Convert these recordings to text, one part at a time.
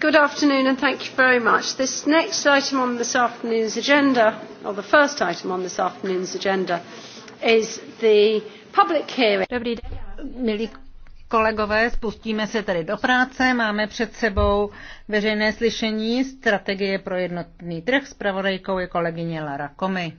Good afternoon and thank you very much. This next item on this afternoon's agenda, or the first item on this afternoon's agenda, is the public hearing. Dobrý den, milí kolegové, spustíme se tady do práce. Máme před sebou veřejné slyšení strategie pro jednotný trh. S pravodajkou je kolegyně Lara Komi.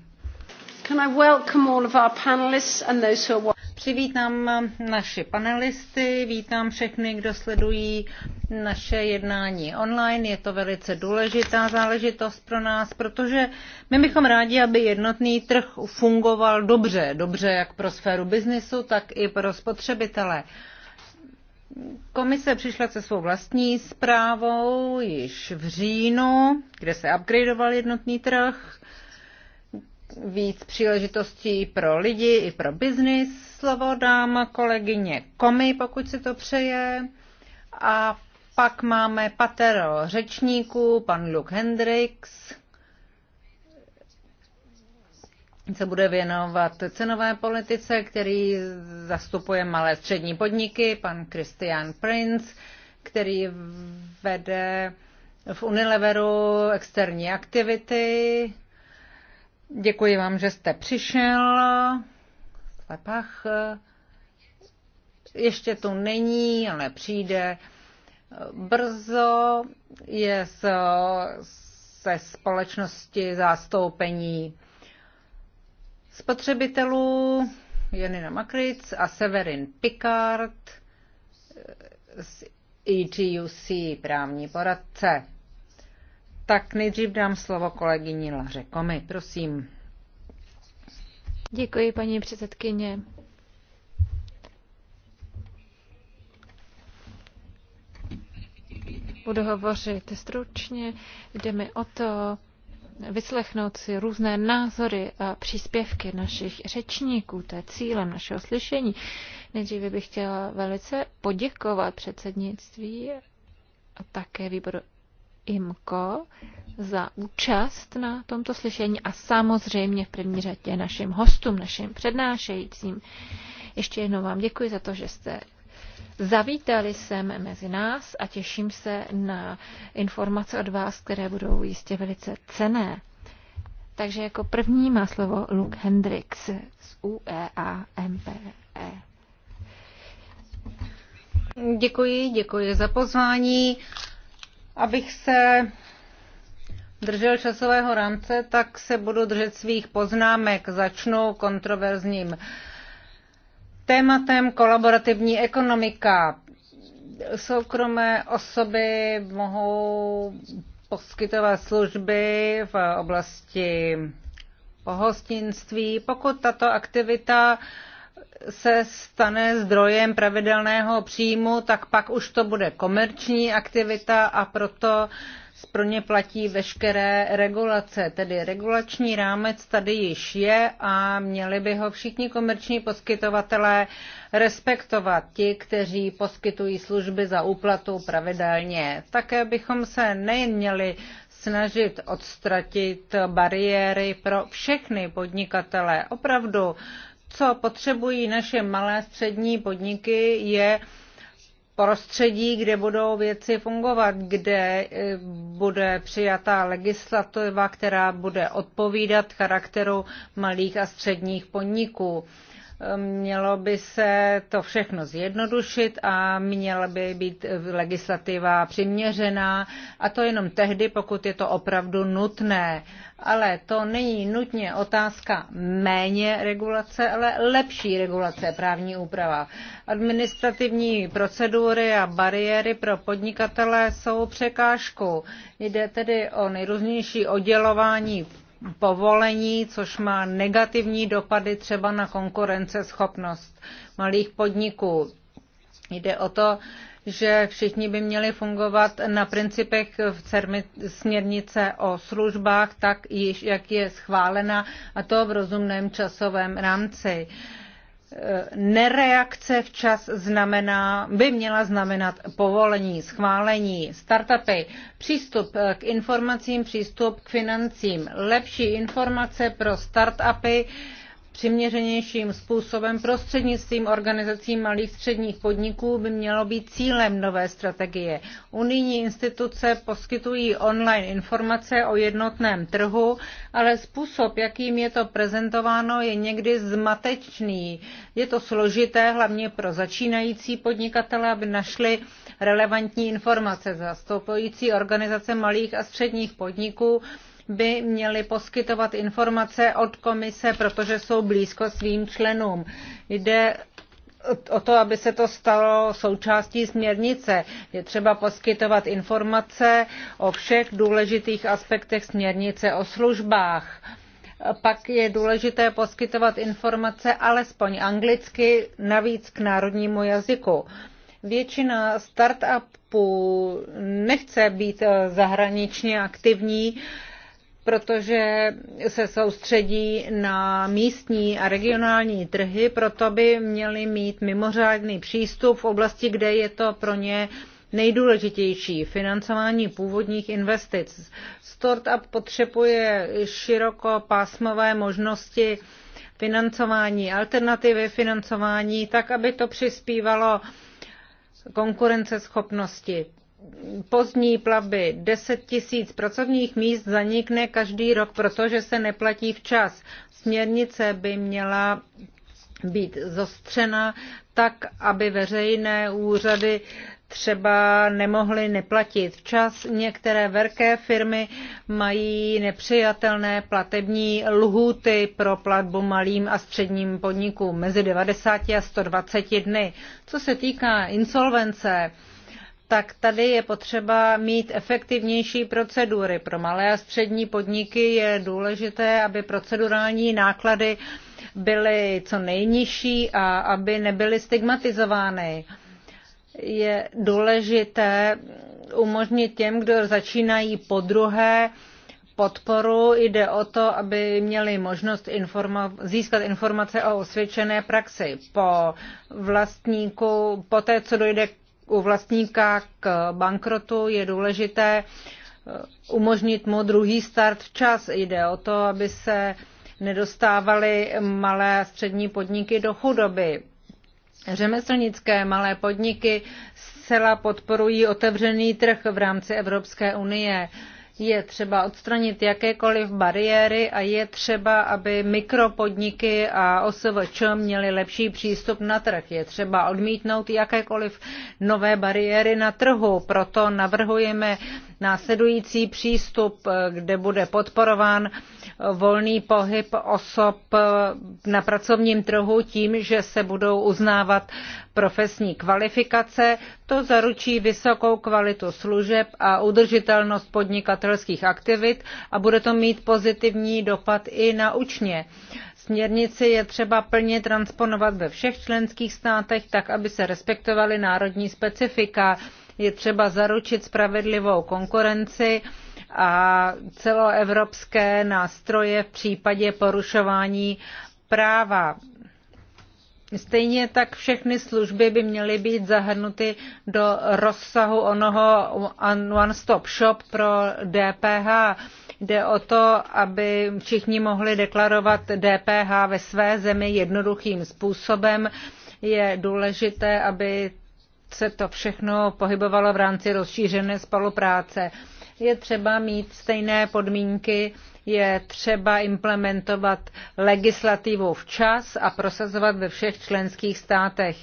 Can I welcome all of our panelists and those who are Přivítám naši panelisty, vítám všechny, kdo sledují naše jednání online. Je to velice důležitá záležitost pro nás, protože my bychom rádi, aby jednotný trh fungoval dobře. Dobře jak pro sféru biznisu, tak i pro spotřebitele. Komise přišla se svou vlastní zprávou již v říjnu, kde se upgradeoval jednotný trh víc příležitostí pro lidi i pro biznis. Slovo dám kolegyně Komi, pokud si to přeje. A pak máme patero řečníků, pan Luke Hendricks se bude věnovat cenové politice, který zastupuje malé střední podniky, pan Christian Prince, který vede v Unileveru externí aktivity. Děkuji vám, že jste přišel. Lepach eh, ještě tu není, ale přijde brzo, je se ze společnosti zástoupení spotřebitelů Janina Makric a Severin Picard eh, z EGUC, právní poradce. Tak nejdřív dám slovo kolegyni Laře Komi, prosím. Děkuji, paní předsedkyně. Budu hovořit stručně. Jde mi o to vyslechnout si různé názory a příspěvky našich řečníků. To je cílem našeho slyšení. Nejdříve bych chtěla velice poděkovat předsednictví a také výboru IMCO za účast na tomto slyšení a samozřejmě v první řadě našim hostům, našim přednášejícím. Ještě jednou vám děkuji za to, že jste zavítali sem mezi nás a těším se na informace od vás, které budou jistě velice cené. Takže jako první má slovo Luke Hendricks z UEA MPE. Děkuji, děkuji za pozvání. Abych se držel časového rámce, tak se budu držet svých poznámek. Začnu kontroverzním tématem kolaborativní ekonomika. Soukromé osoby mohou poskytovat služby v oblasti pohostinství, pokud tato aktivita uh, se stane zdrojem pravidelného příjmu, tak pak už to bude komerční aktivita a proto pro ně platí veškeré regulace. Tedy regulační rámec tady již je a měli by ho všichni komerční poskytovatelé respektovat, ti, kteří poskytují služby za úplatu pravidelně. Také bychom se nejen měli snažit odstratit bariéry pro všechny podnikatele. Opravdu co potřebují naše malé střední podniky, je prostředí, kde budou věci fungovat, kde eh, bude přijatá legislativa, která bude odpovídat charakteru malých a středních podniků. Mělo by se to všechno zjednodušit a měla by být legislativa přiměřená a to jenom tehdy, pokud je to opravdu nutné. Ale to není nutně otázka méně regulace, ale lepší regulace, právní úprava. Administrativní procedury a bariéry pro podnikatele jsou překážkou. Jde tedy o nejrůznější oddělování povolení, což má negativní dopady třeba na konkurenceschopnost malých podniků. Jde o to, že všichni by měli fungovat na principech v směrnice o službách, tak již, jak je schválena, a to v rozumném časovém rámci. Uh, nereakce včas znamená, by měla znamenat povolení, schválení, startupy, přístup k informacím, přístup k financím, lepší informace pro startupy, přiměřenějším způsobem prostřednictvím organizací malých středních podniků by mělo být cílem nové strategie. Unijní instituce poskytují online informace o jednotném trhu, ale způsob, jakým je to prezentováno, je někdy zmatečný. Je to složité hlavně pro začínající podnikatele, aby našli relevantní informace. Zastupující organizace malých a středních podniků by měly poskytovat informace od komise, protože jsou blízko svým členům. Jde o to, aby se to stalo součástí směrnice. Je třeba poskytovat informace o všech důležitých aspektech směrnice o službách. Pak je důležité poskytovat informace alespoň anglicky, navíc k národnímu jazyku. Většina startupů nechce být eh, zahraničně aktivní, protože se soustředí na místní a regionální trhy, proto by měli mít mimořádný přístup v oblasti, kde je to pro ně nejdůležitější financování původních investic. Startup potřebuje širokopásmové možnosti financování, alternativy financování, tak aby to přispívalo konkurenceschopnosti pozdní plavby 10 tisíc pracovních míst zanikne každý rok, protože se neplatí včas. Směrnice by měla být zostřena tak, aby veřejné úřady třeba nemohly neplatit včas. Některé velké firmy mají nepřijatelné platební lhuty pro platbu malým a středním podnikům mezi 90 a 120 dny. Co se týká insolvence, tak tady je potřeba mít efektivnější procedury. Pro malé a střední podniky je důležité, aby procedurální náklady byly co nejnižší a aby nebyly stigmatizovány. Je důležité umožnit těm, kdo začínají po druhé, podporu. Jde o to, aby měli možnost informa- získat informace o osvědčené praxi. Po vlastníku, po té, co dojde k u vlastníka k bankrotu, je důležité eh, umožnit mu druhý start včas. Jde o to, aby se nedostávaly malé a střední podniky do chudoby. Řemeslnické malé podniky zcela podporují otevřený trh v rámci Evropské unie. Je třeba odstranit jakékoliv bariéry a je třeba, aby mikropodniky a OSVČ měly lepší přístup na trh. Je třeba odmítnout jakékoliv nové bariéry na trhu. Proto navrhujeme následující přístup, kde bude podporován volný pohyb osob na pracovním trhu tím, že se budou uznávat profesní kvalifikace. To zaručí vysokou kvalitu služeb a udržitelnost podnikatelských aktivit a bude to mít pozitivní dopad i na učně. Směrnici je třeba plně transponovat ve všech členských státech, tak aby se respektovaly národní specifika. Je třeba zaručit spravedlivou konkurenci a celoevropské nástroje v případě porušování práva. Stejně tak všechny služby by měly být zahrnuty do rozsahu onoho one-stop shop pro DPH. Jde o to, aby všichni mohli deklarovat DPH ve své zemi jednoduchým způsobem. Je důležité, aby se to všechno pohybovalo v rámci rozšířené spolupráce. Je třeba mít stejné podmínky je třeba implementovat legislativu včas a prosazovat ve všech členských státech.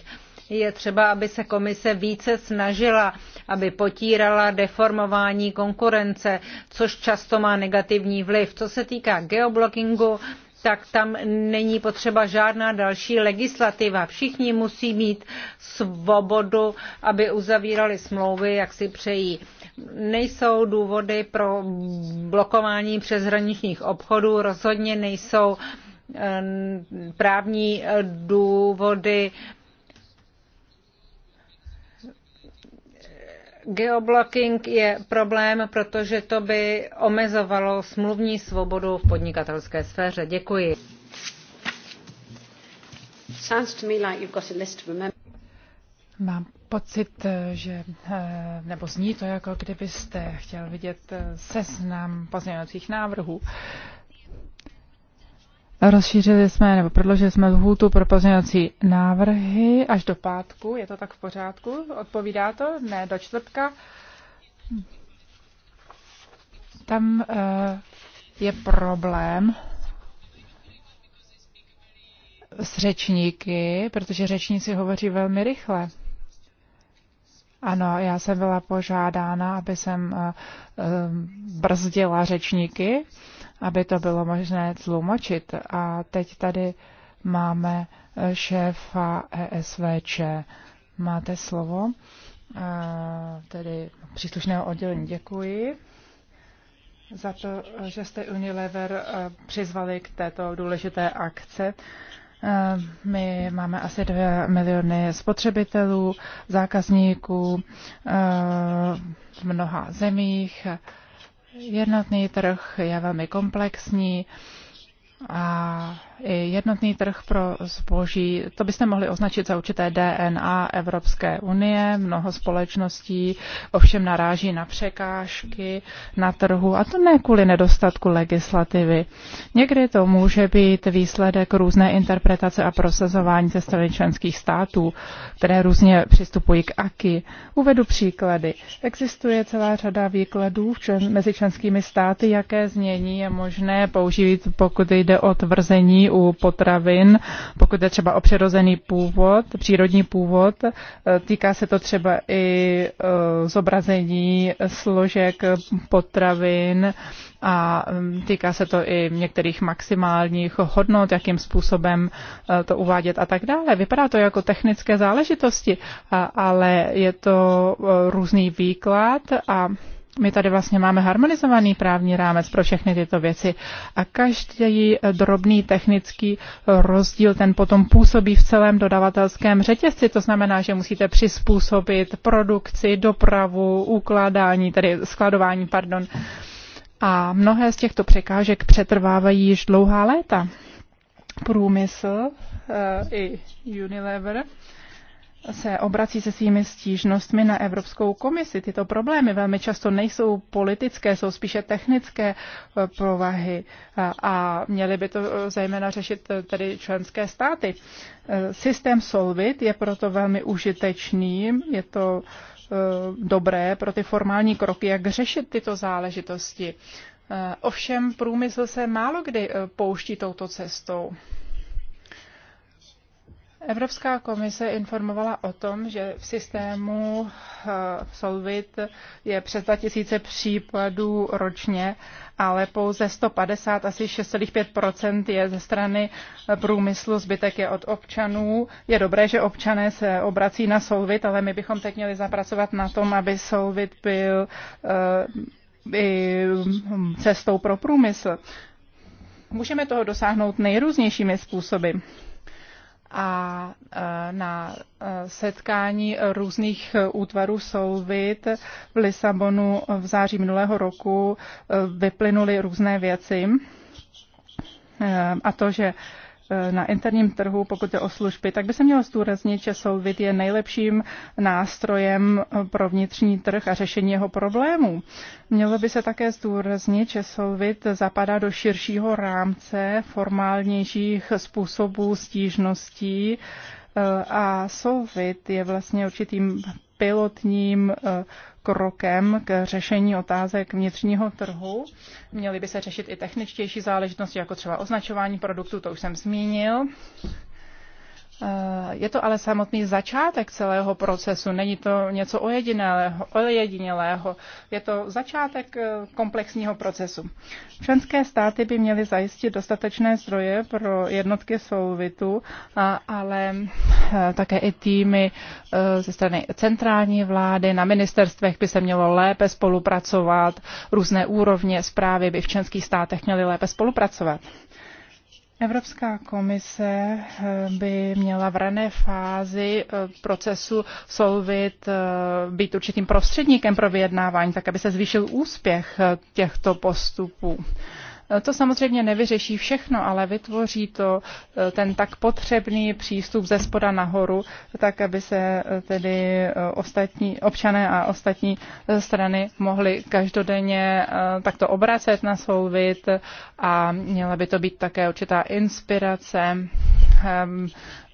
Je třeba, aby se komise více snažila, aby potírala deformování konkurence, což často má negativní vliv. Co se týká geoblockingu, tak tam není potřeba žádná další legislativa. Všichni musí mít svobodu, aby uzavírali smlouvy, jak si přejí. Nejsou důvody pro blokování přeshraničních obchodů, rozhodně nejsou eh, právní důvody Geoblocking je problém, protože to by omezovalo smluvní svobodu v podnikatelské sféře. Děkuji. Mám pocit, že, eh, nebo zní to, jako kdybyste chtěl vidět eh, seznam pozměňovacích návrhů. Rozšířili jsme nebo prodloužili jsme lhůtu pro pozměňovací návrhy až do pátku. Je to tak v pořádku? Odpovídá to? Ne, do čtvrtka. Tam uh, je problém s řečníky, protože řečníci hovoří velmi rychle. Ano, já jsem byla požádána, aby jsem uh, uh, brzdila řečníky. Uh, aby to bylo možné tlumočit. A teď tady máme šéfa ESVČ. Máte slovo, tedy příslušného oddělení. Děkuji za to, že jste Unilever eh, přizvali k této důležité akce. Eh, my máme asi 2 miliony spotřebitelů, zákazníků v eh, mnoha zemích Jednotný trh je velmi komplexní a i jednotný trh pro zboží, to byste mohli označit za určité DNA Evropské unie. Mnoho společností ovšem naráží na překážky na trhu a to ne kvůli nedostatku legislativy. Někdy to může být výsledek různé interpretace a prosazování ze strany členských států, které různě přistupují k AKI. Uvedu příklady. Existuje celá řada výkladů mezi členskými státy, jaké znění je možné použít, pokud jde o tvrzení u potravin, pokud je třeba o přirozený původ, přírodní původ. E, týká se to třeba i e, zobrazení složek potravin a týká se to i některých maximálních hodnot, jakým způsobem e, to uvádět a tak dále. Vypadá to jako technické záležitosti, ale je to různý výklad a my tady vlastně máme harmonizovaný právní rámec pro všechny tyto věci a každý drobný technický rozdíl ten potom působí v celém dodavatelském řetězci. To znamená, že musíte přizpůsobit produkci, dopravu, ukládání, tedy skladování, pardon. A mnohé z těchto překážek přetrvávají již dlouhá léta. Průmysl eh, i Unilever se obrací se svými stížnostmi na Evropskou komisi. Tyto problémy velmi často nejsou politické, jsou spíše technické eh, provahy a měly by to eh, zejména řešit eh, tedy členské státy. Systém Solvit je proto velmi užitečný, je to dobré pro ty formální kroky, jak řešit tyto záležitosti. Ovšem průmysl se málo kdy pouští touto cestou. Evropská komise informovala o tom, že v systému eh, Solvit je přes 2000 případů ročně, ale pouze 150, asi 6,5 je ze strany eh, průmyslu, zbytek je od občanů. Je dobré, že občané se obrací na Solvit, ale my bychom teď měli zapracovat na tom, aby Solvit byl eh, i cestou pro průmysl. Můžeme toho dosáhnout nejrůznějšími způsoby a e, na e, setkání různých útvarů Solvit v Lisabonu v září minulého roku e, vyplynuly různé věci. A to, že Eh, na interním trhu, pokud je o služby, tak by se mělo zdůraznit, že Solvit je nejlepším nástrojem eh, pro vnitřní trh a řešení jeho problémů. Mělo by se také zdůraznit, že Solvit zapadá do širšího rámce formálnějších způsobů stížností eh, a Solvit je vlastně určitým pilotním eh, krokem k řešení otázek vnitřního trhu. Měly by se řešit i techničtější záležitosti, jako třeba označování produktů, to už jsem zmínil. Eh, je to ale samotný začátek celého procesu, není to něco ojedinělého, ojedinělého. je to začátek eh, komplexního procesu. Členské státy by měly zajistit dostatečné zdroje pro jednotky souvitu, ale eh, také i týmy ze strany centrální vlády, na ministerstvech by se mělo lépe spolupracovat, různé úrovně zprávy by v členských státech měly lépe spolupracovat. Evropská komise eh, by měla v rané fázi eh, procesu Solvit eh, být určitým prostředníkem pro vyjednávání, tak aby se zvýšil úspěch těchto postupů. To samozřejmě nevyřeší všechno, ale vytvoří to eh, ten tak potřebný přístup ze spoda nahoru, tak aby se eh, tedy eh, ostatní občané a ostatní strany mohly každodenně takto obracet na vid a měla by to být také určitá inspirace ehm,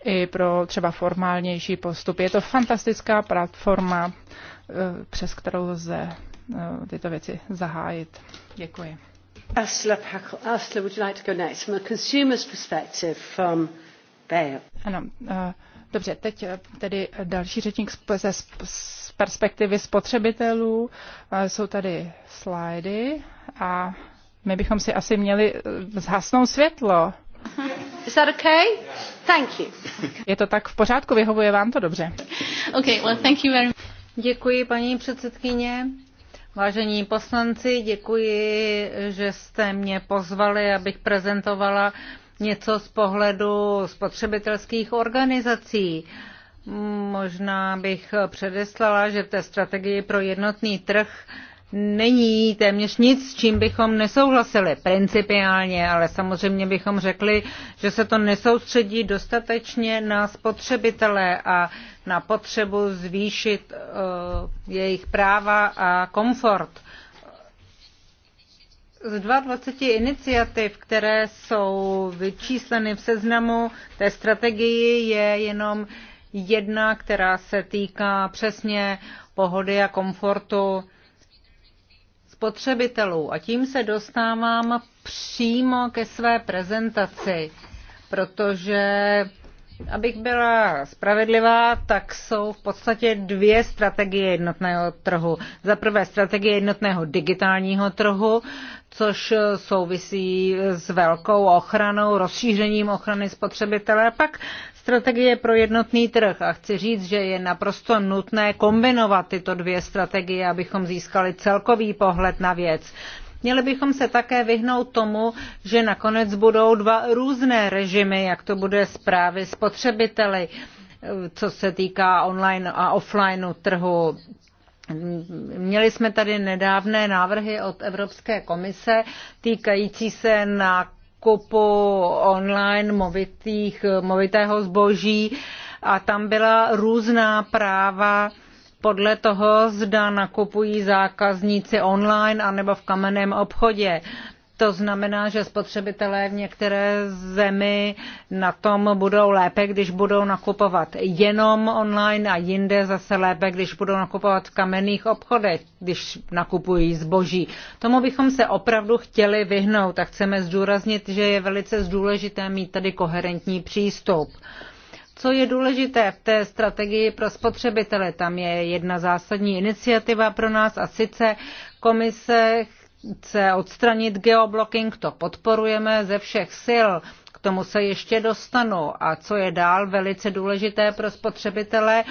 i pro třeba formálnější postup. Je to fantastická platforma, přes kterou lze tyto věci zahájit. Děkuji dobře, teď eh, tedy eh, další řečník z perspektivy spotřebitelů. Eh, jsou tady slajdy a my bychom si asi měli zhasnout světlo. Is that okay? Thank you. Je to tak v pořádku, vyhovuje vám to dobře. Okay, well, thank you very much. Děkuji, paní předsedkyně. Vážení poslanci, děkuji, že jste mě pozvali, abych prezentovala něco z pohledu spotřebitelských organizací. Možná bych předeslala, že v té strategii pro jednotný trh není téměř nic, s čím bychom nesouhlasili principiálně, ale samozřejmě bychom řekli, že se to nesoustředí dostatečně na spotřebitele a na potřebu zvýšit uh, jejich práva a komfort. Z 22 iniciativ, které jsou vyčísleny v seznamu té strategii, je jenom jedna, která se týká přesně pohody a komfortu spotřebitelů. A tím se dostávám přímo ke své prezentaci, protože Abych byla spravedlivá, tak jsou v podstatě dvě strategie jednotného trhu. Za prvé strategie jednotného digitálního trhu, což souvisí s velkou ochranou, rozšířením ochrany spotřebitele. Pak strategie pro jednotný trh a chci říct, že je naprosto nutné kombinovat tyto dvě strategie, abychom získali celkový pohled na věc. Měli bychom se také vyhnout tomu, že nakonec budou dva různé režimy, jak to bude zprávy spotřebiteli, co se týká online a offline trhu. Měli jsme tady nedávné návrhy od Evropské komise týkající se na nákupu online movitých, movitého zboží a tam byla různá práva podle toho, zda nakupují zákazníci online anebo v kamenném obchodě. To znamená, že spotřebitelé v některé zemi na tom budou lépe, když budou nakupovat jenom online a jinde zase lépe, když budou nakupovat v kamenných obchodech, když nakupují zboží. Tomu bychom se opravdu chtěli vyhnout a chceme zdůraznit, že je velice důležité mít tady koherentní přístup. Co je důležité v té strategii pro spotřebitele, tam je jedna zásadní iniciativa pro nás a sice komise se odstranit geoblocking, to podporujeme ze všech sil. K tomu se ještě dostanu. A co je dál velice důležité pro spotřebitele,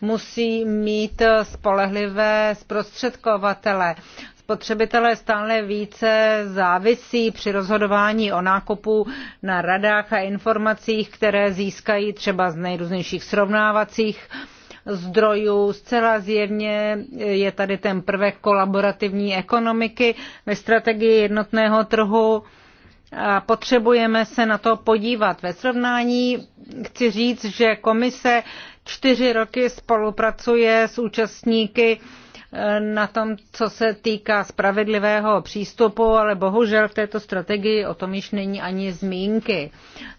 musí mít spolehlivé zprostředkovatele. Spotřebitelé stále více závisí při rozhodování o nákupu na radách a informacích, které získají třeba z nejrůznějších srovnávacích uh, zdrojů. Zcela zjevně je tady ten prvek kolaborativní ekonomiky ve strategii jednotného trhu. A potřebujeme se na to podívat. Ve srovnání chci říct, že komise čtyři roky spolupracuje s účastníky eh, na tom, co se týká spravedlivého přístupu, ale bohužel v této strategii o tom již není ani zmínky.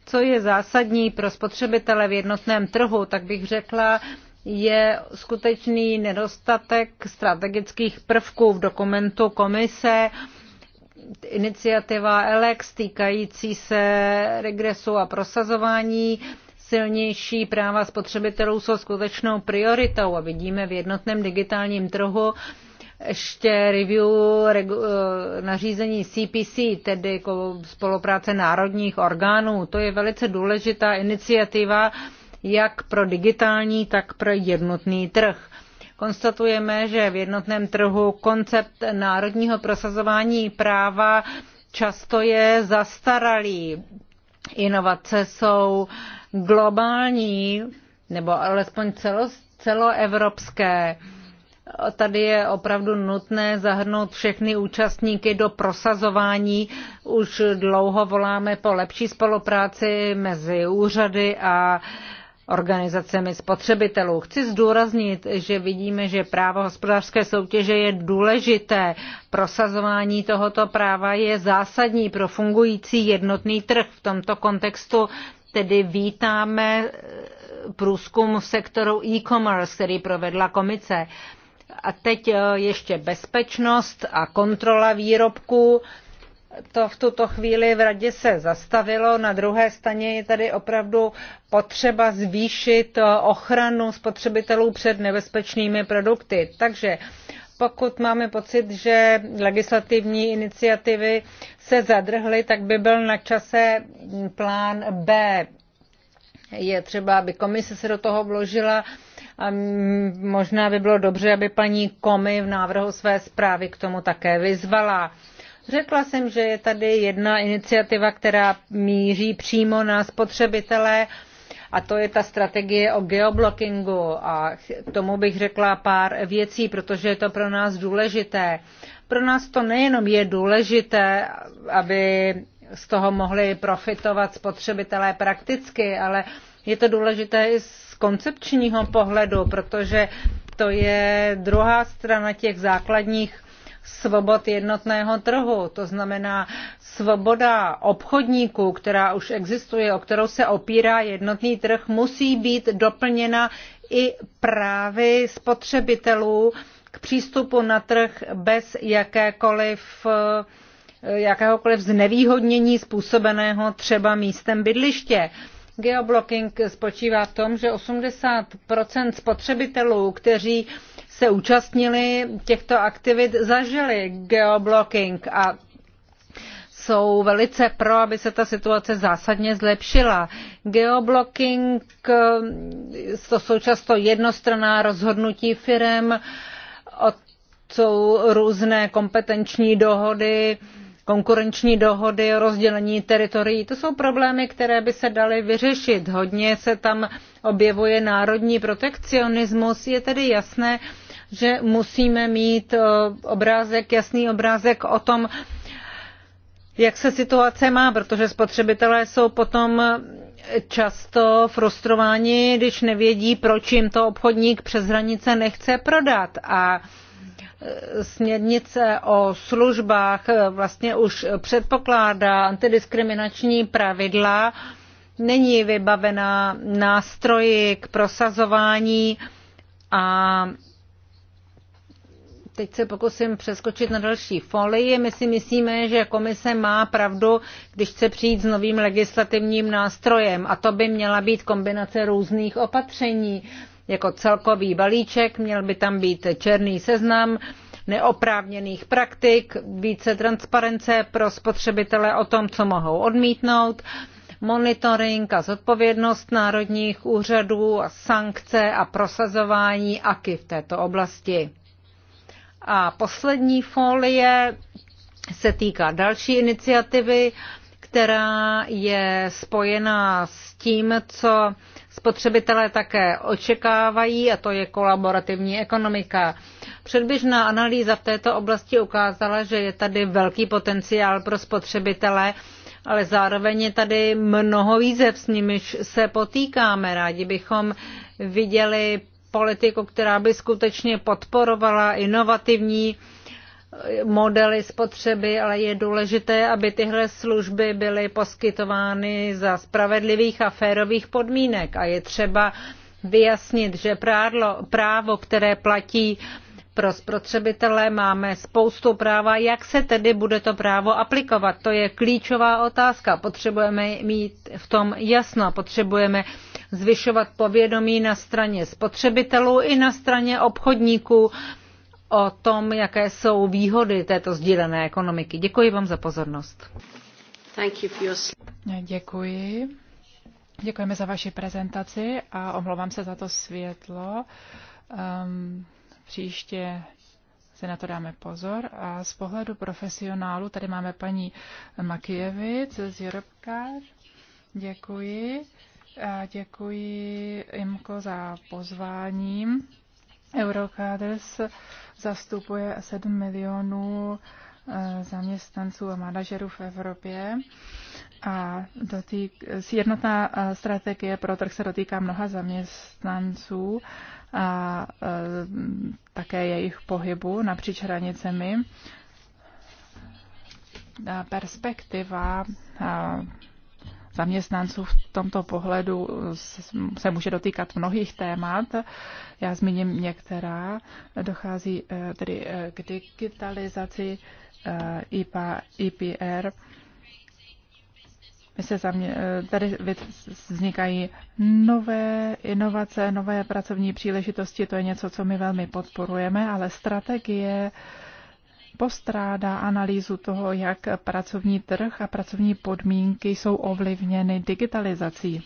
Co je zásadní pro spotřebitele v jednotném trhu, tak bych řekla, je skutečný nedostatek strategických prvků v dokumentu komise, iniciativa ELEX týkající se regresu a prosazování silnější práva spotřebitelů jsou skutečnou prioritou a vidíme v jednotném digitálním trhu ještě review eh, nařízení CPC, tedy spolupráce národních orgánů. To je velice důležitá iniciativa, jak pro digitální, tak pro jednotný trh. Konstatujeme, že v jednotném trhu koncept národního prosazování práva často je zastaralý. Inovace jsou globální nebo alespoň celo, celoevropské. Tady je opravdu nutné zahrnout všechny účastníky do prosazování. Už dlouho voláme po lepší spolupráci mezi úřady a uh, organizacemi spotřebitelů. Chci zdůraznit, že vidíme, že právo hospodářské soutěže je důležité. Prosazování tohoto práva je zásadní pro fungující jednotný trh. V tomto kontextu tedy vítáme eh, průzkum v sektoru e-commerce, který provedla komise. A teď eh, ještě bezpečnost a kontrola výrobků to v tuto chvíli v radě se zastavilo. Na druhé straně je tady opravdu potřeba zvýšit ochranu spotřebitelů před nebezpečnými produkty. Takže pokud máme pocit, že legislativní iniciativy se zadrhly, tak by byl na čase plán B. Je třeba, aby komise se do toho vložila a možná by bylo dobře, aby paní Komi v návrhu své zprávy k tomu také vyzvala. Řekla jsem, že je tady jedna iniciativa, která míří přímo na spotřebitele a to je ta strategie o geoblockingu a k tomu bych řekla pár věcí, protože je to pro nás důležité. Pro nás to nejenom je důležité, aby z toho mohli profitovat spotřebitelé prakticky, ale je to důležité i z koncepčního pohledu, protože to je druhá strana těch základních svobod jednotného trhu, to znamená svoboda obchodníků, která už existuje, o kterou se opírá jednotný trh, musí být doplněna i právy spotřebitelů k přístupu na trh bez jakékoliv eh, jakéhokoliv znevýhodnění způsobeného třeba místem bydliště. Geoblocking spočívá v tom, že 80 spotřebitelů, kteří se účastnili těchto aktivit, zažili geoblocking a jsou velice pro, aby se ta situace zásadně zlepšila. Geoblocking, to jsou často jednostranná rozhodnutí firm, jsou různé kompetenční dohody, konkurenční dohody, rozdělení teritorií. To jsou problémy, které by se daly vyřešit. Hodně se tam objevuje národní protekcionismus. Je tedy jasné, že musíme mít eh, obrázek, jasný obrázek o tom, jak se situace má, protože spotřebitelé jsou potom často frustrováni, když nevědí, proč jim to obchodník přes hranice nechce prodat. A eh, směrnice o službách eh, vlastně už předpokládá antidiskriminační pravidla, není vybavená nástroji k prosazování a Teď se pokusím přeskočit na další folii. My si myslíme, že komise má pravdu, když chce přijít s novým legislativním nástrojem a to by měla být kombinace různých opatření. Jako celkový balíček měl by tam být černý seznam neoprávněných praktik, více transparence pro spotřebitele o tom, co mohou odmítnout, monitoring a zodpovědnost národních úřadů, sankce a prosazování AKY v této oblasti. A poslední folie se týká další iniciativy, která je spojená s tím, co spotřebitelé také očekávají, a to je kolaborativní ekonomika. Předběžná analýza v této oblasti ukázala, že je tady velký potenciál pro spotřebitele, ale zároveň je tady mnoho výzev, s nimiž se potýkáme. Rádi bychom viděli politiku, která by skutečně podporovala inovativní modely spotřeby, ale je důležité, aby tyhle služby byly poskytovány za spravedlivých a férových podmínek. A je třeba vyjasnit, že prádlo, právo, které platí pro spotřebitele, máme spoustu práva. Jak se tedy bude to právo aplikovat? To je klíčová otázka. Potřebujeme mít v tom jasno, potřebujeme zvyšovat povědomí na straně spotřebitelů i na straně obchodníků o tom, jaké jsou výhody této sdílené ekonomiky. Děkuji vám za pozornost. You your... Děkuji. Děkujeme za vaši prezentaci a omlouvám se za to světlo. Um, příště se na to dáme pozor. A z pohledu profesionálu tady máme paní Makijevic z Europcar. Děkuji a děkuji Imko za pozvání. Eurocaders zastupuje 7 milionů eh, zaměstnanců a manažerů v Evropě a dotýk, jednotná eh, strategie pro trh se dotýká mnoha zaměstnanců a eh, také jejich pohybu napříč hranicemi. Perspektiva zaměstnanců v tomto pohledu se může dotýkat mnohých témat. Já zmíním některá. Dochází eh, tedy eh, k digitalizaci eh, IPA, IPR. My se zamě... Tady vznikají nové inovace, nové pracovní příležitosti, to je něco, co my velmi podporujeme, ale strategie uh, postrádá analýzu toho, jak pracovní trh a pracovní podmínky jsou ovlivněny digitalizací.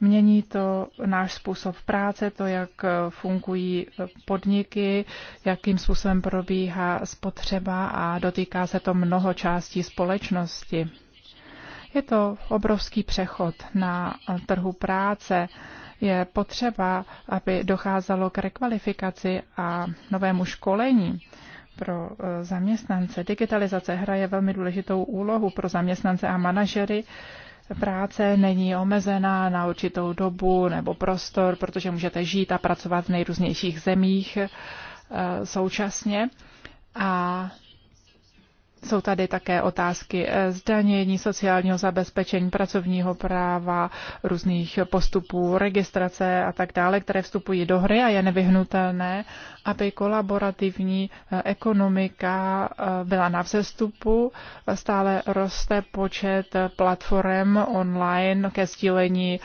Mění to náš způsob práce, to, jak fungují podniky, jakým způsobem probíhá spotřeba a dotýká se to mnoho částí společnosti. Je to obrovský přechod na trhu práce. Je potřeba, aby docházelo k rekvalifikaci a novému školení pro eh, zaměstnance. Digitalizace hraje velmi důležitou úlohu pro zaměstnance a manažery. Práce není omezená na určitou dobu nebo prostor, protože můžete žít a pracovat v nejrůznějších zemích eh, současně. A jsou tady také otázky eh, zdanění, sociálního zabezpečení, pracovního práva, různých postupů, registrace a tak dále, které vstupují do hry a je nevyhnutelné, aby kolaborativní eh, ekonomika eh, byla na vzestupu. Stále roste počet platform online ke sdílení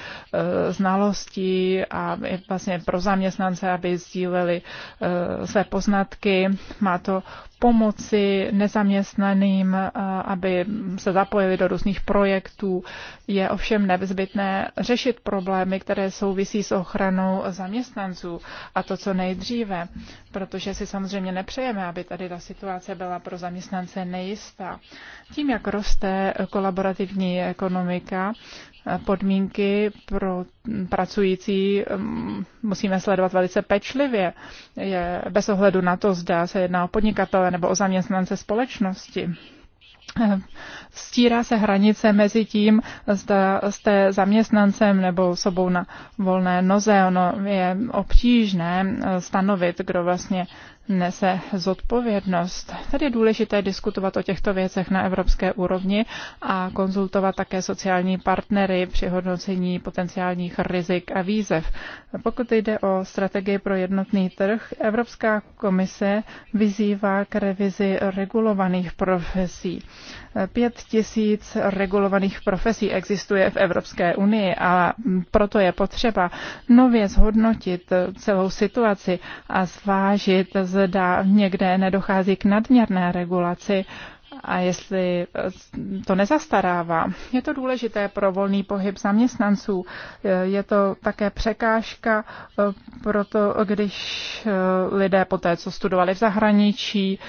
znalostí a vlastně pro zaměstnance, aby sdíleli své poznatky. Má to pomoci nezaměstnaným, eh, aby se zapojili do různých projektů. Je ovšem nezbytné řešit problémy, které souvisí s ochranou zaměstnanců a to co nejdříve, protože si samozřejmě nepřejeme, aby tady ta situace byla pro zaměstnance nejistá. Tím, jak roste kolaborativní ekonomika, podmínky pro pracující mm, musíme sledovat velice pečlivě, je bez ohledu na to, zda se jedná o podnikatele nebo o zaměstnance společnosti. Stírá se hranice mezi tím, zda jste zaměstnancem nebo sobou na volné noze. Ono je obtížné stanovit, kdo vlastně nese zodpovědnost. Tady je důležité diskutovat o těchto věcech na evropské úrovni a konzultovat také sociální partnery při hodnocení potenciálních rizik a výzev. Pokud jde o strategii pro jednotný trh, Evropská komise vyzývá k revizi regulovaných profesí. Pět tisíc regulovaných profesí existuje v Evropské unii a proto je potřeba nově zhodnotit celou situaci a zvážit, zda někde nedochází k nadměrné regulaci a jestli to nezastarává. Je to důležité pro volný pohyb zaměstnanců. Je to také překážka pro to, když lidé poté, co studovali v zahraničí,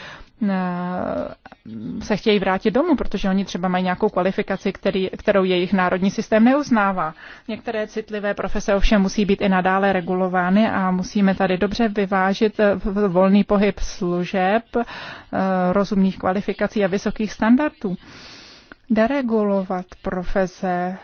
Eh, se chtějí vrátit domů, protože oni třeba mají nějakou kvalifikaci, který, kterou jejich národní systém neuznává. Některé citlivé profese ovšem musí být i nadále regulovány a musíme tady dobře vyvážit eh, volný pohyb služeb, eh, rozumných kvalifikací a vysokých standardů. Deregulovat profese, eh,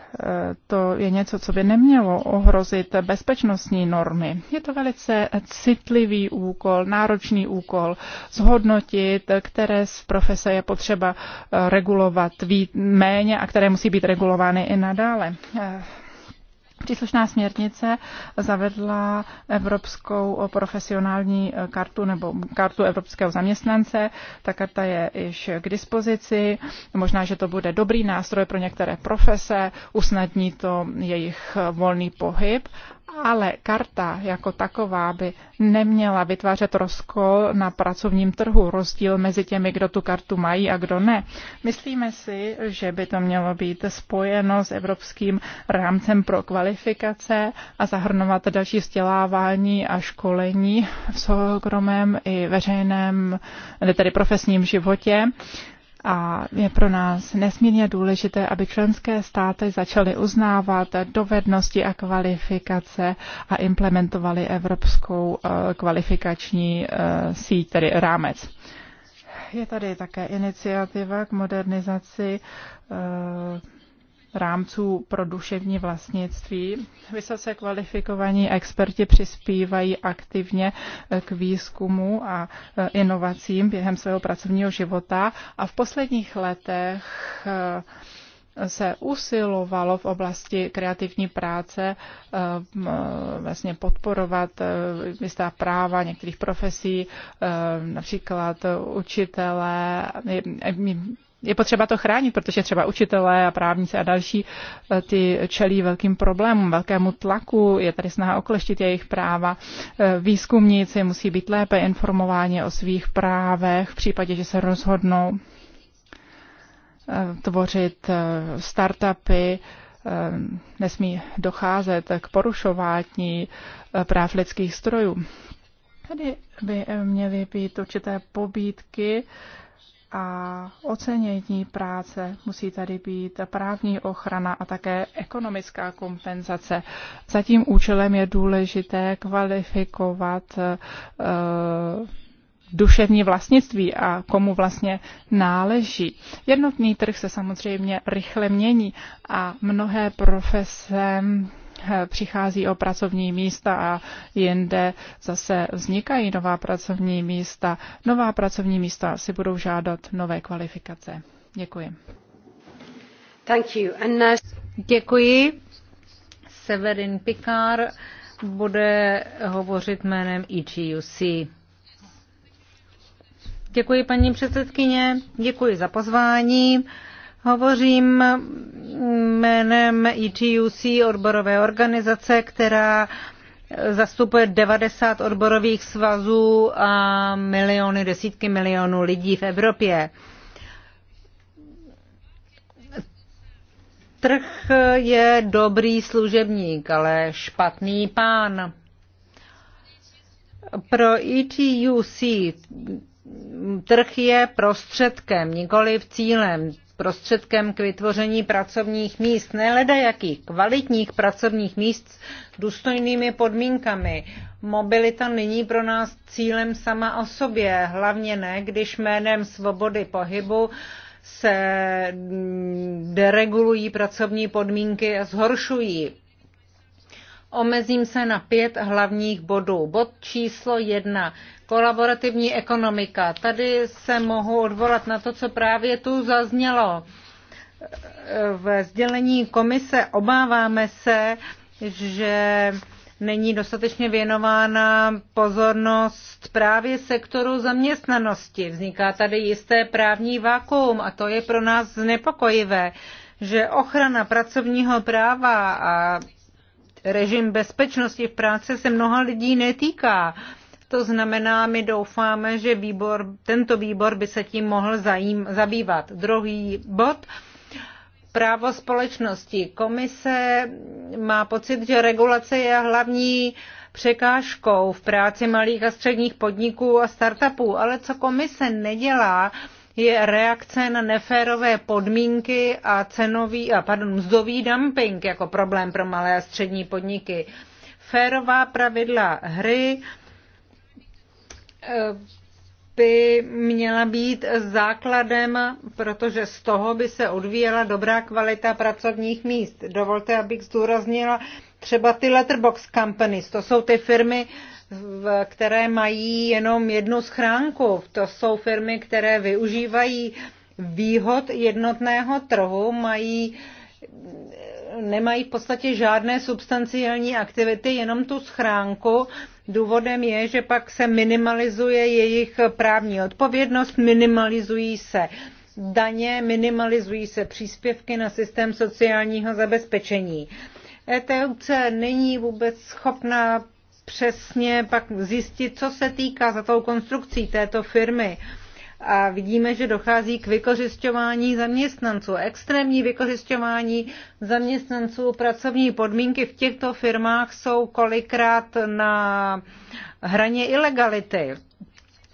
to je něco, co by nemělo ohrozit bezpečnostní normy. Je to velice citlivý úkol, náročný úkol zhodnotit, které z profese je potřeba eh, regulovat méně a které musí být regulovány i nadále. Eh, Příslušná směrnice zavedla evropskou profesionální kartu nebo kartu evropského zaměstnance. Ta karta je již k dispozici. Možná, že to bude dobrý nástroj pro některé profese, usnadní to jejich volný pohyb ale karta jako taková by neměla vytvářet rozkol na pracovním trhu, rozdíl mezi těmi, kdo tu kartu mají a kdo ne. Myslíme si, že by to mělo být spojeno s evropským rámcem pro kvalifikace a zahrnovat další vzdělávání a školení v soukromém i veřejném, tedy profesním životě a je pro nás nesmírně důležité, aby členské státy začaly uznávat dovednosti a kvalifikace a implementovaly evropskou eh, kvalifikační eh, síť, tedy rámec. Je tady také iniciativa k modernizaci eh, rámců pro duševní vlastnictví. Vysoce kvalifikovaní experti přispívají aktivně eh, k výzkumu a eh, inovacím během svého pracovního života a v posledních letech eh, se usilovalo v oblasti kreativní práce vlastně podporovat jistá práva některých profesí, například učitelé, je potřeba to chránit, protože třeba učitelé a právníci a další eh, ty čelí velkým problémům, velkému tlaku, je tady snaha okleštit jejich práva. Eh, výzkumníci musí být lépe informováni o svých právech v případě, že se rozhodnou eh, tvořit startupy, nesmí docházet k porušování práv lidských strojů. Tady by měly být určité pobídky a ocenění práce. Musí tady být právní ochrana a také ekonomická kompenzace. Za tím účelem je důležité kvalifikovat uh, duševní vlastnictví a komu vlastně náleží. Jednotný trh se samozřejmě rychle mění a mnohé profese přichází o pracovní místa a jinde zase vznikají nová pracovní místa. Nová pracovní místa si budou žádat nové kvalifikace. Děkuji. Thank you. And now... Děkuji. Severin Pikár bude hovořit jménem EGUC. Děkuji paní předsedkyně, děkuji za pozvání. Hovořím jménem ETUC, odborové organizace, která zastupuje 90 odborových svazů a miliony, desítky milionů lidí v Evropě. Trh je dobrý služebník, ale špatný pán. Pro ETUC trh je prostředkem, nikoli v cílem prostředkem k vytvoření pracovních míst, ne jakých kvalitních pracovních míst s důstojnými podmínkami. Mobilita není pro nás cílem sama o sobě, hlavně ne, když jménem svobody pohybu se deregulují pracovní podmínky a zhoršují. Omezím se na pět hlavních bodů. Bod číslo jedna. Kolaborativní ekonomika. Tady se mohu odvolat na to, co právě tu zaznělo. V sdělení komise obáváme se, že není dostatečně věnována pozornost právě sektoru zaměstnanosti. Vzniká tady jisté právní vákuum a to je pro nás znepokojivé, že ochrana pracovního práva a režim bezpečnosti v práci se mnoha lidí netýká. To znamená, my doufáme, že výbor, tento výbor by se tím mohl zajím, zabývat. Druhý bod. Právo společnosti. Komise má pocit, že regulace je hlavní překážkou v práci malých a středních podniků a startupů, ale co komise nedělá, je reakce na neférové podmínky a cenový, a pardon, mzdový dumping jako problém pro malé a střední podniky. Férová pravidla hry eh, by měla být základem, protože z toho by se odvíjela dobrá kvalita pracovních míst. Dovolte, abych zdůraznila třeba ty letterbox companies. To jsou ty firmy, v které mají jenom jednu schránku. To jsou firmy, které využívají výhod jednotného trhu, mají, nemají v podstatě žádné substanciální aktivity, jenom tu schránku. Důvodem je, že pak se minimalizuje jejich právní odpovědnost, minimalizují se daně, minimalizují se příspěvky na systém sociálního zabezpečení. ETUC není vůbec schopná přesně pak zjistit, co se týká za tou konstrukcí této firmy. A vidíme, že dochází k vykořišťování zaměstnanců, extrémní vykořišťování zaměstnanců. Pracovní podmínky v těchto firmách jsou kolikrát na hraně ilegality.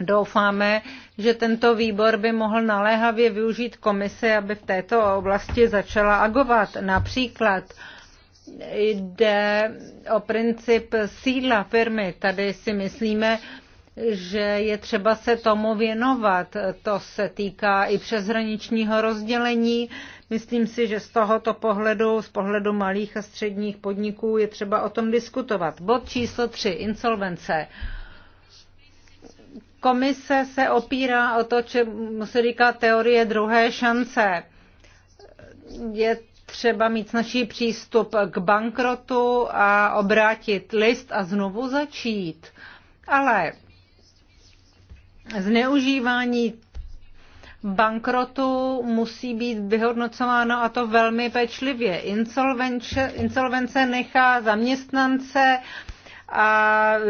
Doufáme, že tento výbor by mohl naléhavě využít komise, aby v této oblasti začala agovat. Například jde o princip síla firmy. Tady si myslíme, že je třeba se tomu věnovat. To se týká i přeshraničního rozdělení. Myslím si, že z tohoto pohledu, z pohledu malých a středních podniků, je třeba o tom diskutovat. Bod číslo 3. Insolvence. Komise se opírá o to, čemu se říká teorie druhé šance. Je třeba mít snažší přístup k bankrotu a obrátit list a znovu začít. Ale zneužívání bankrotu musí být vyhodnocováno a to velmi pečlivě. Insolvence, insolvence nechá zaměstnance a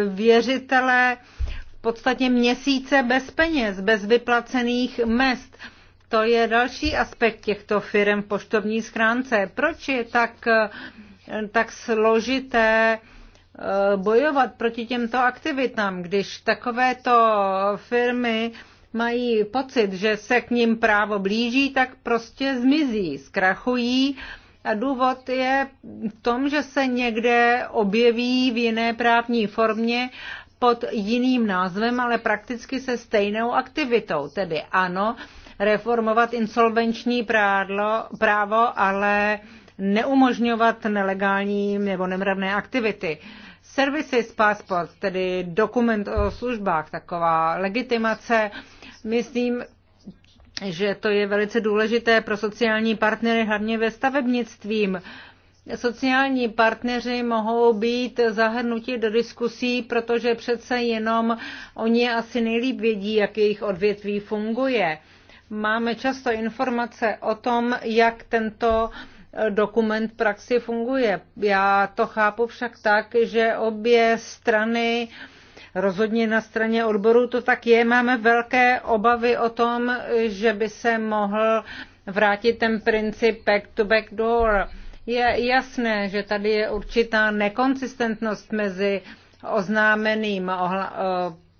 věřitele v podstatě měsíce bez peněz, bez vyplacených mest. To je další aspekt těchto firm v poštovní schránce. Proč je tak, tak složité eh, bojovat proti těmto aktivitám, když takovéto firmy mají pocit, že se k ním právo blíží, tak prostě zmizí, zkrachují. A důvod je v tom, že se někde objeví v jiné právní formě pod jiným názvem, ale prakticky se stejnou aktivitou. Tedy ano, reformovat insolvenční prádlo, právo, ale neumožňovat nelegální nebo nemravné aktivity. Services passport, tedy dokument o službách, taková legitimace, myslím, že to je velice důležité pro sociální partnery, hlavně ve stavebnictví. Sociální partneři mohou být zahrnuti do diskusí, protože přece jenom oni asi nejlíp vědí, jak jejich odvětví funguje máme často informace o tom, jak tento eh, dokument v praxi funguje. Já to chápu však tak, že obě strany rozhodně na straně odborů to tak je. Máme velké obavy o tom, že by se mohl vrátit ten princip back to back door. Je jasné, že tady je určitá nekonsistentnost mezi oznámeným eh,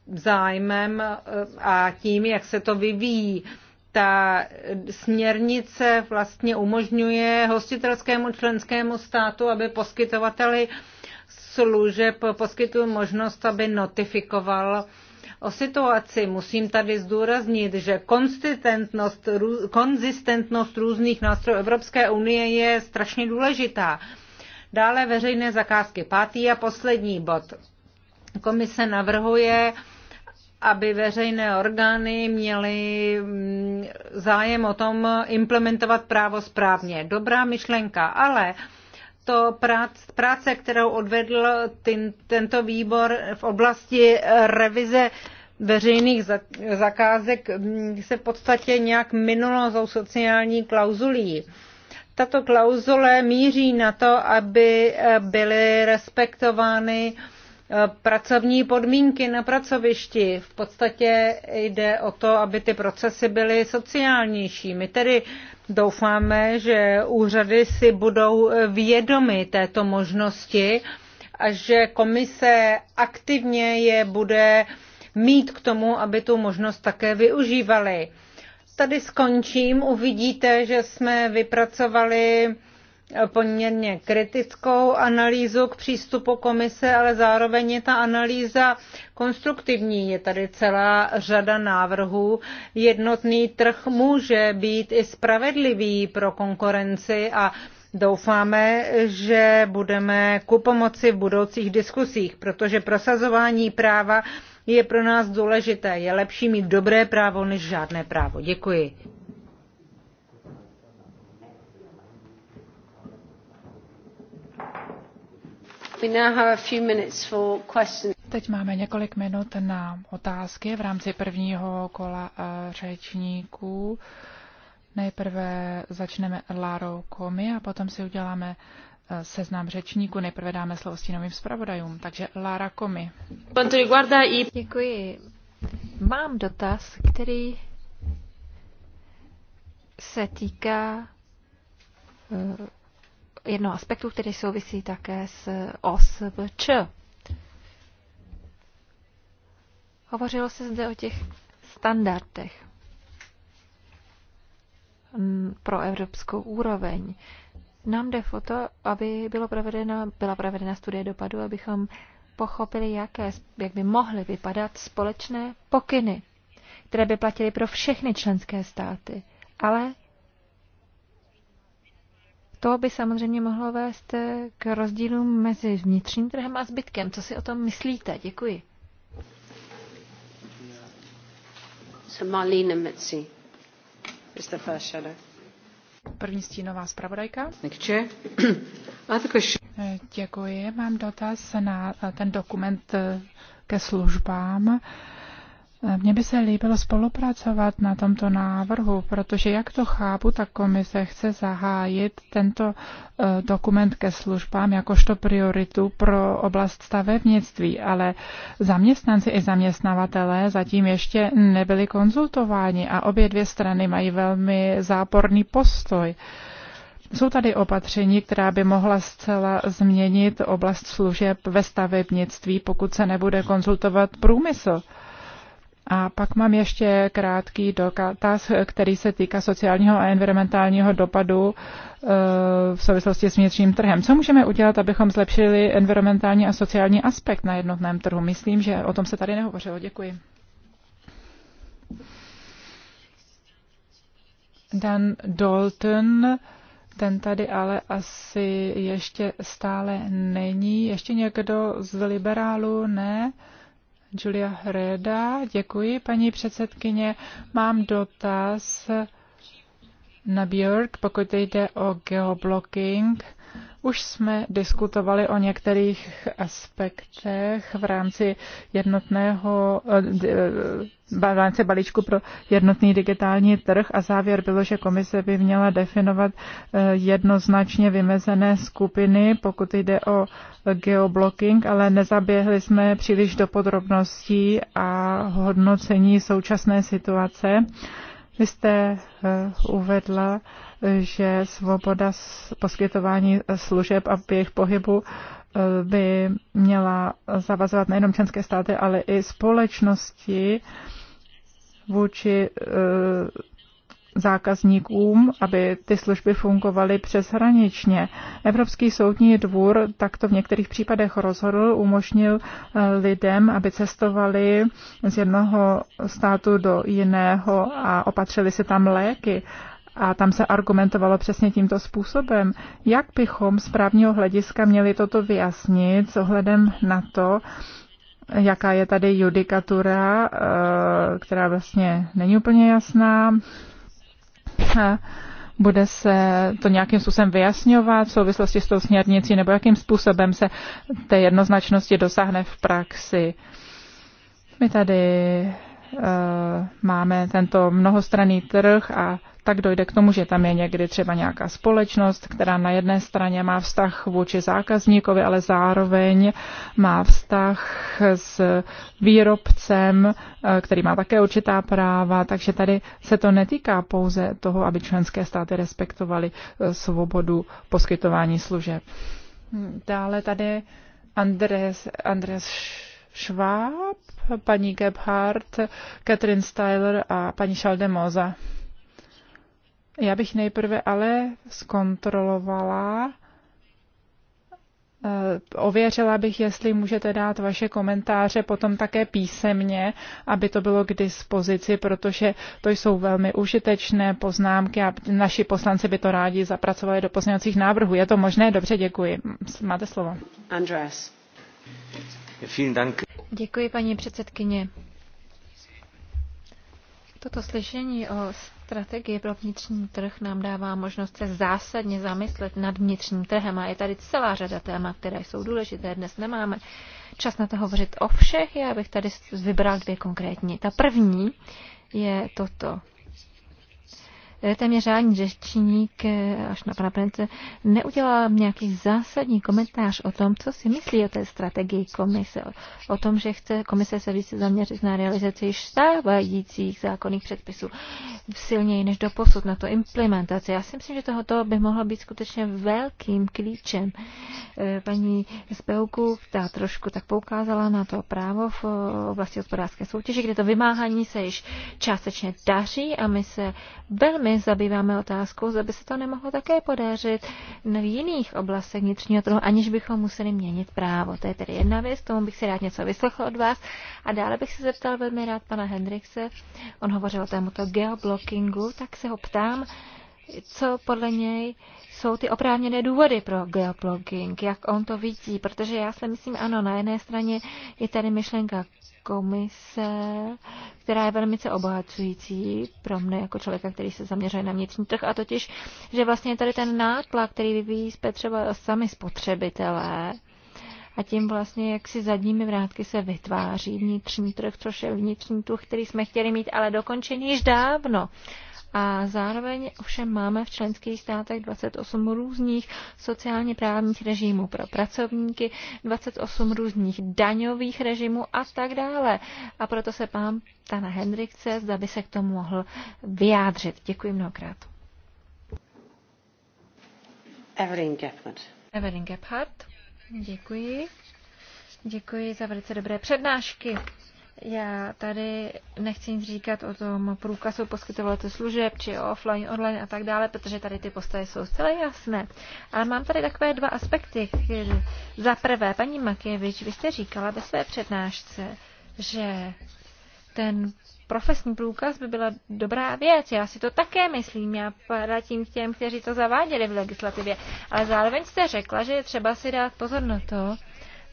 zájmem eh, a tím, jak se to vyvíjí ta směrnice vlastně umožňuje hostitelskému členskému státu, aby poskytovateli služeb poskytují možnost, aby notifikoval o situaci. Musím tady zdůraznit, že konzistentnost, konzistentnost různých nástrojů Evropské unie je strašně důležitá. Dále veřejné zakázky. Pátý a poslední bod. Komise navrhuje uh, aby veřejné orgány měly mm, zájem o tom implementovat právo správně. Dobrá myšlenka, ale to práce, kterou odvedl tento výbor v oblasti revize veřejných zakázek, mm, se v podstatě nějak minulo za sociální klauzulí. Tato klauzule míří na to, aby byly respektovány Eh, pracovní podmínky na pracovišti. V podstatě jde o to, aby ty procesy byly sociálnější. My tedy doufáme, že úřady si budou vědomy této možnosti a že komise aktivně je bude mít k tomu, aby tu možnost také využívali. Tady skončím. Uvidíte, že jsme vypracovali poměrně kritickou analýzu k přístupu komise, ale zároveň je ta analýza konstruktivní. Je tady celá řada návrhů. Jednotný trh může být i spravedlivý pro konkurenci a Doufáme, že budeme ku pomoci v budoucích diskusích, protože prosazování práva je pro nás důležité. Je lepší mít dobré právo než žádné právo. Děkuji. Teď máme několik minut na otázky v rámci prvního kola eh, řečníků. Nejprve začneme Larou Komi a potom si uděláme eh, seznam řečníků. Nejprve dáme slovo stínovým zpravodajům. Takže Lara Komi. Děkuji. Mám dotaz, který se týká eh, jednoho aspektu, který souvisí také s OSVČ. Hovořilo se zde o těch standardech pro evropskou úroveň. Nám jde o to, aby bylo provedeno, byla provedena studie dopadu, abychom pochopili, jaké, jak by mohly vypadat společné pokyny, které by platily pro všechny členské státy, ale to by samozřejmě mohlo vést k rozdílům mezi vnitřním trhem a zbytkem. Co si o tom myslíte? Děkuji. První stínová zpravodajka. Eh, děkuji. Mám dotaz na eh, ten dokument eh, ke službám. Mně by se líbilo spolupracovat na tomto návrhu, protože jak to chápu, tak komise chce zahájit tento eh, dokument ke službám jakožto prioritu pro oblast stavebnictví, ale zaměstnanci i zaměstnavatelé zatím ještě nebyli konzultováni a obě dvě strany mají velmi záporný postoj. Jsou tady opatření, která by mohla zcela změnit oblast služeb ve stavebnictví, pokud se nebude konzultovat průmysl. A pak mám ještě krátký dotaz, který se týká sociálního a environmentálního dopadu eh, v souvislosti s vnitřním trhem. Co můžeme udělat, abychom zlepšili environmentální a sociální aspekt na jednotném trhu? Myslím, že o tom se tady nehovořilo. Děkuji. Dan Dalton, ten tady ale asi ještě stále není. Ještě někdo z liberálu, Ne. Uh, Julia Hreda. Děkuji, paní předsedkyně. Mám dotaz na Björk, pokud jde o geoblocking. Už jsme diskutovali o některých aspektech v rámci jednotného eh, v rámci balíčku pro jednotný digitální trh a závěr bylo, že komise by měla definovat eh, jednoznačně vymezené skupiny, pokud jde o geoblocking, ale nezaběhli jsme příliš do podrobností a hodnocení současné situace. Vy jste eh, uvedla, že svoboda poskytování služeb a jejich pohybu eh, by měla zavazovat nejenom členské státy, ale i společnosti vůči eh, zákazníkům, aby ty služby fungovaly přeshraničně. Evropský soudní dvůr takto v některých případech rozhodl, umožnil eh, lidem, aby cestovali z jednoho státu do jiného a opatřili si tam léky. A tam se argumentovalo přesně tímto způsobem. Jak bychom z právního hlediska měli toto vyjasnit s ohledem na to, jaká je tady judikatura, eh, která vlastně není úplně jasná, bude se to nějakým způsobem vyjasňovat v souvislosti s tou směrnicí, nebo jakým způsobem se té jednoznačnosti dosáhne v praxi. My tady eh, máme tento mnohostranný trh a tak dojde k tomu, že tam je někdy třeba nějaká společnost, která na jedné straně má vztah vůči zákazníkovi, ale zároveň má vztah s výrobcem, eh, který má také určitá práva, takže tady se to netýká pouze toho, aby členské státy respektovaly eh, svobodu poskytování služeb. Dále tady Andres, Andres Schwab, paní Gebhardt, Catherine Styler a paní Schaldemosa. Já bych nejprve ale zkontrolovala, eh, ověřila bych, jestli můžete dát vaše komentáře potom také písemně, aby to bylo k dispozici, protože to jsou velmi užitečné poznámky a naši poslanci by to rádi zapracovali do pozměňovacích návrhů. Je to možné? Dobře, děkuji. Máte slovo. Andreas. Děkuji, paní předsedkyně. Toto slyšení o strategie pro vnitřní trh nám dává možnost se zásadně zamyslet nad vnitřním trhem a je tady celá řada témat, které jsou důležité. Dnes nemáme čas na to hovořit o všech, já bych tady vybral dvě konkrétní. Ta první je toto téměř žádný řečník, eh, až na pana prince neudělal nějaký zásadní komentář o tom, co si myslí o té strategii komise, o tom, že chce komise se více zaměřit na realizaci již stávajících zákonných předpisů silněji než do posud na to implementaci. Já si myslím, že tohoto by mohlo být skutečně velkým klíčem. Eh, paní Spelku, ta trošku tak poukázala na to právo v oblasti hospodářské soutěže, kde to vymáhání se již částečně daří a my se velmi zabýváme otázkou, zda by se to nemohlo také podařit v jiných oblastech vnitřního trhu, aniž bychom museli měnit právo. To je tedy jedna věc, k tomu bych si rád něco vyslechl od vás. A dále bych se zeptal velmi rád pana Hendrikse, on hovořil o tématu geoblockingu, tak se ho ptám, co podle něj jsou ty oprávněné důvody pro geoblogging, jak on to vidí, protože já si myslím, ano, na jedné straně je tady myšlenka komise, která je velmi obohacující pro mne jako člověka, který se zaměřuje na vnitřní trh, a totiž, že vlastně tady ten nátlak, který vyvíjí třeba sami spotřebitelé, a tím vlastně jak si zadními vrátky se vytváří vnitřní trh, což je vnitřní trh, který jsme chtěli mít, ale dokončený již dávno. A zároveň ovšem máme v členských státech 28 různých sociálně právních režimů pro pracovníky, 28 různých daňových režimů a tak dále. A proto se pán Tana chce, zda by se k tomu mohl vyjádřit. Děkuji mnohokrát. Evelyn Gephardt. Evelyn Gephardt. Děkuji. Děkuji za velice dobré přednášky. Já tady nechci nic říkat o tom průkazu poskytovatelů služeb, či offline, online a tak dále, protože tady ty postavy jsou zcela jasné. Ale mám tady takové dva aspekty. Za prvé, paní Makievič, vy jste říkala ve své přednášce, že ten profesní průkaz by byla dobrá věc. Já si to také myslím. Já tím těm, kteří to zaváděli v legislativě. Ale zároveň jste řekla, že je třeba si dát pozor na to,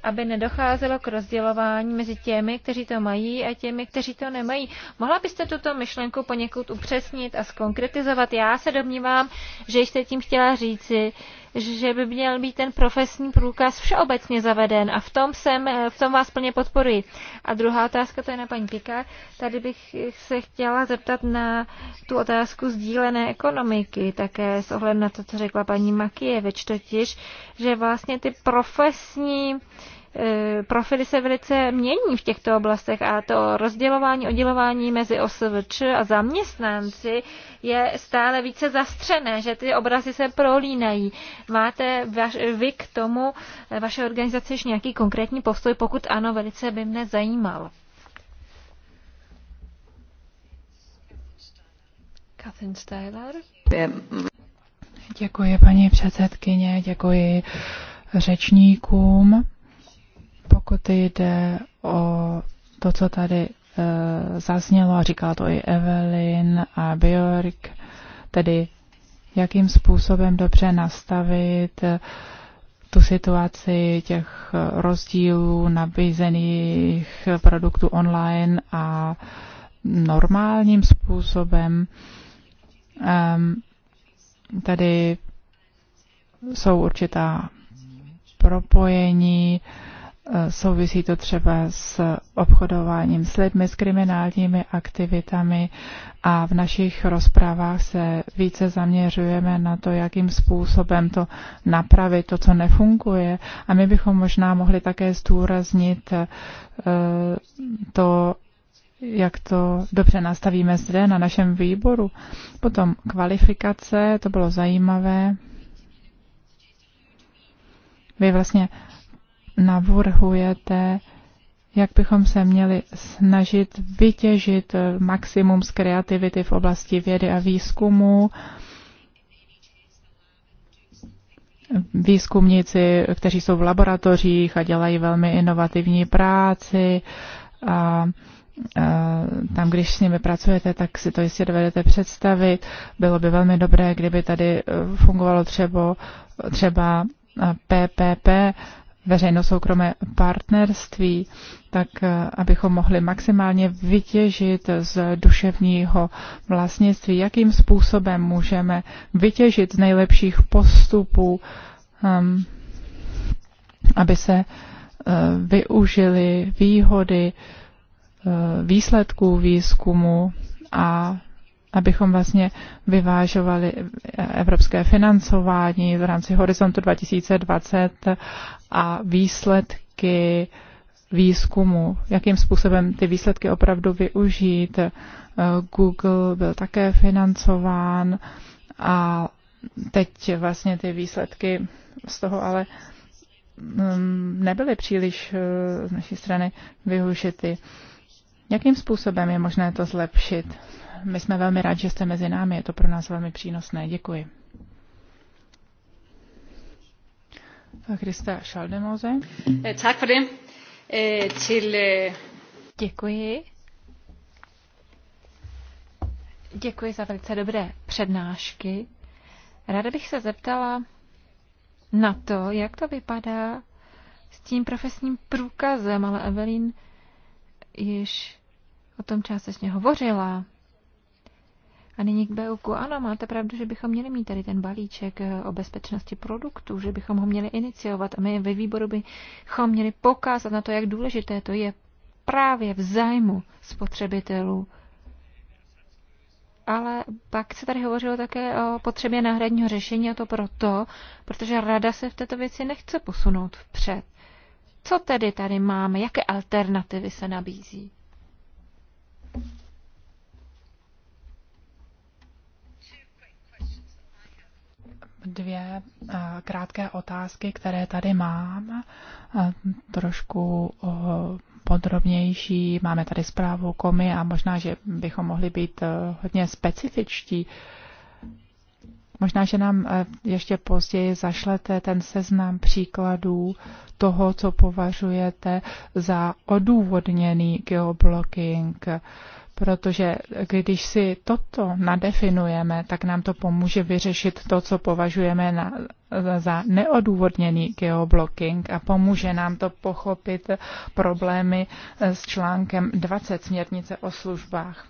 aby nedocházelo k rozdělování mezi těmi, kteří to mají a těmi, kteří to nemají. Mohla byste tuto myšlenku poněkud upřesnit a skonkretizovat? Já se domnívám, že jste tím chtěla říci, že by měl být ten profesní průkaz všeobecně zaveden a v tom, jsem, eh, v tom vás plně podporuji. A druhá otázka, to je na paní Pika. Tady bych se chtěla zeptat na tu otázku sdílené ekonomiky, také s ohledem na to, co řekla paní Makijevič totiž, že vlastně ty profesní E, profily se velice mění v těchto oblastech a to rozdělování, oddělování mezi OSVČ a zaměstnanci je stále více zastřené, že ty obrazy se prolínají. Máte vaš, vy k tomu e, vaše organizace ještě nějaký konkrétní postoj? Pokud ano, velice by mne zajímal. Katrin Steyler. Děkuji, paní předsedkyně, děkuji řečníkům. Pokud jde o to, co tady e, zaznělo a říkala to i Evelyn a Björk, tedy jakým způsobem dobře nastavit e, tu situaci těch rozdílů nabízených produktů online a normálním způsobem. Tady jsou určitá propojení, Eh, souvisí to třeba s obchodováním s lidmi, s kriminálními aktivitami a v našich rozprávách se více zaměřujeme na to, jakým způsobem to napravit, to, co nefunguje. A my bychom možná mohli také zdůraznit eh, to, jak to dobře nastavíme zde na našem výboru. Potom kvalifikace, to bylo zajímavé. Vy vlastně navrhujete, jak bychom se měli snažit vytěžit maximum z kreativity v oblasti vědy a výzkumu. Výzkumníci, kteří jsou v laboratořích a dělají velmi inovativní práci a tam, když s nimi pracujete, tak si to jistě dovedete představit. Bylo by velmi dobré, kdyby tady fungovalo třeba, třeba PPP, veřejno-soukromé partnerství, tak eh, abychom mohli maximálně vytěžit z duševního vlastnictví, jakým způsobem můžeme vytěžit z nejlepších postupů, ehm, aby se eh, využily výhody eh, výsledků výzkumu a abychom vlastně vyvážovali eh, evropské financování v rámci Horizontu 2020 a výsledky výzkumu, jakým způsobem ty výsledky opravdu využít. Eh, Google byl také financován a teď vlastně ty výsledky z toho ale mm, nebyly příliš eh, z naší strany využity. Jakým způsobem je možné to zlepšit? My jsme velmi rádi, že jste mezi námi, je to pro nás velmi přínosné. Děkuji. Krista Šaldemoze. Eh, tak for eh, Til... Eh, Děkuji. Děkuji za velice dobré přednášky. Ráda bych se zeptala na to, jak to vypadá s tím profesním průkazem, ale Evelyn již o tom částečně hovořila. A nyní k Beuku. Ano, máte pravdu, že bychom měli mít tady ten balíček eh, o bezpečnosti produktů, že bychom ho měli iniciovat a my ve výboru bychom měli pokázat na to, jak důležité to je právě v zájmu spotřebitelů. Ale pak se tady hovořilo také o potřebě náhradního řešení a to proto, protože rada se v této věci nechce posunout vpřed. Co tedy tady máme? Jaké alternativy se nabízí? dvě eh, krátké otázky, které tady mám, eh, trošku eh, podrobnější. Máme tady zprávu komy a možná, že bychom mohli být hodně specifičtí. Možná, že nám ještě později zašlete ten seznam příkladů toho, co považujete za odůvodněný geoblocking protože když si toto nadefinujeme, tak nám to pomůže vyřešit to, co považujeme na, za neodůvodněný geoblocking a pomůže nám to pochopit problémy s článkem 20 směrnice o službách.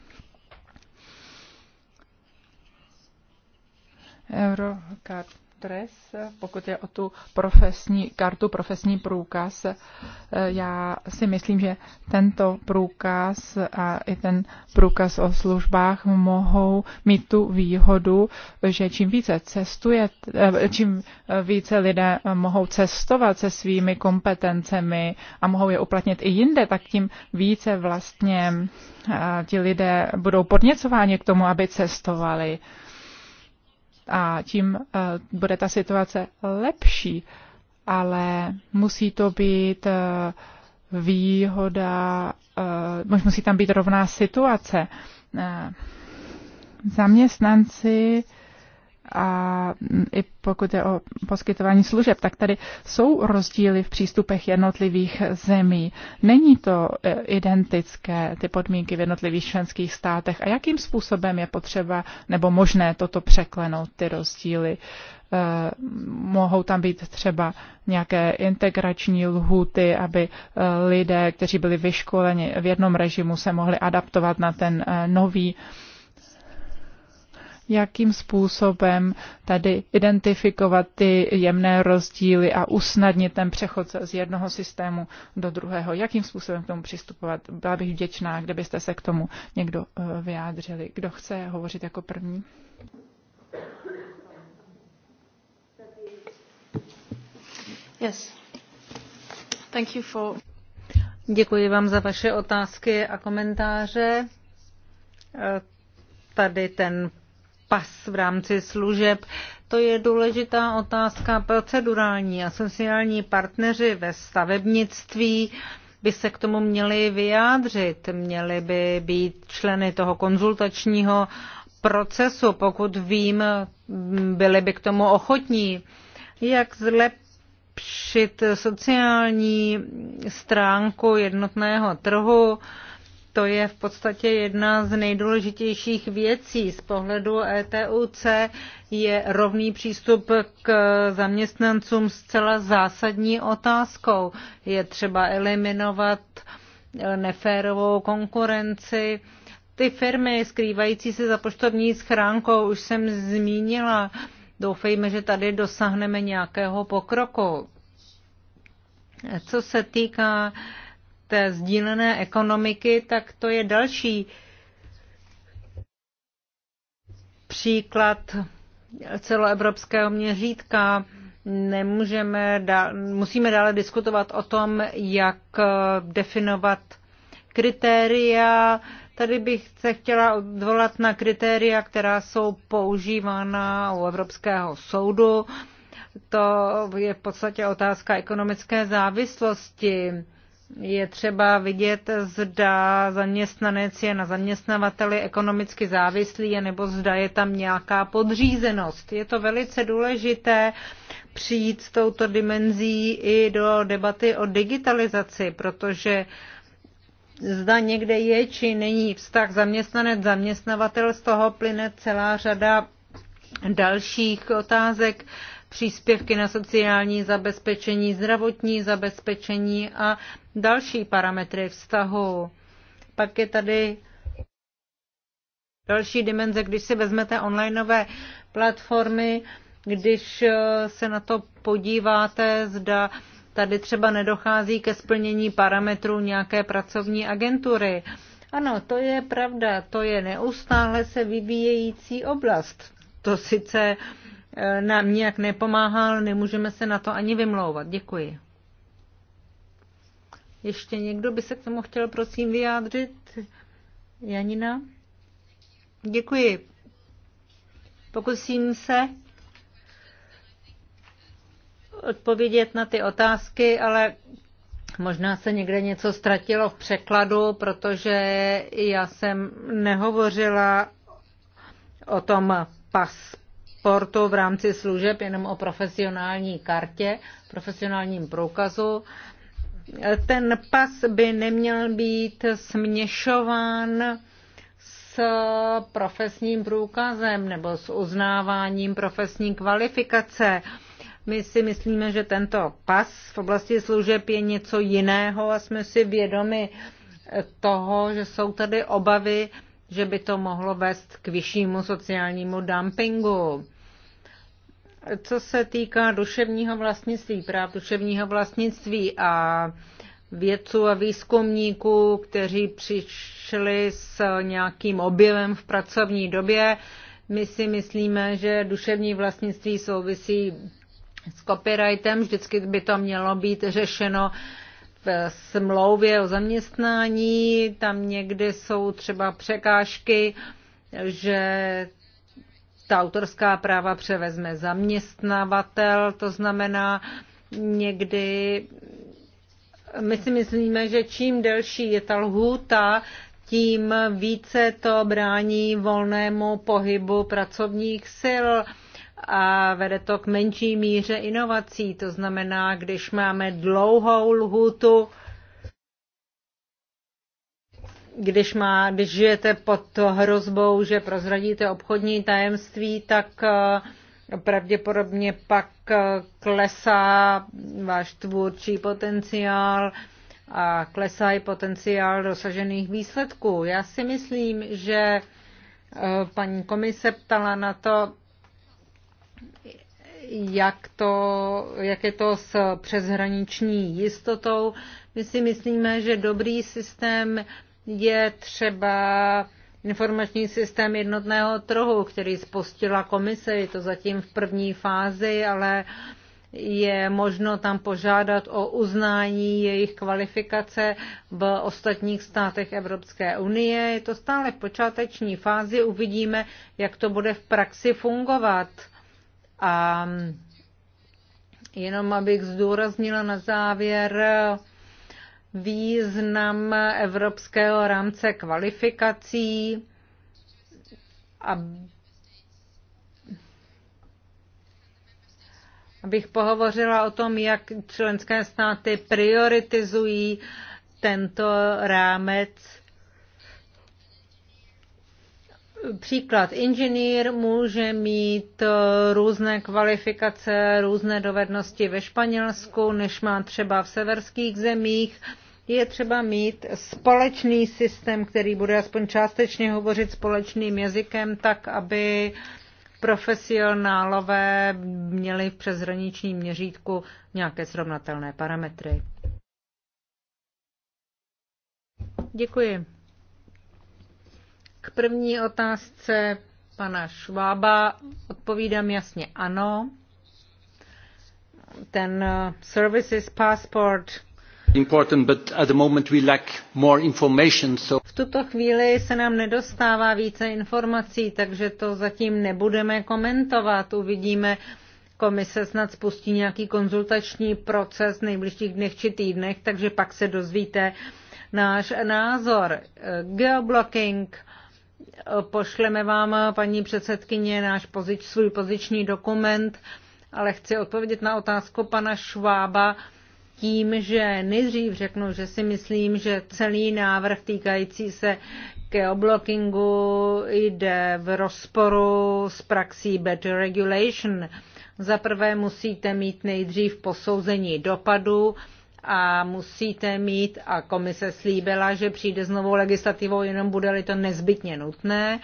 Eurocard trest, pokud je o tu profesní kartu, profesní průkaz. Eh, já si myslím, že tento průkaz a i ten průkaz o službách mohou mít tu výhodu, že čím více cestuje, eh, čím eh, více lidé mohou cestovat se svými kompetencemi a mohou je uplatnit i jinde, tak tím více vlastně ti lidé budou podněcováni k tomu, aby cestovali a tím eh, bude ta situace lepší, ale musí to být eh, výhoda, eh, musí tam být rovná situace. Zaměstnanci a i pokud je o poskytování služeb, tak tady jsou rozdíly v přístupech jednotlivých zemí. Není to e, identické, ty podmínky v jednotlivých členských státech a jakým způsobem je potřeba nebo možné toto překlenout, ty rozdíly. E, mohou tam být třeba nějaké integrační lhuty, aby e, lidé, kteří byli vyškoleni v jednom režimu, se mohli adaptovat na ten nový jakým způsobem tady identifikovat ty jemné rozdíly a usnadnit ten přechod z jednoho systému do druhého, jakým způsobem k tomu přistupovat. Byla bych vděčná, kdybyste se k tomu někdo eh, vyjádřili. Kdo chce hovořit jako první? Yes. Thank you for... Děkuji vám za vaše otázky a komentáře. Eh, tady ten pas v rámci služeb. To je důležitá otázka procedurální a sociální partneři ve stavebnictví by se k tomu měli vyjádřit, měli by být členy toho konzultačního procesu, pokud vím, byli by k tomu ochotní. Jak zlepšit sociální stránku jednotného trhu, to je v podstatě jedna z nejdůležitějších věcí z pohledu ETUC. Je rovný přístup k zaměstnancům zcela zásadní otázkou. Je třeba eliminovat eh, neférovou konkurenci. Ty firmy skrývající se za poštovní schránkou už jsem zmínila. Doufejme, že tady dosáhneme nějakého pokroku. Co se týká uh, té sdílené ekonomiky, tak to je další příklad celoevropského měřítka. Nemůžeme dá, musíme dále diskutovat o tom, jak eh, definovat kritéria. Tady bych se chtěla odvolat na kritéria, která jsou používána u Evropského soudu. To je v podstatě otázka ekonomické závislosti je třeba vidět, zda zaměstnanec je na zaměstnavateli ekonomicky závislý, nebo zda je tam nějaká podřízenost. Je to velice důležité přijít s touto dimenzí i do debaty o digitalizaci, protože zda někde je či není vztah zaměstnanec-zaměstnavatel, z toho plyne celá řada dalších otázek, příspěvky na sociální zabezpečení, zdravotní zabezpečení a další parametry vztahu. Pak je tady další dimenze, když si vezmete onlineové platformy, když eh, se na to podíváte, zda tady třeba nedochází ke splnění parametrů nějaké pracovní agentury. Ano, to je pravda, to je neustále se vyvíjející oblast. To sice eh, nám nijak nepomáhá, ale nemůžeme se na to ani vymlouvat. Děkuji. Ještě někdo by se k tomu chtěl prosím vyjádřit? Janina? Děkuji. Pokusím se odpovědět na ty otázky, ale možná se někde něco ztratilo v překladu, protože já jsem nehovořila o tom pasportu v rámci služeb, jenom o profesionální kartě, profesionálním průkazu. Uh, ten pas by neměl být směšován s profesním průkazem nebo s uznáváním profesní kvalifikace. My si myslíme, že tento pas v oblasti služeb je něco jiného a jsme si vědomi toho, že jsou tady obavy, že by to mohlo vést k vyššímu sociálnímu dumpingu co se týká duševního vlastnictví, práv duševního vlastnictví a vědců a výzkumníků, kteří přišli s nějakým objevem v pracovní době, my si myslíme, že duševní vlastnictví souvisí s copyrightem, vždycky by to mělo být řešeno v smlouvě o zaměstnání, tam někde jsou třeba překážky, že ta autorská práva převezme zaměstnavatel, to znamená někdy my si myslíme, že čím delší je ta lhůta, tím více to brání volnému pohybu pracovních sil a vede to k menší míře inovací. To znamená, když máme dlouhou lhůtu, když, má, když žijete pod hrozbou, že prozradíte obchodní tajemství, tak eh, pravděpodobně pak eh, klesá váš tvůrčí potenciál a klesá i potenciál dosažených výsledků. Já si myslím, že eh, paní komise ptala na to, jak, to, jak je to s přeshraniční jistotou. My si myslíme, že dobrý systém je třeba informační systém jednotného trhu, který spustila komise, je to zatím v první fázi, ale je možno tam požádat o uznání jejich kvalifikace v ostatních státech Evropské unie. Je to stále v počáteční fázi, uvidíme, jak to bude v praxi fungovat. A jenom abych zdůraznila na závěr, význam evropského rámce kvalifikací a abych pohovořila o tom, jak členské státy prioritizují tento rámec příklad inženýr může mít eh, různé kvalifikace, různé dovednosti ve Španělsku, než má třeba v severských zemích. Je třeba mít společný systém, který bude aspoň částečně hovořit společným jazykem, tak aby profesionálové měli v přeshraničním měřítku nějaké srovnatelné parametry. Děkuji. K první otázce pana Švába odpovídám jasně ano. Ten uh, services passport important, but at the moment we lack more information, so... V tuto chvíli se nám nedostává více informací, takže to zatím nebudeme komentovat. Uvidíme, komise snad spustí nějaký konzultační proces v nejbližších dnech či týdnech, takže pak se dozvíte náš názor. Eh, geoblocking, Pošleme vám, paní předsedkyně, náš pozič, svůj poziční dokument, ale chci odpovědět na otázku pana Švába tím, že nejdřív řeknu, že si myslím, že celý návrh týkající se geoblockingu jde v rozporu s praxí better regulation. Za prvé musíte mít nejdřív posouzení dopadu, a musíte mít, a komise slíbila, že přijde s novou legislativou, jenom bude-li to nezbytně nutné.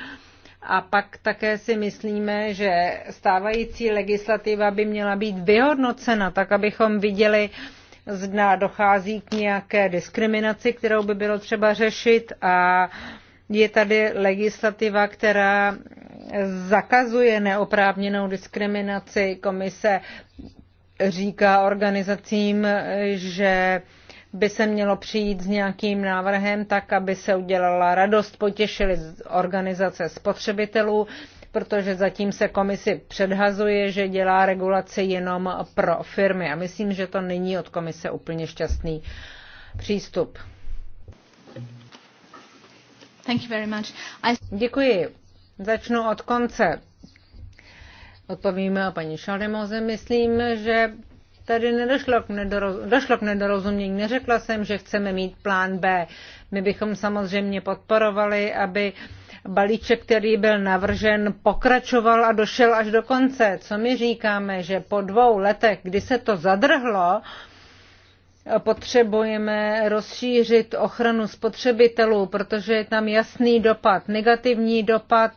A pak také si myslíme, že stávající legislativa by měla být vyhodnocena, tak abychom viděli, zda dochází k nějaké diskriminaci, kterou by bylo třeba řešit a je tady legislativa, která zakazuje neoprávněnou diskriminaci. Komise říká organizacím, že by se mělo přijít s nějakým návrhem tak, aby se udělala radost, potěšili organizace spotřebitelů, protože zatím se komisi předhazuje, že dělá regulaci jenom pro firmy. A myslím, že to není od komise úplně šťastný přístup. Thank you very much. I... Děkuji. Začnu od konce odpovíme o paní Šalimoze. Myslím, že tady nedošlo k, nedoroz- došlo k nedorozumění. Neřekla jsem, že chceme mít plán B. My bychom samozřejmě podporovali, aby balíček, který byl navržen, pokračoval a došel až do konce. Co my říkáme, že po dvou letech, kdy se to zadrhlo, potřebujeme rozšířit ochranu spotřebitelů, protože je tam jasný dopad, negativní dopad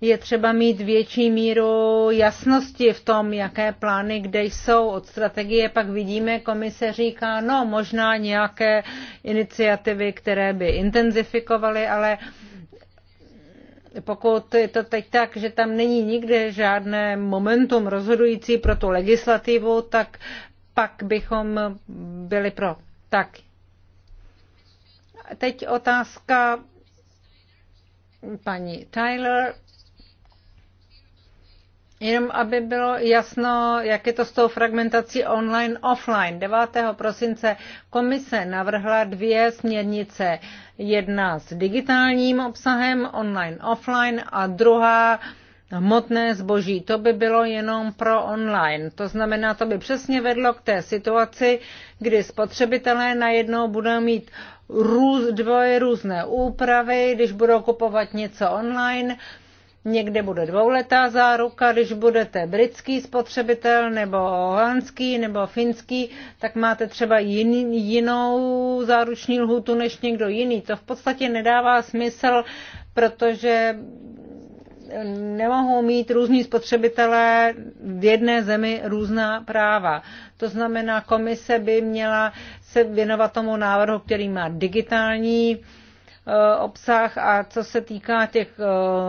je třeba mít větší míru jasnosti v tom, jaké plány kde jsou. Od strategie pak vidíme, komise říká, no možná nějaké iniciativy, které by intenzifikovaly, ale pokud je to teď tak, že tam není nikde žádné momentum rozhodující pro tu legislativu, tak pak bychom byli pro. Tak. Teď otázka paní Tyler. Jenom aby bylo jasno, jak je to s tou fragmentací online, offline. 9. prosince komise navrhla dvě směrnice. Jedna s digitálním obsahem online, offline a druhá hmotné zboží. To by bylo jenom pro online. To znamená, to by přesně vedlo k té situaci, kdy spotřebitelé najednou budou mít růz, dvoje různé úpravy, když budou kupovat něco online, Někde bude dvouletá záruka, když budete britský spotřebitel nebo holandský nebo finský, tak máte třeba jiný, jinou záruční lhůtu než někdo jiný. To v podstatě nedává smysl, protože nemohou mít různí spotřebitelé v jedné zemi různá práva. To znamená, komise by měla se věnovat tomu návrhu, který má digitální uh, Eh, obsah a co se týká těch eh,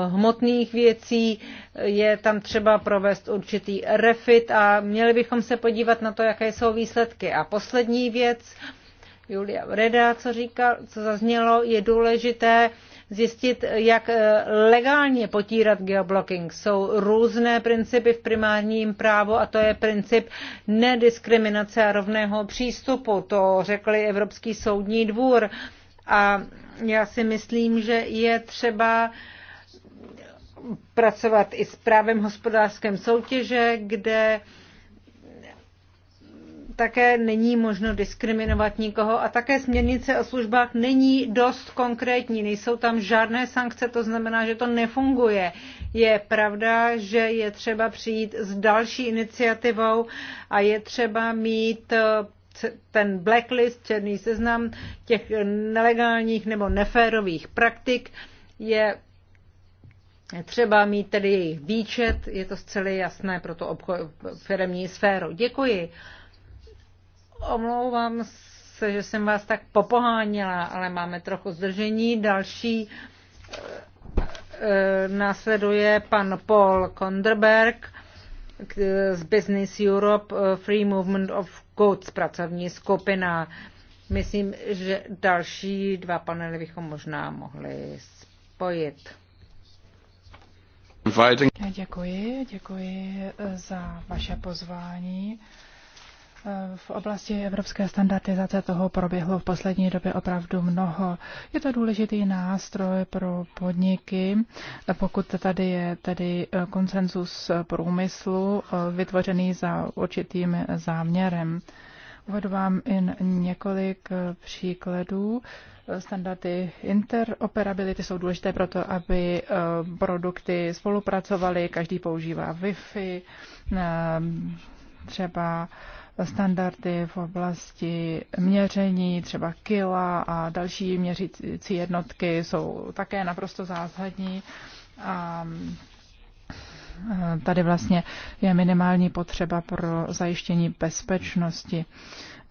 hmotných věcí, je tam třeba provést určitý refit a měli bychom se podívat na to, jaké jsou výsledky. A poslední věc, Julia Reda, co, říkal, co zaznělo, je důležité zjistit, jak eh, legálně potírat geoblocking. Jsou různé principy v primárním právu a to je princip nediskriminace a rovného přístupu. To řekl Evropský soudní dvůr. A já si myslím, že je třeba pracovat i s právem hospodářském soutěže, kde také není možno diskriminovat nikoho a také směrnice o službách není dost konkrétní, nejsou tam žádné sankce, to znamená, že to nefunguje. Je pravda, že je třeba přijít s další iniciativou a je třeba mít ten blacklist, černý seznam těch nelegálních nebo neférových praktik je třeba mít tedy jejich výčet, je to zcela jasné pro tu firmní sféru. Děkuji. Omlouvám se, že jsem vás tak popohánila, ale máme trochu zdržení. Další e, e, následuje pan Paul Konderberg z Business Europe eh, Free Movement of Goods, pracovní skupina. Myslím, že další dva panely bychom možná mohli spojit. Děkuji, děkuji eh, za vaše pozvání. V oblasti evropské standardizace toho proběhlo v poslední době opravdu mnoho. Je to důležitý nástroj pro podniky, pokud tady je tedy e, konsenzus průmyslu e, vytvořený za určitým záměrem. Uvedu vám jen několik e, příkladů. Standardy interoperability jsou důležité proto, aby produkty spolupracovaly, každý používá Wi-Fi, třeba standardy v oblasti měření, třeba kila a další měřící jednotky jsou také naprosto zásadní. A tady vlastně je minimální potřeba pro zajištění bezpečnosti e,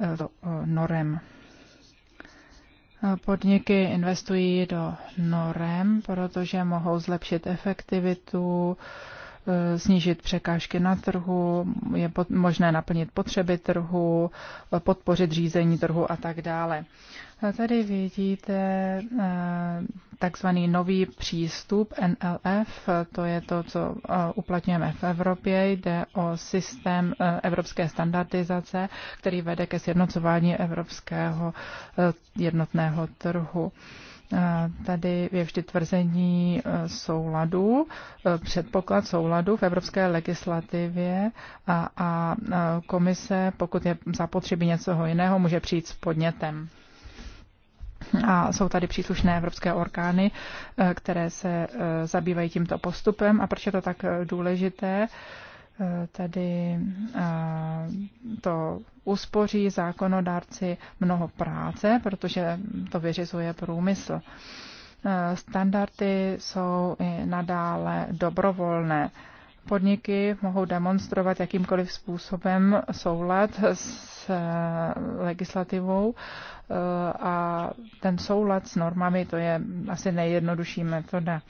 e, norem. Podniky investují do norem, protože mohou zlepšit efektivitu, Eh, snížit překážky na trhu, je možné naplnit potřeby trhu, eh, podpořit řízení trhu a tak dále. A eh, tady vidíte takzvaný nový přístup NLF, to je to, co uplatňujeme v Evropě. Jde o systém evropské standardizace, který vede ke sjednocování evropského jednotného trhu. Tady je vždy tvrzení e, souladu, e, předpoklad souladu v evropské legislativě a, a e, komise, pokud je zapotřebí něco jiného, může přijít s podnětem. A jsou tady příslušné evropské orgány, které se zabývají tímto postupem. A proč je to tak důležité? tedy eh, to uspoří zákonodárci mnoho práce, protože to vyřizuje průmysl. Eh, standardy jsou i nadále dobrovolné. Podniky mohou demonstrovat jakýmkoliv způsobem soulad s eh, legislativou a ten soulad s normami, to je asi nejjednodušší metoda.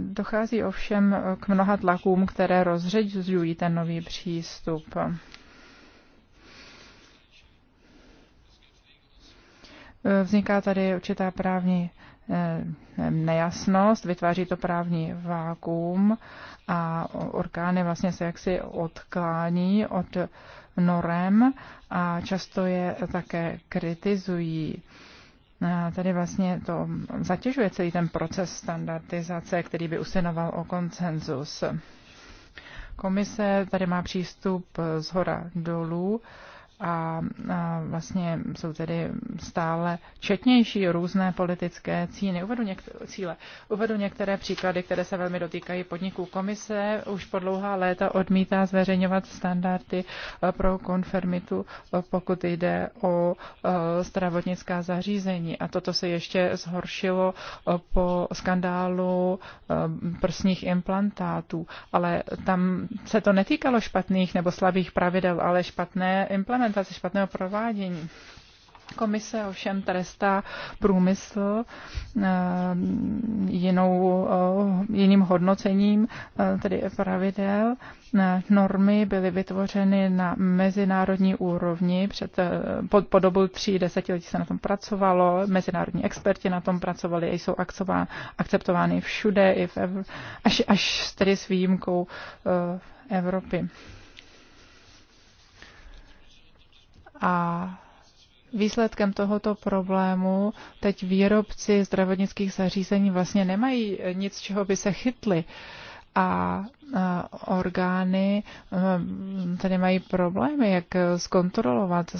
Dochází ovšem k mnoha tlakům, které rozřeďují ten nový přístup. Vzniká tady určitá právní eh, nejasnost, vytváří to právní vákum a orgány vlastně se jaksi odklání od norem a často je také kritizují. No tady vlastně to zatěžuje celý ten proces standardizace, který by usinoval o koncenzus. Komise tady má přístup z hora dolů a, a vlastně jsou tedy stále četnější různé politické cíny. Uvedu, některé, cíle. Uvedu některé příklady, které se velmi dotýkají podniků. Komise už po dlouhá léta odmítá zveřejňovat standardy e, pro konfirmitu, e, pokud jde o e, zdravotnická zařízení. A toto se ještě zhoršilo po skandálu prsních implantátů. Ale tam se to netýkalo špatných nebo slabých pravidel, ale špatné implementace implementaci, špatného provádění. Komise ovšem trestá průmysl eh, jinou, eh, jiným hodnocením, eh, tedy pravidel. Normy byly vytvořeny na mezinárodní úrovni. Před, pod, po dobu tří desetiletí se na tom pracovalo, mezinárodní experti na tom pracovali a jsou akceptovány všude, i v až, až tedy s výjimkou Evropy. A výsledkem tohoto problému teď výrobci zdravotnických zařízení vlastně nemají nic, čeho by se chytli. A orgány e, tady mají problémy, jak zkontrolovat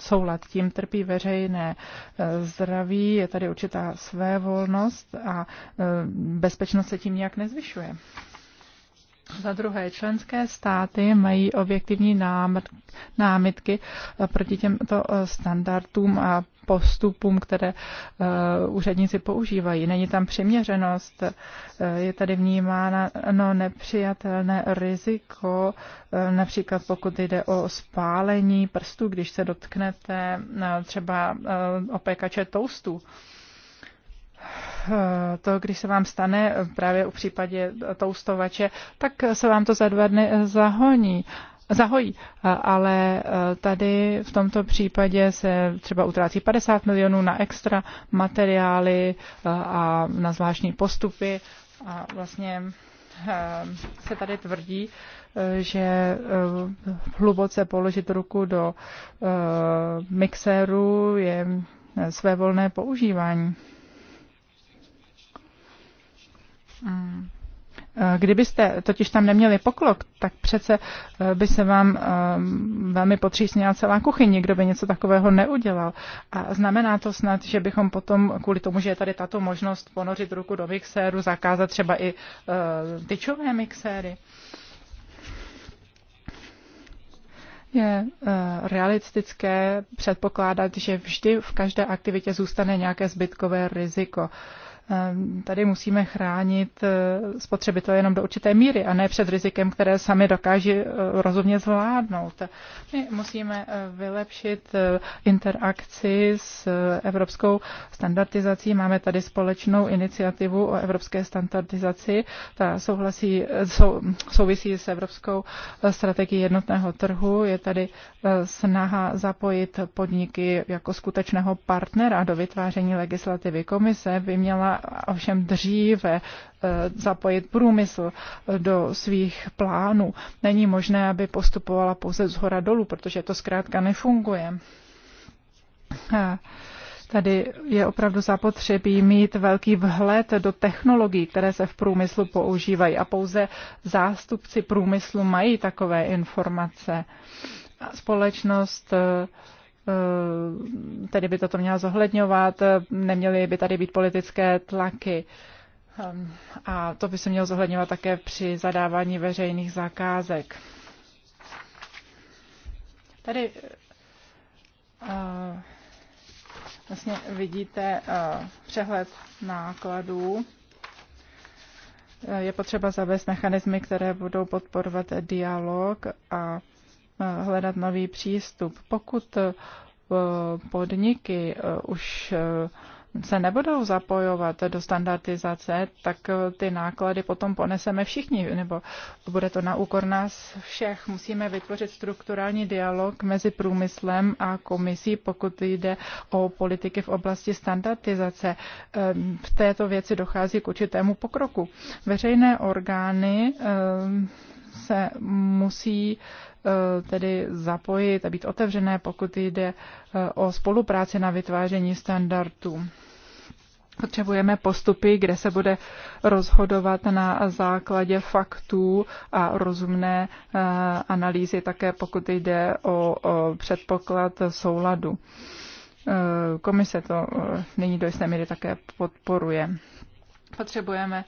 soulad. Tím trpí veřejné e, zdraví, je tady určitá svévolnost a e, bezpečnost se tím nějak nezvyšuje. Za druhé, členské státy mají objektivní námitky eh, proti těmto eh, standardům a postupům, které eh, úředníci používají. Není tam přiměřenost, je tady vnímána no, nepřijatelné riziko, například pokud jde o spálení prstů, když se dotknete třeba opékače toastů to, když se vám stane právě u případě toustovače, tak se vám to za dva dny zahoní zahojí. Ale tady v tomto případě se třeba utrácí 50 milionů na extra materiály a na zvláštní postupy a vlastně ehm, se tady tvrdí, že ehm, hluboce položit ruku do ehm, mixéru je své volné používání. Hmm. Eh, kdybyste totiž tam neměli poklok, tak přece eh, by se vám eh, velmi potřísněla celá kuchyň, nikdo by něco takového neudělal. A znamená to snad, že bychom potom, kvůli tomu, že je tady tato možnost ponořit ruku do mixéru, zakázat třeba i tyčové mixéry. Je realistické předpokládat, že vždy v každé aktivitě zůstane nějaké zbytkové riziko. Ehm, tady musíme chránit eh, spotřebitele jenom do určité míry a ne před rizikem, které sami dokáží eh, rozumně zvládnout. My musíme eh, vylepšit interakci s evropskou standardizací. Máme tady společnou iniciativu o evropské standardizaci. Ta souhlasí, sou, souvisí s evropskou strategií jednotného trhu. Je tady snaha zapojit podniky jako skutečného partnera do vytváření legislativy. Komise by měla ovšem dříve eh, zapojit průmysl do svých plánů. Není možné, aby postupovala pouze z hora dolů, protože to zkrátka nefunguje. Eh, tady je opravdu zapotřebí mít velký vhled do technologií, které se v průmyslu používají a pouze zástupci průmyslu mají takové informace. Společnost eh, Eh, tedy by toto měla zohledňovat, neměly by tady být politické tlaky. Ehm, a to by se mělo zohledňovat také při zadávání veřejných zakázek. Tady eh, vlastně vidíte eh, přehled nákladů. Je potřeba zavést mechanismy, které budou podporovat dialog a hledat nový přístup. Pokud eh, podniky eh, už eh, se nebudou zapojovat do standardizace, tak ty náklady potom poneseme všichni, nebo bude to na úkor nás všech. Musíme vytvořit strukturální dialog mezi průmyslem a komisí, pokud jde o politiky v oblasti standardizace. V této věci dochází k určitému pokroku. Veřejné orgány se musí Eh, tedy zapojit a být otevřené, pokud jde eh, o spolupráci na vytváření standardů. Potřebujeme postupy, kde se bude rozhodovat na základě faktů a rozumné eh, analýzy, také pokud jde o předpoklad souladu. Komise to nyní do jisté míry také podporuje. Potřebujeme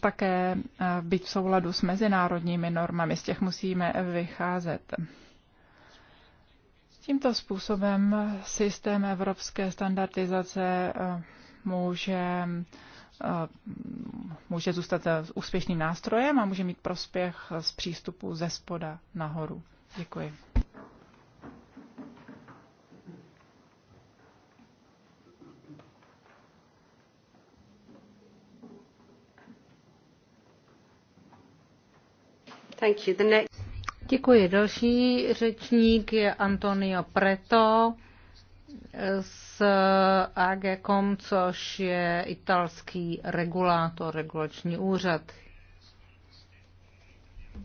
také být v souladu s mezinárodními normami, z těch musíme vycházet. Tímto způsobem systém evropské standardizace může, může zůstat úspěšným nástrojem a může mít prospěch z přístupu ze spoda nahoru. Děkuji. Děkuji. Další řečník je Antonio Preto z AGCOM, což je italský regulátor, regulační úřad.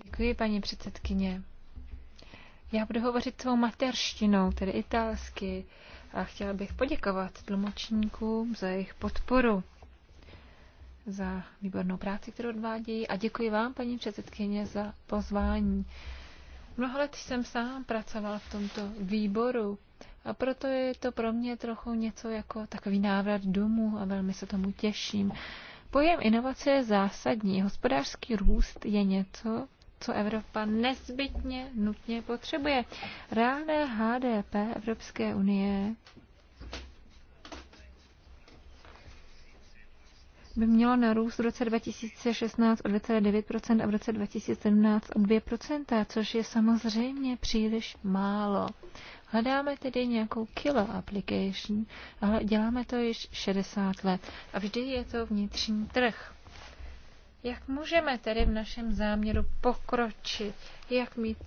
Děkuji, paní předsedkyně. Já budu hovořit svou materštinou, tedy italsky, a chtěla bych poděkovat tlumočníkům za jejich podporu za výbornou práci, kterou odvádějí a děkuji vám, paní předsedkyně, za pozvání. Mnoho let jsem sám pracoval v tomto výboru a proto je to pro mě trochu něco jako takový návrat domů a velmi se tomu těším. Pojem inovace je zásadní. Hospodářský růst je něco, co Evropa nezbytně nutně potřebuje. Reálné HDP Evropské unie by mělo narůst v roce 2016 o 2,9% a v roce 2017 o 2%, což je samozřejmě příliš málo. Hledáme tedy nějakou killer application, ale děláme to již 60 let a vždy je to vnitřní trh. Jak můžeme tedy v našem záměru pokročit? Jak mít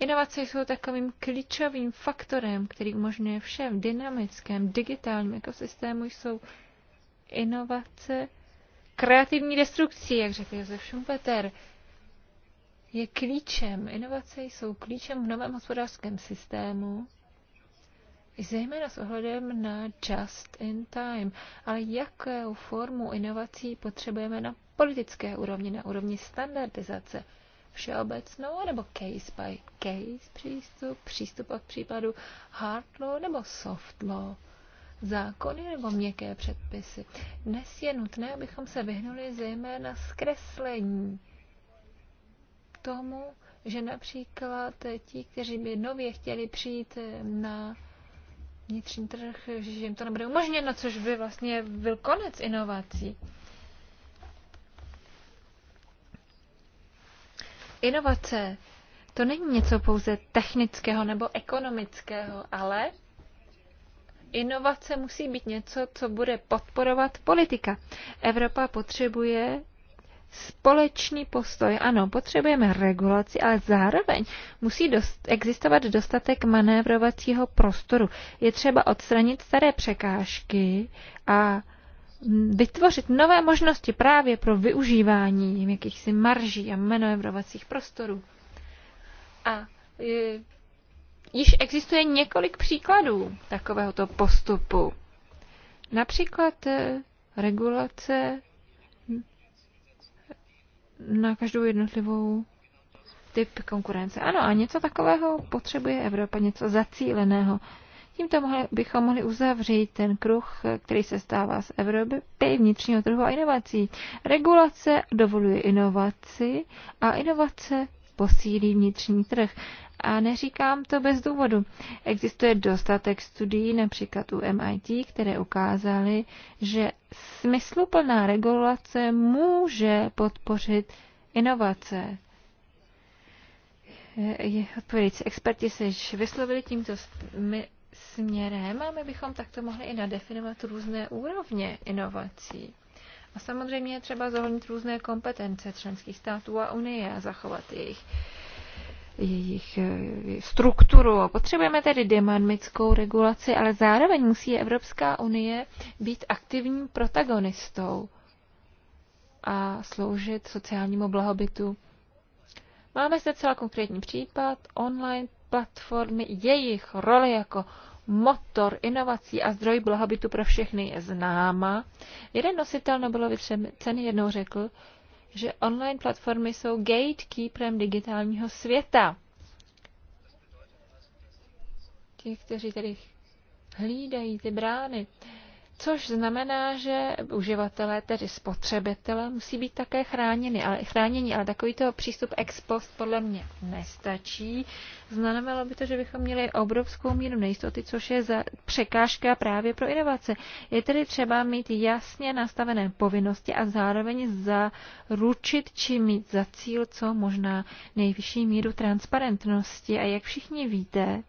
Inovace jsou takovým klíčovým faktorem, který umožňuje všem dynamickém digitálním ekosystému jsou inovace kreativní destrukcí, jak řekl Josef Schumpeter, je klíčem. Inovace jsou klíčem v novém hospodářském systému, zejména s ohledem na just in time. Ale jakou formu inovací potřebujeme na politické úrovni, na úrovni standardizace? Všeobecnou nebo case by case přístup, přístup od případu hard law nebo soft law? zákony nebo měkké předpisy. Dnes je nutné, abychom se vyhnuli zejména zkreslení tomu, že například ti, kteří by nově chtěli přijít na vnitřní trh, že jim to nebude umožněno, což by vlastně byl konec inovací. Inovace to není něco pouze technického nebo ekonomického, ale Inovace musí být něco, co bude podporovat politika. Evropa potřebuje společný postoj. Ano, potřebujeme regulaci, ale zároveň musí dost, existovat dostatek manévrovacího prostoru. Je třeba odstranit staré překážky a vytvořit nové možnosti právě pro využívání jakýchsi marží a manévrovacích prostorů. A Již existuje několik příkladů takovéhoto postupu. Například eh, regulace na každou jednotlivou typ konkurence. Ano, a něco takového potřebuje Evropa, něco zacíleného. Tímto mohli, bychom mohli uzavřít ten kruh, eh, který se stává z Evropy, vnitřního trhu a inovací. Regulace dovoluje inovaci a inovace posílí vnitřní trh. A neříkám to bez důvodu. Existuje dostatek studií, například u MIT, které ukázaly, že smysluplná regulace může podpořit inovace. Odpovědící experti se již vyslovili tímto směrem a my bychom takto mohli i nadefinovat různé úrovně inovací. A samozřejmě je třeba zohlednit různé kompetence členských států a Unie a zachovat jejich jejich eh, strukturu. Potřebujeme tedy dynamickou regulaci, ale zároveň musí Evropská unie být aktivním protagonistou a sloužit sociálnímu blahobytu. Máme zde celá konkrétní případ online platformy, jejich role jako motor inovací a zdroj blahobytu pro všechny je známa. Jeden nositel Nobelovy ceny jednou řekl, že online platformy jsou gatekeeperem digitálního světa. Ti, kteří tedy hlídají ty brány což znamená, že uživatelé, tedy spotřebitelé, musí být také chráněni, ale, chráněni, ale takovýto přístup ex post podle mě nestačí. Znamenalo by to, že bychom měli obrovskou míru nejistoty, což je za překážka právě pro inovace. Je tedy třeba mít jasně nastavené povinnosti a zároveň zaručit či mít za cíl co možná nejvyšší míru transparentnosti. A jak všichni víte,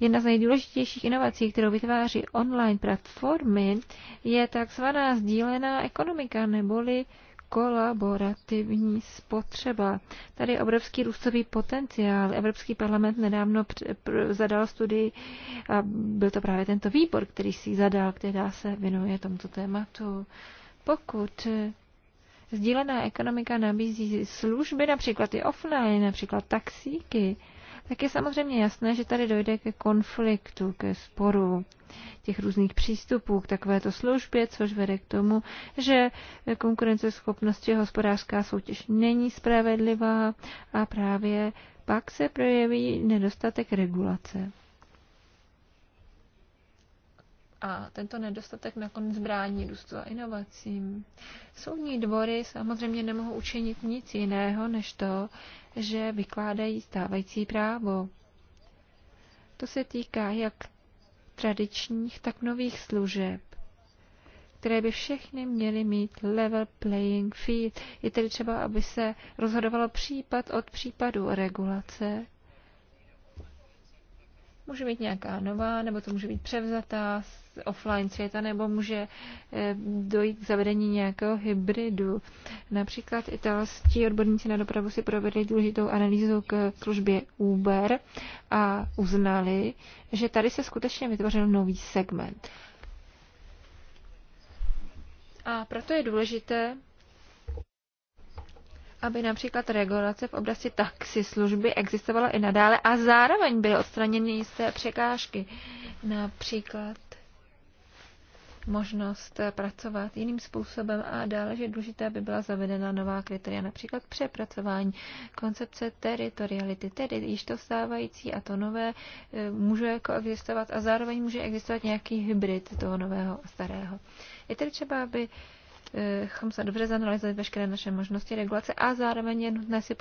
Jedna z nejdůležitějších inovací, kterou vytváří online platformy, je takzvaná sdílená ekonomika neboli kolaborativní spotřeba. Tady je obrovský růstový potenciál. Evropský parlament nedávno zadal studii a byl to právě tento výbor, který si zadal, která se věnuje tomuto tématu. Pokud eh, sdílená ekonomika nabízí služby, například i offline, například taxíky, tak je samozřejmě jasné, že tady dojde ke konfliktu, ke sporu těch různých přístupů k takovéto službě, což vede k tomu, že konkurenceschopnost či hospodářská soutěž není spravedlivá a právě pak se projeví nedostatek regulace. A tento nedostatek nakonec brání růstu a inovacím. Soudní dvory samozřejmě nemohou učinit nic jiného, než to, že vykládají stávající právo. To se týká jak tradičních, tak nových služeb, které by všechny měly mít level playing field. Je tedy třeba, aby se rozhodovalo případ od případu regulace může být nějaká nová, nebo to může být převzatá z offline světa, nebo může eh, dojít k zavedení nějakého hybridu. Například italští odborníci na dopravu si provedli důležitou analýzu k službě Uber a uznali, že tady se skutečně vytvořil nový segment. A proto je důležité aby například regulace v oblasti služby existovala i nadále a zároveň byly odstraněny jisté překážky. Například možnost pracovat jiným způsobem a dále, že důležité, by byla zavedena nová kritéria, například přepracování koncepce teritoriality, tedy již to stávající a to nové e, může koexistovat a zároveň může existovat nějaký hybrid toho nového a starého. Je tedy třeba, aby bychom se dobře zanalizovali veškeré naše možnosti regulace a zároveň je nutné si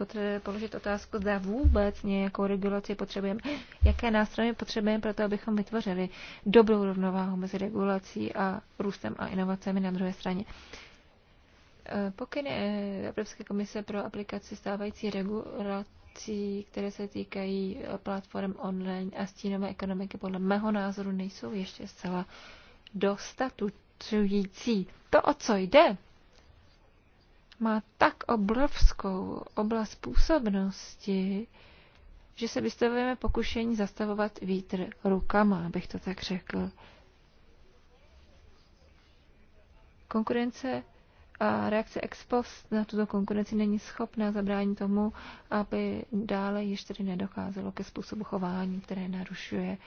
položit otázku, zda vůbec nějakou regulaci potřebujeme, jaké nástroje potřebujeme pro to, abychom vytvořili dobrou rovnováhu mezi regulací a růstem a inovacemi na druhé straně. Eh, pokyny eh, Evropské komise pro aplikaci stávající regulací, které se týkají eh, platform online a stínové ekonomiky, podle mého názoru nejsou ještě zcela dostatu, vyšetřující. To, o co jde, má tak obrovskou oblast působnosti, že se vystavujeme pokušení zastavovat vítr rukama, abych to tak řekl. Konkurence a reakce ex post na tuto konkurenci není schopná zabránit tomu, aby dále již tedy nedocházelo ke způsobu chování, které narušuje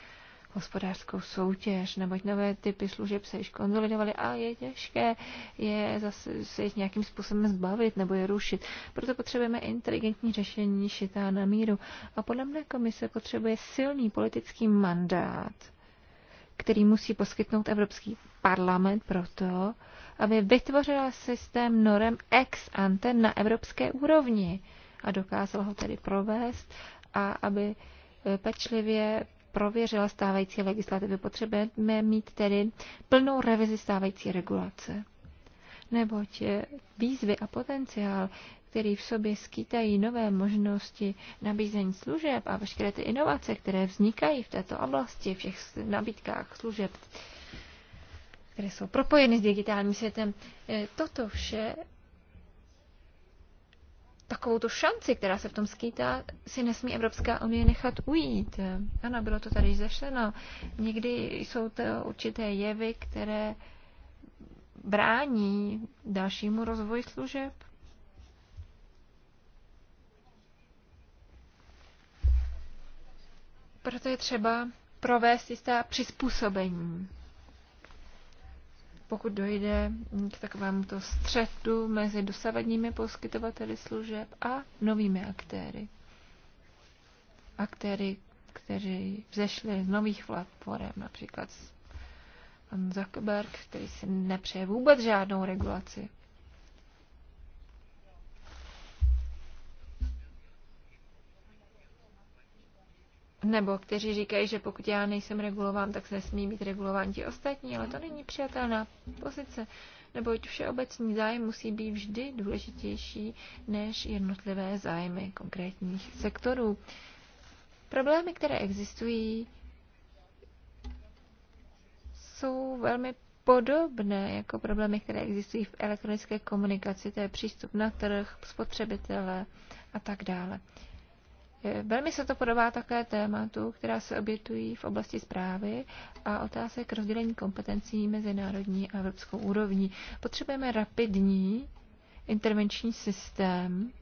hospodářskou soutěž, neboť nové typy služeb se již konzolidovaly a je těžké je zase se jich nějakým způsobem zbavit nebo je rušit. Proto potřebujeme inteligentní řešení šitá na míru. A podle mne komise potřebuje silný politický mandát, který musí poskytnout Evropský parlament proto, aby vytvořila systém norem ex ante na evropské úrovni a dokázala ho tedy provést a aby pečlivě prověřila stávající legislativy. Potřebujeme mít tedy plnou revizi stávající regulace. Neboť eh, výzvy a potenciál, který v sobě skýtají nové možnosti nabízení služeb a veškeré ty inovace, které vznikají v této oblasti, v těch nabídkách služeb, které jsou propojeny s digitálním světem, eh, toto vše takovou tu šanci, která se v tom skýtá, si nesmí Evropská unie nechat ujít. Ano, bylo to tady již zašleno. Někdy jsou to určité jevy, které brání dalšímu rozvoji služeb. Proto je třeba provést jistá přizpůsobení pokud dojde k takovémuto střetu mezi dosavadními poskytovateli služeb a novými aktéry. Aktéry, kteří vzešli z nových platform, například pan Zuckerberg, který si nepřeje vůbec žádnou regulaci. nebo kteří říkají, že pokud já nejsem regulován, tak se nesmí být regulován ti ostatní, ale to mhm. není přijatelná pozice, neboť všeobecný zájem musí být vždy důležitější než jednotlivé zájmy konkrétních sektorů. Problémy, které existují, jsou velmi podobné jako problémy, které existují v elektronické komunikaci, to je přístup na trh, spotřebitele a tak dále. Eh, velmi se to podobá také tématu, která se obětují v oblasti zprávy a otázek rozdělení kompetencí mezi národní a evropskou úrovní. Potřebujeme rapidní intervenční systém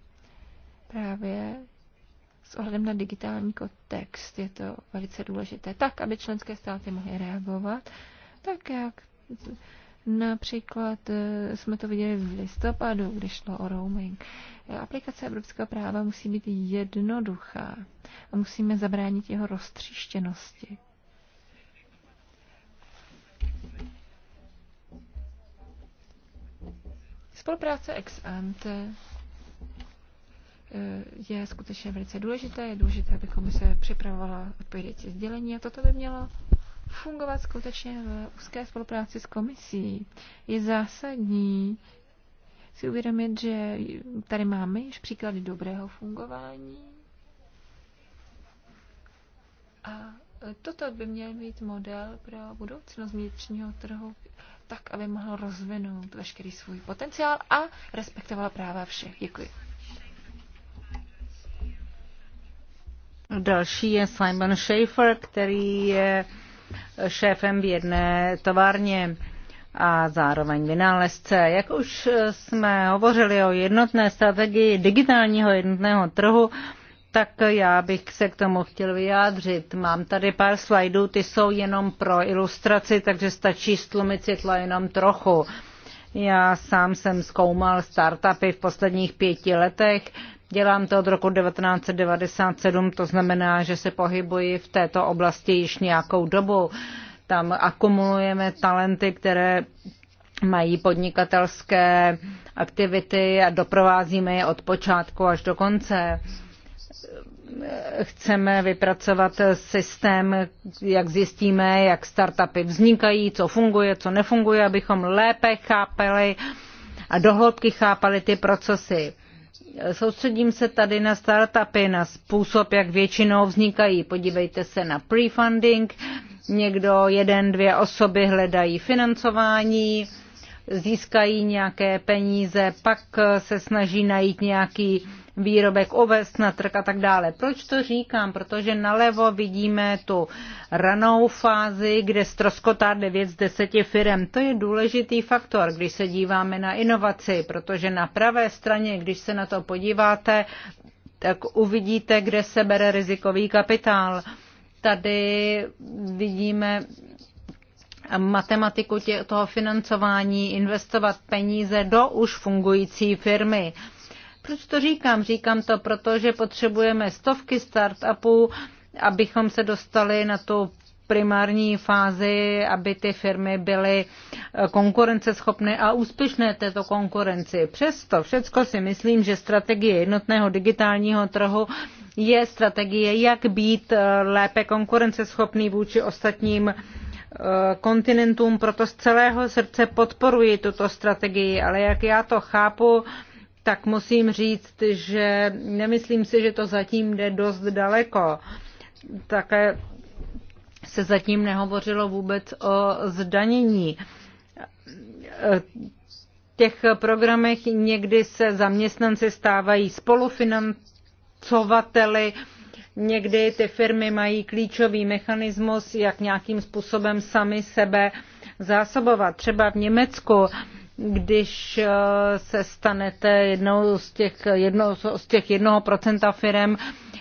právě s ohledem na digitální kontext. Je to velice důležité. Tak, aby členské státy mohly reagovat, tak jak Například eh, jsme to viděli v listopadu, když šlo o roaming. Eh, aplikace evropského práva musí být jednoduchá a musíme zabránit jeho roztříštěnosti. Spolupráce ex ante eh, je skutečně velice důležité. Je důležité, aby komise připravovala odpovědějící sdělení a toto by mělo fungovat skutečně v úzké spolupráci s komisí. Je zásadní si uvědomit, že tady máme již příklady dobrého fungování a toto by měl být model pro budoucnost vnitřního trhu, tak, aby mohl rozvinout veškerý svůj potenciál a respektovala práva všech. Děkuji. Další je Simon Schaefer, který je šéfem v jedné továrně a zároveň vynálezce. Jak už jsme hovořili o jednotné strategii digitálního jednotného trhu, tak já bych se k tomu chtěl vyjádřit. Mám tady pár slajdů, ty jsou jenom pro ilustraci, takže stačí stlumit světla jenom trochu. Já sám jsem zkoumal startupy v posledních pěti letech. Dělám to od roku 1997, to znamená, že se pohybuji v této oblasti již nějakou dobu. Tam akumulujeme talenty, které mají podnikatelské aktivity a doprovázíme je od počátku až do konce. Chceme vypracovat systém, jak zjistíme, jak startupy vznikají, co funguje, co nefunguje, abychom lépe chápali a dohloubky chápali ty procesy Soustředím se tady na startupy, na způsob, jak většinou vznikají. Podívejte se na prefunding, někdo, jeden, dvě osoby hledají financování, získají nějaké peníze, pak se snaží najít nějaký výrobek ovest na trh a tak dále. Proč to říkám? Protože nalevo vidíme tu ranou fázi, kde stroskotá 9 z 10 firm. To je důležitý faktor, když se díváme na inovaci, protože na pravé straně, když se na to podíváte, tak uvidíte, kde se bere rizikový kapitál. Tady vidíme matematiku tě, toho financování, investovat peníze do už fungující firmy. Uh, proč to říkám? Říkám to proto, že potřebujeme stovky startupů, abychom se dostali na tu primární fázi, aby ty firmy byly eh, konkurenceschopné a úspěšné této konkurenci. Přesto všecko si myslím, že strategie jednotného digitálního trhu je strategie, jak být eh, lépe konkurenceschopný vůči ostatním eh, kontinentům, proto z celého srdce podporuji tuto strategii, ale jak já to chápu, tak musím říct, že nemyslím si, že to zatím jde dost daleko. Také se zatím nehovořilo vůbec o zdanění. V těch programech někdy se zaměstnanci stávají spolufinancovateli, někdy ty firmy mají klíčový mechanismus, jak nějakým způsobem sami sebe zásobovat. Třeba v Německu když eh, se stanete jednou z těch, jednou, z těch jednoho procenta firm,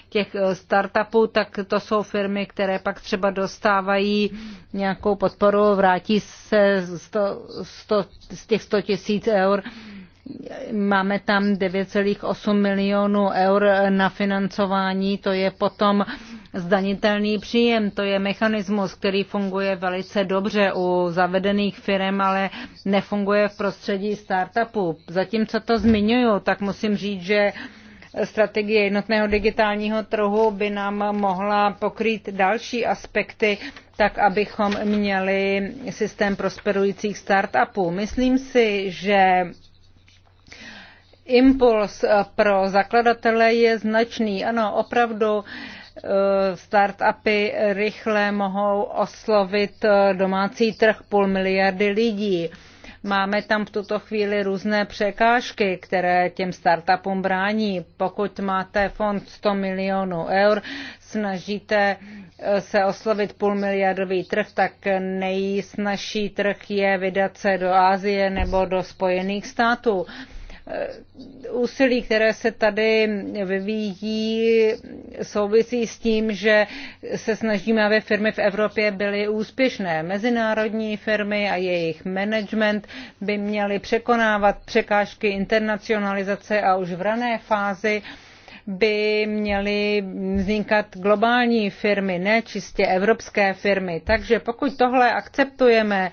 těch eh, startupů, tak to jsou firmy, které pak třeba dostávají nějakou podporu, vrátí se 100, 100, z těch 100 tisíc eur Máme tam 9,8 milionů eur na financování, to je potom zdanitelný příjem. To je mechanismus, který funguje velice dobře u zavedených firm, ale nefunguje v prostředí startupů. Zatímco to zmiňuju, tak musím říct, že strategie jednotného digitálního trhu by nám mohla pokrýt další aspekty, tak abychom měli systém prosperujících startupů. Myslím si, že impuls eh, pro zakladatele je značný. Ano, opravdu eh, startupy rychle mohou oslovit eh, domácí trh půl miliardy lidí. Máme tam v tuto chvíli různé překážky, které těm startupům brání. Pokud máte fond 100 milionů eur, snažíte se oslovit miliardový trh, tak nejsnažší trh je vydat se do Asie nebo do Spojených států. Eh, úsilí, které se tady vyvíjí, souvisí s tím, že se snažíme, aby firmy v Evropě byly úspěšné. Mezinárodní firmy a jejich management by měly překonávat překážky internacionalizace a už v rané fázi by měly vznikat globální firmy, ne čistě evropské firmy. Takže pokud tohle akceptujeme,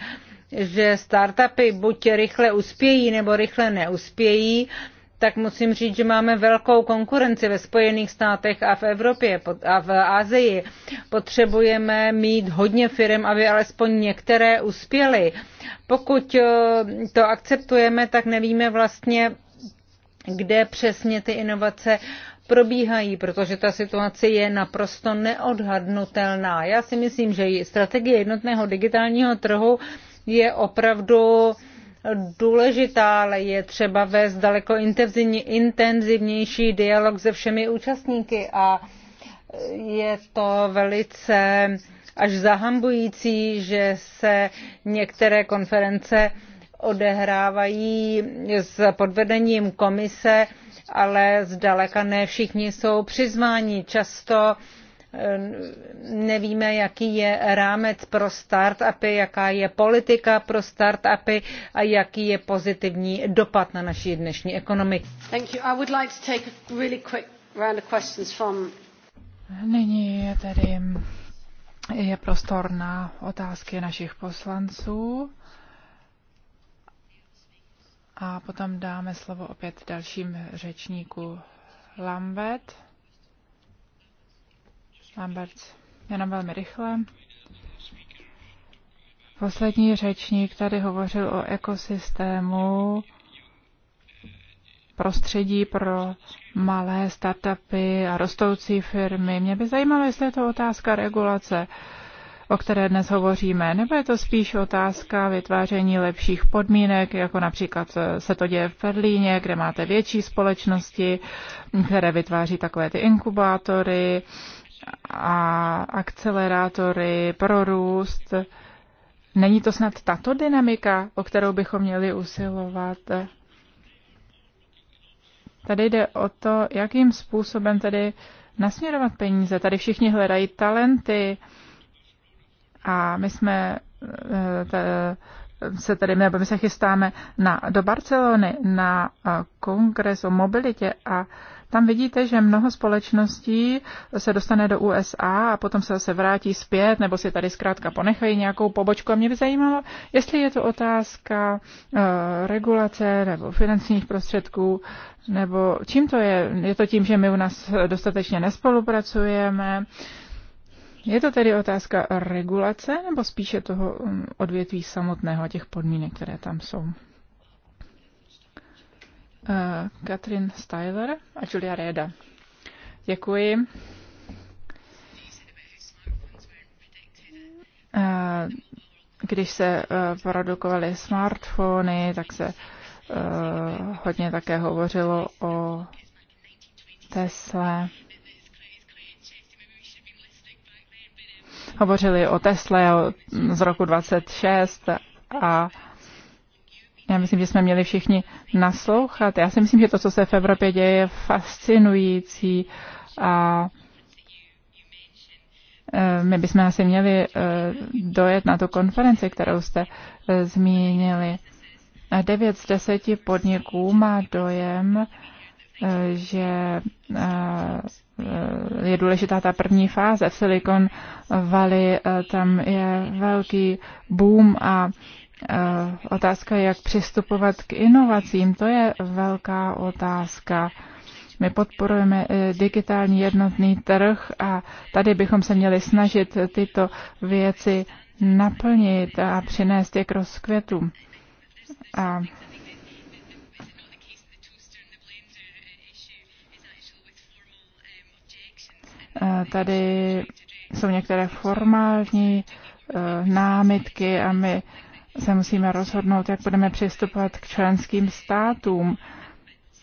že startupy buď rychle uspějí nebo rychle neuspějí, tak musím říct, že máme velkou konkurenci ve Spojených státech a v Evropě a v Asii. Potřebujeme mít hodně firm, aby alespoň některé uspěly. Pokud eh, to akceptujeme, tak nevíme vlastně, kde přesně ty inovace probíhají, protože ta situace je naprosto neodhadnutelná. Já si myslím, že strategie jednotného digitálního trhu je opravdu důležitá, ale je třeba vést daleko intenzivnější dialog se všemi účastníky a je to velice až zahambující, že se některé konference odehrávají s podvedením komise, ale zdaleka ne všichni jsou přizváni. Často uh, nevíme, jaký je rámec pro start, start-upy, jaká je politika pro start-upy a jaký je pozitivní dopad na naši dnešní ekonomiku. Nyní je tedy je prostor na otázky našich poslanců a potom dáme slovo opět dalším řečníku Lambert. Lambert, jenom velmi rychle. Poslední řečník tady hovořil o ekosystému prostředí pro malé startupy a rostoucí firmy. Mě by zajímalo, jestli je to otázka regulace, o které dnes hovoříme, nebo je to spíš otázka vytváření lepších podmínek, jako například se to děje v Berlíně, kde máte větší společnosti, které vytváří takové ty inkubátory, a akcelerátory pro růst. Není to snad tato dynamika, o kterou bychom měli usilovat? Tady jde o to, jakým způsobem tedy nasměrovat peníze. Tady všichni hledají talenty a my jsme eh, se tady, nebo my se chystáme na, do Barcelony na eh, kongres o mobilitě a tam vidíte, že mnoho společností se dostane do USA a potom se zase vrátí zpět, nebo si tady zkrátka ponechají nějakou pobočku. A mě by zajímalo, jestli je to otázka uh, regulace nebo finančních prostředků, nebo čím to je? Je to tím, že my u nás dostatečně nespolupracujeme? Je to tedy otázka regulace nebo spíše toho mm, odvětví samotného, těch podmínek, které tam jsou? Eh, Katrin Styler a Julia Reda. Děkuji. Eh, když se eh, produkovaly smartfony, tak se hodně také hovořilo o Tesle. Hovořili o Tesle z roku 26 a já myslím, že jsme měli všichni naslouchat. Já si myslím, že to, co se v Evropě děje, je fascinující a e, my bychom asi měli e, dojet na tu konferenci, kterou jste e, zmínili. 9 z 10 podniků má dojem, že je důležitá ta první fáze v Silicon Valley, tam je velký boom a Otázka, jak přistupovat k inovacím, to je velká otázka. My podporujeme e, digitální jednotný trh a tady bychom se měli snažit tyto věci naplnit a přinést je k rozkvětu. A tady jsou některé formální e, námitky a my se musíme rozhodnout, jak budeme přistupovat k členským státům.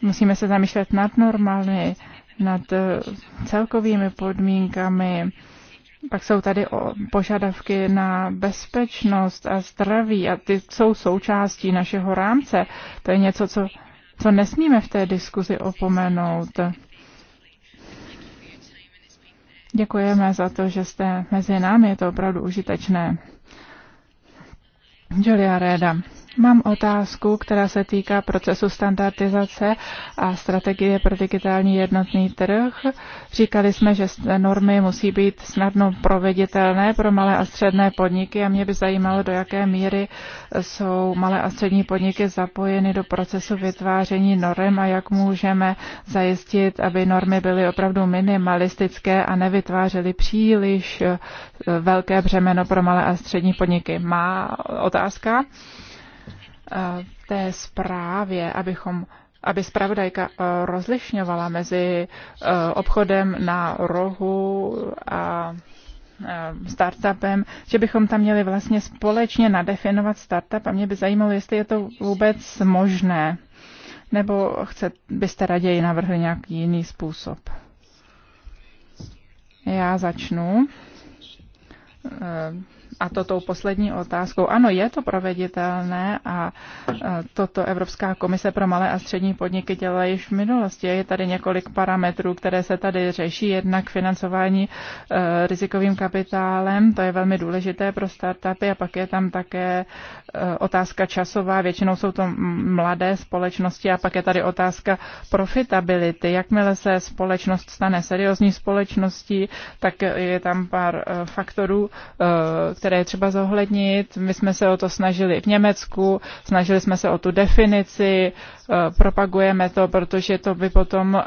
Musíme se zamýšlet nad normami, nad eh, celkovými podmínkami. Pak jsou tady požadavky na bezpečnost a zdraví a ty jsou součástí našeho rámce. To je něco, co, co nesmíme v té diskuzi opomenout. Děkujeme za to, že jste mezi námi, je to opravdu užitečné. Julia Reda. Mám otázku, která se týká procesu standardizace a strategie pro digitální jednotný trh. Říkali jsme, že normy musí být snadno proveditelné pro malé a středné podniky a mě by zajímalo, do jaké míry jsou malé a střední podniky zapojeny do procesu vytváření norm a jak můžeme zajistit, aby normy byly opravdu minimalistické a nevytvářely příliš eh, velké břemeno pro malé a střední podniky. Má otázka v té zprávě, abychom aby zpravodajka eh, rozlišňovala mezi eh, obchodem na rohu a eh, startupem, že bychom tam měli vlastně společně nadefinovat startup a mě by zajímalo, jestli je to vůbec možné, nebo chce, byste raději navrhli nějaký jiný způsob. Já začnu a to tou poslední otázkou. Ano, je to proveditelné a toto Evropská komise pro malé a střední podniky dělá již v minulosti. Je tady několik parametrů, které se tady řeší. Jednak financování e, rizikovým kapitálem, to je velmi důležité pro startupy a pak je tam také e, otázka časová. Většinou jsou to mladé společnosti a pak je tady otázka profitability. Jakmile se společnost stane seriózní společností, tak je tam pár e, faktorů, které které je třeba zohlednit. My jsme se o to snažili v Německu, snažili jsme se o tu definici, eh, propagujeme to, protože to by potom eh,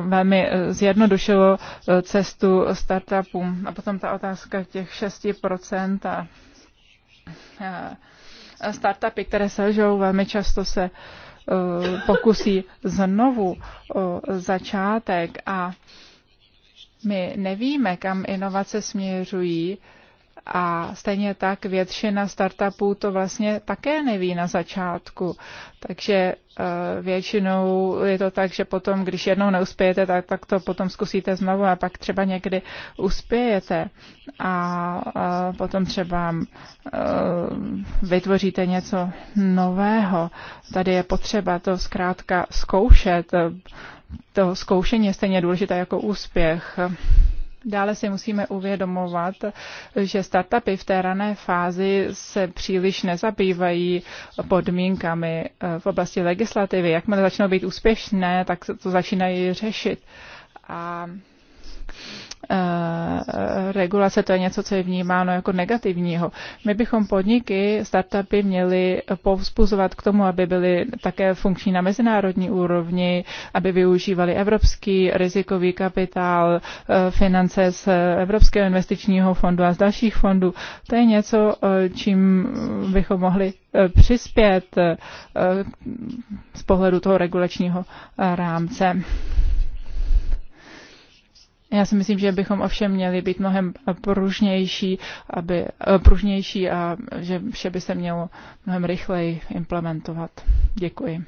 velmi eh, zjednodušilo cestu startupům. A potom ta otázka těch 6% a startupy, které selžou, velmi často se pokusí znovu o začátek a my nevíme, kam inovace směřují, a stejně tak většina startupů to vlastně také neví na začátku. Takže eh, většinou je to tak, že potom, když jednou neuspějete, tak, tak to potom zkusíte znovu a pak třeba někdy uspějete a potom třeba eh, vytvoříte něco nového. Tady je potřeba to zkrátka zkoušet. To zkoušení je stejně důležité jako úspěch. Dále si musíme uvědomovat, že startupy v té rané fázi se příliš nezabývají podmínkami eh, v oblasti legislativy. Jakmile začnou být úspěšné, tak to začínají řešit. A Eh, eh, regulace, to je něco, co je vnímáno jako negativního. My bychom podniky, startupy měli povzbuzovat k tomu, aby byly také funkční na mezinárodní úrovni, aby využívali evropský rizikový kapitál, eh, finance z Evropského investičního fondu a z dalších fondů. To je něco, čím bychom mohli přispět z pohledu toho regulačního rámce. Já si myslím, že bychom ovšem měli být mnohem pružnější, aby, eh, pružnější a že vše by se mělo mnohem rychleji implementovat. Děkuji.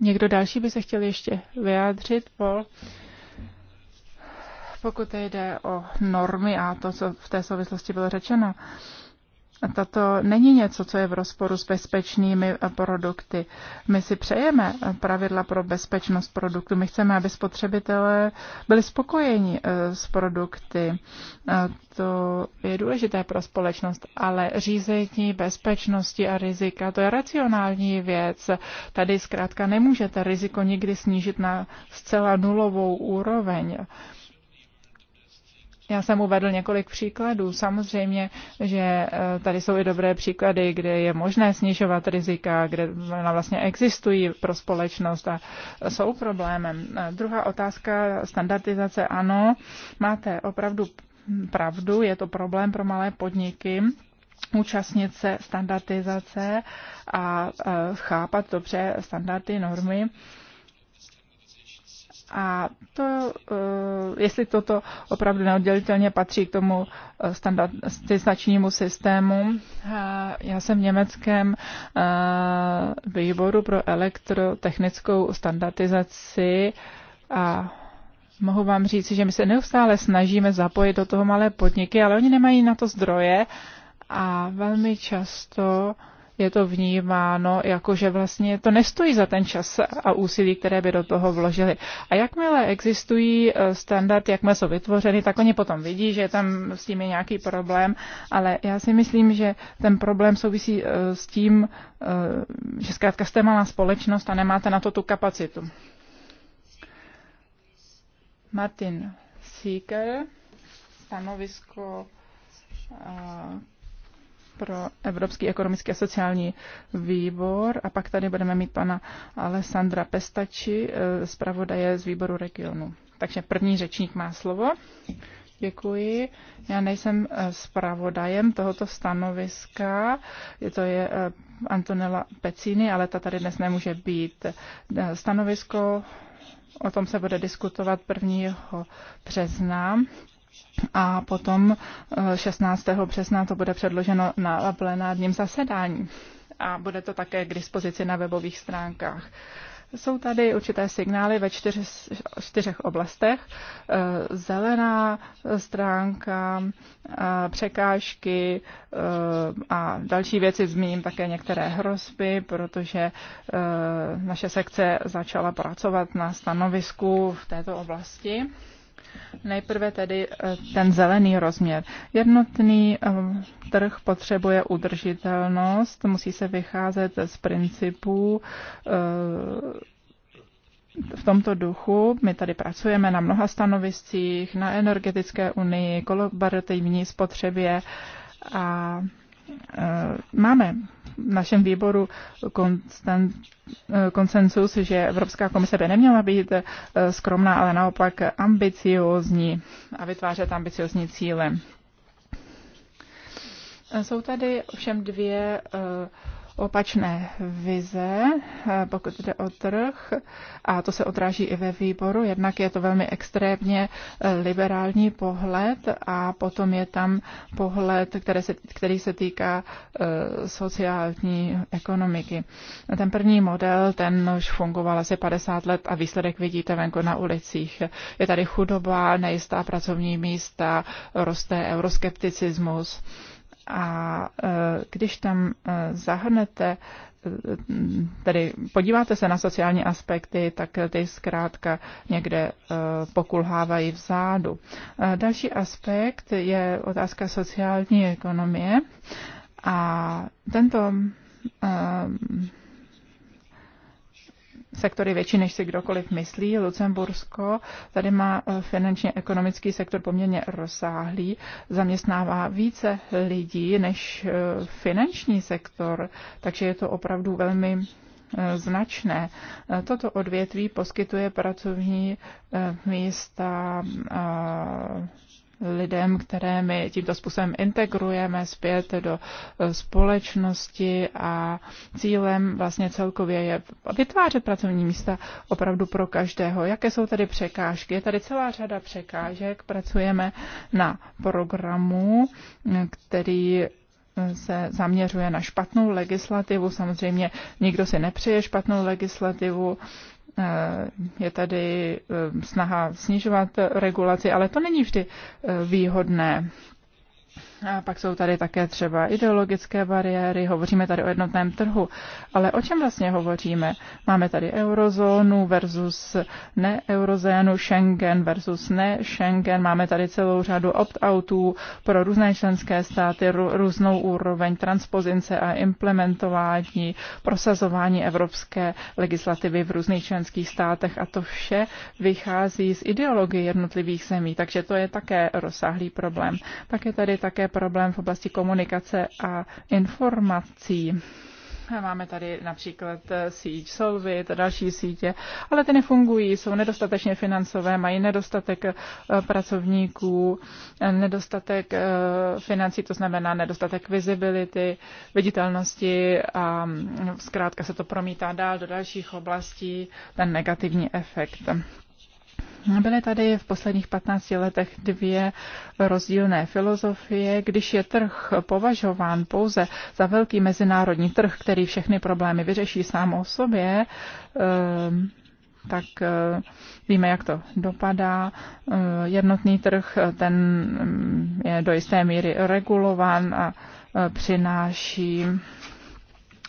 Někdo další by se chtěl ještě vyjádřit, Paul? Pokud jde o normy a to, co v té souvislosti bylo řečeno, tato není něco, co je v rozporu s bezpečnými produkty. My si přejeme pravidla pro bezpečnost produktu. My chceme, aby spotřebitelé byli spokojeni eh, s produkty. Eh, to je důležité pro společnost, ale řízení bezpečnosti a rizika, to je racionální věc. Tady zkrátka nemůžete riziko nikdy snížit na zcela nulovou úroveň. Já jsem uvedl několik příkladů. Samozřejmě, že eh, tady jsou i dobré příklady, kde je možné snižovat rizika, kde ona vlastně existují pro společnost a jsou problémem. Druhá otázka, standardizace, ano, máte opravdu pravdu, je to problém pro malé podniky účastnit se standardizace a eh, chápat dobře standardy, normy. A to, eh, jestli toto opravdu neoddělitelně patří k tomu eh, standardizačnímu systému, eh, já jsem v německém výboru pro elektrotechnickou standardizaci a mohu vám říct, že my se neustále snažíme zapojit do toho malé podniky, ale oni nemají na to zdroje a velmi často uh, je to vnímáno jako, že vlastně to nestojí za ten čas a úsilí, které by do toho vložili. A jakmile existují eh, standardy, jakmile jsou vytvořeny, tak oni potom vidí, že tam s tím je nějaký problém, ale já si myslím, že ten problém souvisí eh, s tím, eh, že zkrátka jste malá společnost a nemáte na to tu kapacitu. Martin Seeker, stanovisko pro Evropský ekonomický a sociální výbor a pak tady budeme mít pana Alessandra Pestači, eh, zpravodaje z výboru regionu. Takže první řečník má slovo. Děkuji. Já nejsem eh, zpravodajem tohoto stanoviska, je to je eh, Antonella Pecini, ale ta tady dnes nemůže být. Stanovisko, o tom se bude diskutovat 1. března a potom 16. Eh, března to bude předloženo na plenárním zasedání a bude to také k dispozici na webových stránkách. Jsou tady určité signály ve čtyř, čtyřech oblastech. Eh, zelená stránka, eh, překážky a další věci. Zmíním také některé hrozby, protože naše sekce začala pracovat na stanovisku v této oblasti. Nejprve tedy eh, ten zelený rozměr. Jednotný eh, trh potřebuje udržitelnost, musí se vycházet z principů eh, v tomto duchu. My tady pracujeme na mnoha stanoviscích, na energetické unii, kolaborativní spotřebě a Eh, máme v našem výboru eh, konsensus, že Evropská komise by neměla být eh, skromná, ale naopak ambiciózní a vytvářet ambiciózní cíle. Jsou tady ovšem dvě uh, opačné vize, eh, pokud jde o trh, a to se odráží i ve výboru. Jednak je to velmi extrémně eh, liberální pohled a potom je tam pohled, který se, který se týká eh, sociální ekonomiky. No, ten první model, ten už fungoval asi 50 let a výsledek vidíte venku na ulicích. Je tady chudoba, nejistá pracovní místa, roste euroskepticismus. A e, když tam e, zahrnete, e, tedy podíváte se na sociální aspekty, tak ty zkrátka někde pokulhávají vzadu. Další aspekt je otázka sociální ekonomie. A tento je větší, než si kdokoliv myslí. Lucembursko tady má eh, finančně ekonomický sektor poměrně rozsáhlý, zaměstnává více lidí než eh, finanční sektor, takže je to opravdu velmi eh, značné. Toto odvětví poskytuje pracovní místa lidem, které my tímto způsobem integrujeme zpět do e, společnosti a cílem vlastně celkově je vytvářet pracovní místa opravdu pro každého. Jaké jsou tady překážky? Je tady celá řada překážek. Pracujeme na programu, který e, se zaměřuje na špatnou legislativu. Samozřejmě nikdo si nepřeje špatnou legislativu, Eh, je tady eh, snaha snižovat regulaci, ale to není vždy eh, výhodné. A pak jsou tady také třeba ideologické bariéry, hovoříme tady o jednotném trhu. Ale o čem vlastně hovoříme? Máme tady eurozónu versus ne Schengen versus ne-Schengen, máme tady celou řadu opt-outů pro různé členské státy, různou úroveň transpozince a implementování, prosazování evropské legislativy v různých členských státech a to vše vychází z ideologie jednotlivých zemí, takže to je také rozsáhlý problém. Pak je tady také problém v oblasti komunikace a informací. Máme tady například eh, síť Solvit, další sítě, ale ty nefungují, jsou nedostatečně financové, mají nedostatek eh, pracovníků, eh, nedostatek financí, to znamená nedostatek visibility, viditelnosti a mm, zkrátka se to promítá dál do dalších oblastí, ten negativní efekt. Byly tady v posledních 15 letech dvě rozdílné filozofie. Když je trh považován pouze za velký mezinárodní trh, který všechny problémy vyřeší sám o sobě, ehm, tak eh, víme, jak to dopadá. Eh, jednotný trh, eh, ten mm, je do jisté míry regulován a přináší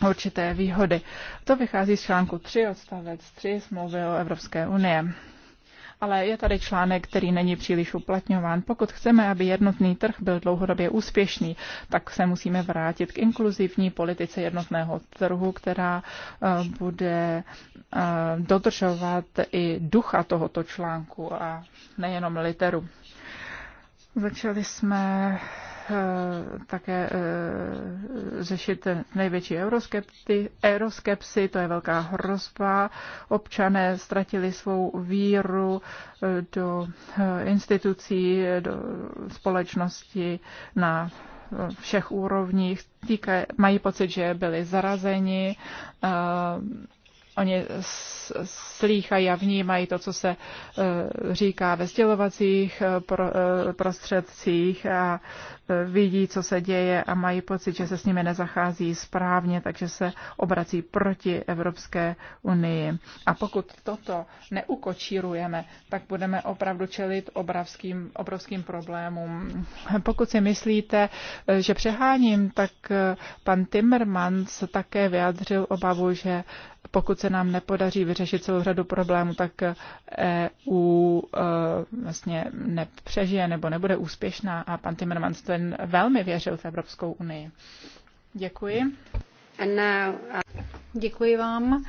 určité výhody. To vychází z článku 3 odstavec 3 smlouvy o Evropské unie ale je tady článek, který není příliš uplatňován. Pokud chceme, aby jednotný trh byl dlouhodobě úspěšný, tak se musíme vrátit k inkluzivní politice jednotného trhu, která eh, bude eh, dodržovat i ducha tohoto článku a nejenom literu. Začali jsme Eh, také eh, řešit největší euroskepsy, to je velká hrozba. Občané ztratili svou víru eh, do institucí, do společnosti na všech úrovních. Týka, mají pocit, že byli zarazeni Oni slýchají a vnímají to, co se e, říká ve sdělovacích e, e, prostředcích a vidí, co se děje a mají pocit, že se s nimi nezachází správně, takže se obrací proti Evropské unii. A pokud toto neukočírujeme, tak budeme opravdu čelit obrovským, obrovským problémům. Pokud si myslíte, že přeháním, tak pan Timmermans také vyjádřil obavu, že pokud se nám nepodaří vyřešit celou řadu problémů, tak EU e, vlastně nepřežije nebo nebude úspěšná a pan Timmermans ten velmi věřil v Evropskou unii. Děkuji. Uh, Děkuji vám.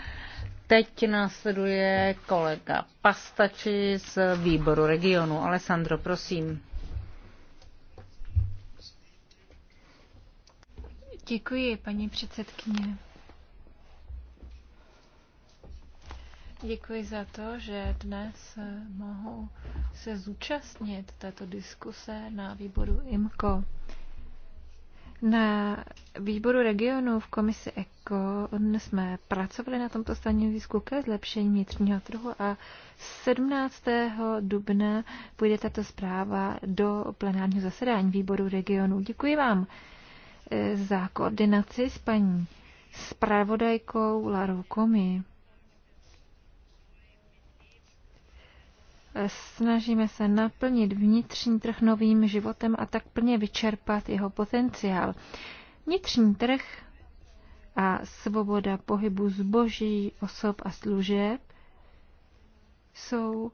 Teď následuje kolega Pastači z výboru regionu. Alessandro, prosím. Děkuji, paní předsedkyně. Děkuji za to, že dnes eh, mohu se zúčastnit této diskuse na výboru IMCO. Na výboru regionu v komisi ECO jsme pracovali na tomto stanovisku ke zlepšení vnitřního trhu a 17. dubna půjde tato zpráva do plenárního zasedání výboru regionu. Děkuji vám eh, za koordinaci s paní spravodajkou Larou Komi. Snažíme se naplnit vnitřní trh novým životem a tak plně vyčerpat jeho potenciál. Vnitřní trh a svoboda pohybu zboží, osob a služeb jsou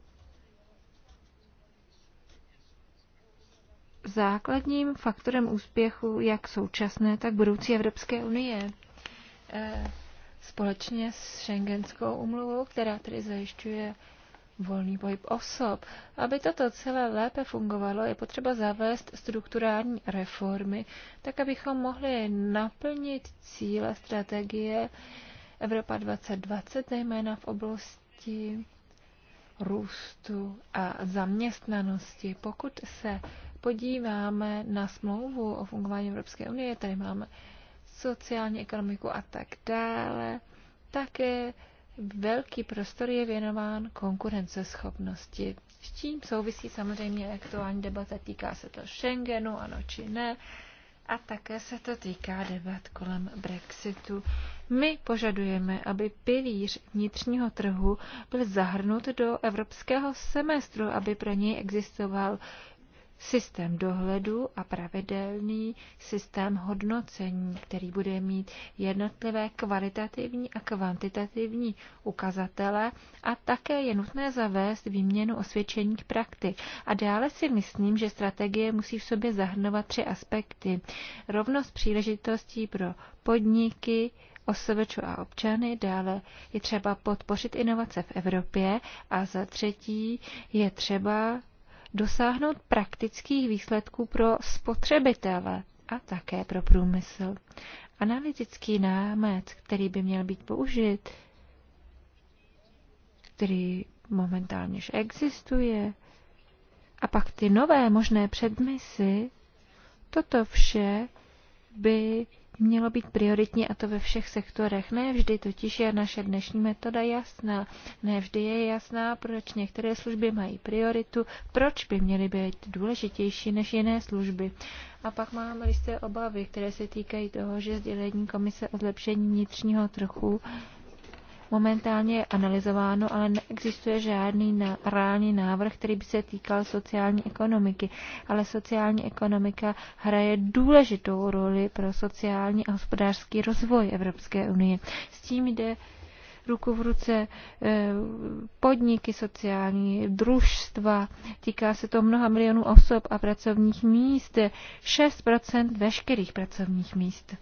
základním faktorem úspěchu jak současné, tak budoucí Evropské unie. E, společně s Schengenskou umluvou, která tedy zajišťuje volný pohyb osob. Aby toto celé lépe fungovalo, je potřeba zavést strukturální reformy, tak abychom mohli naplnit cíle strategie Evropa 2020, zejména v oblasti růstu a zaměstnanosti. Pokud se podíváme na smlouvu o fungování Evropské unie, tady máme sociální ekonomiku a tak dále, také velký prostor je věnován konkurenceschopnosti. S čím souvisí samozřejmě aktuální debata, týká se to Schengenu, ano či ne, a také se to týká debat kolem Brexitu. My požadujeme, aby pilíř vnitřního trhu byl zahrnut do evropského semestru, aby pro něj existoval systém dohledu a pravidelný systém hodnocení, který bude mít jednotlivé kvalitativní a kvantitativní ukazatele a také je nutné zavést výměnu k praktik. A dále si myslím, že strategie musí v sobě zahrnovat tři aspekty. Rovnost příležitostí pro podniky, osobeč a občany, dále je třeba podpořit inovace v Evropě a za třetí je třeba dosáhnout praktických výsledků pro spotřebitele a také pro průmysl. Analytický námet, který by měl být použit, který momentálně existuje, a pak ty nové možné předmysy, toto vše by mělo být prioritní a to ve všech sektorech. Ne vždy totiž je naše dnešní metoda jasná. Ne vždy je jasná, proč některé služby mají prioritu, proč by měly být důležitější než jiné služby. A pak máme jisté obavy, které se týkají toho, že sdělení Komise o zlepšení vnitřního trhu momentálně je analyzováno, ale neexistuje žádný na, reálný návrh, který by se týkal sociální ekonomiky. Ale sociální ekonomika hraje důležitou roli pro sociální a hospodářský rozvoj Evropské unie. S tím jde ruku v ruce e, podniky sociální, družstva, týká se to mnoha milionů osob a pracovních míst, 6% veškerých pracovních míst.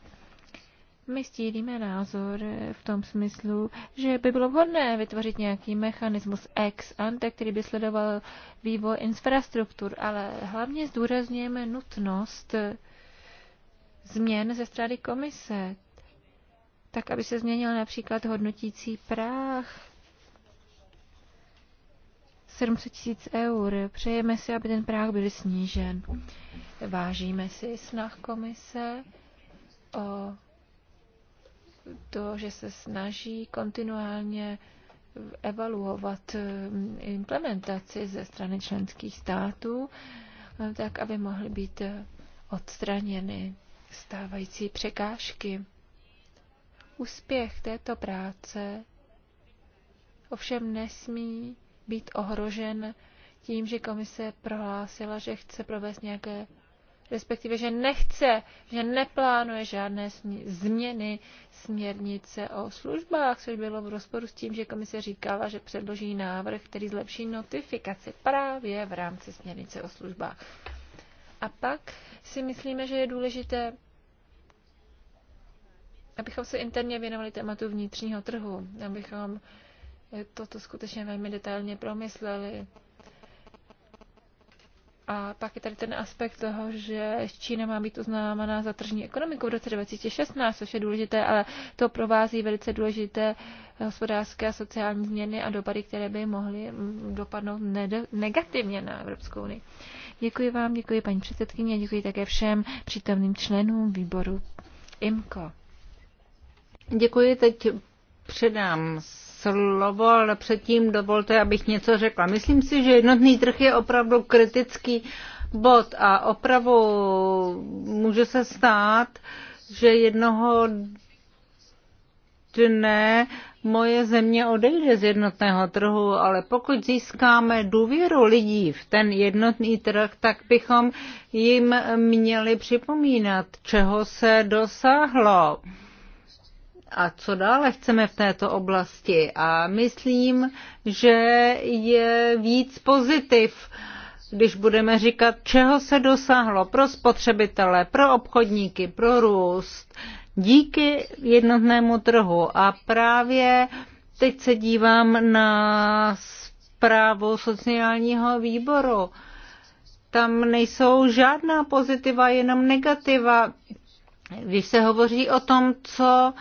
My stílíme názor v tom smyslu, že by bylo vhodné vytvořit nějaký mechanismus ex ante, který by sledoval vývoj infrastruktur, ale hlavně zdůrazňujeme nutnost změn ze strany komise, tak aby se změnil například hodnotící práh 700 tisíc eur. Přejeme si, aby ten práh byl snížen. Vážíme si snah komise o to, že se snaží kontinuálně evaluovat eh, implementaci ze strany členských států, eh, tak aby mohly být eh, odstraněny stávající překážky. Úspěch této práce ovšem nesmí být ohrožen tím, že komise prohlásila, že chce provést nějaké respektive, že nechce, že neplánuje žádné změny směrnice o službách, což bylo v rozporu s tím, že komise říkala, že předloží návrh, který zlepší notifikaci právě v rámci směrnice o službách. A pak si myslíme, že je důležité, abychom se interně věnovali tématu vnitřního trhu, abychom toto skutečně velmi detailně promysleli, a pak je tady ten aspekt toho, že Čína má být uznávaná za tržní ekonomiku v roce 2016, což je důležité, ale to provází velice důležité hospodářské a sociální změny a dopady, které by mohly mm, dopadnout negativně na Evropskou unii. Děkuji vám, děkuji paní předsedkyně a děkuji také všem přítomným členům výboru IMCO. Děkuji, teď předám slovo, ale předtím dovolte, abych něco řekla. Myslím si, že jednotný trh je opravdu kritický bod a opravdu může se stát, že jednoho dne moje země odejde z jednotného trhu, ale pokud získáme důvěru lidí v ten jednotný trh, tak bychom jim měli připomínat, čeho se dosáhlo a co dále chceme v této oblasti. A myslím, že je víc pozitiv, když budeme říkat, čeho se dosáhlo pro spotřebitele, pro obchodníky, pro růst, díky jednotnému trhu. A právě teď se dívám na zprávu sociálního výboru. Tam nejsou žádná pozitiva, jenom negativa. Když se hovoří o tom, co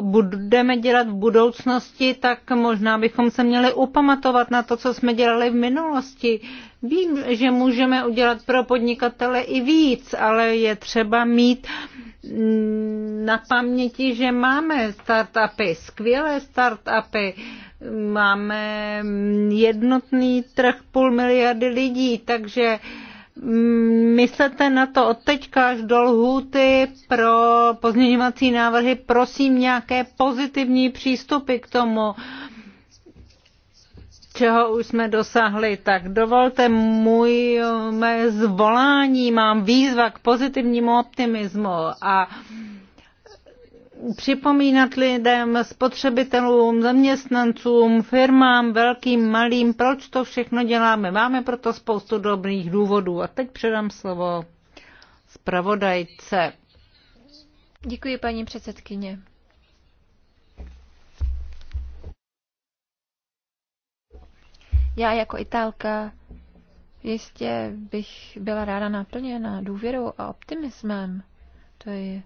budeme dělat v budoucnosti, tak možná bychom se měli upamatovat na to, co jsme dělali v minulosti. Vím, že můžeme udělat pro podnikatele i víc, ale je třeba mít na paměti, že máme startupy, skvělé startupy, máme jednotný trh půl miliardy lidí, takže myslete na to od teďka až do lhůty pro pozměňovací návrhy. Prosím nějaké pozitivní přístupy k tomu, čeho už jsme dosáhli. Tak dovolte můj mé zvolání, mám výzva k pozitivnímu optimismu a připomínat lidem, spotřebitelům, zaměstnancům, firmám, velkým, malým, proč to všechno děláme. Máme proto spoustu dobrých důvodů. A teď předám slovo zpravodajce. Děkuji, paní předsedkyně. Já jako Itálka jistě bych byla ráda naplněna důvěrou a optimismem. To je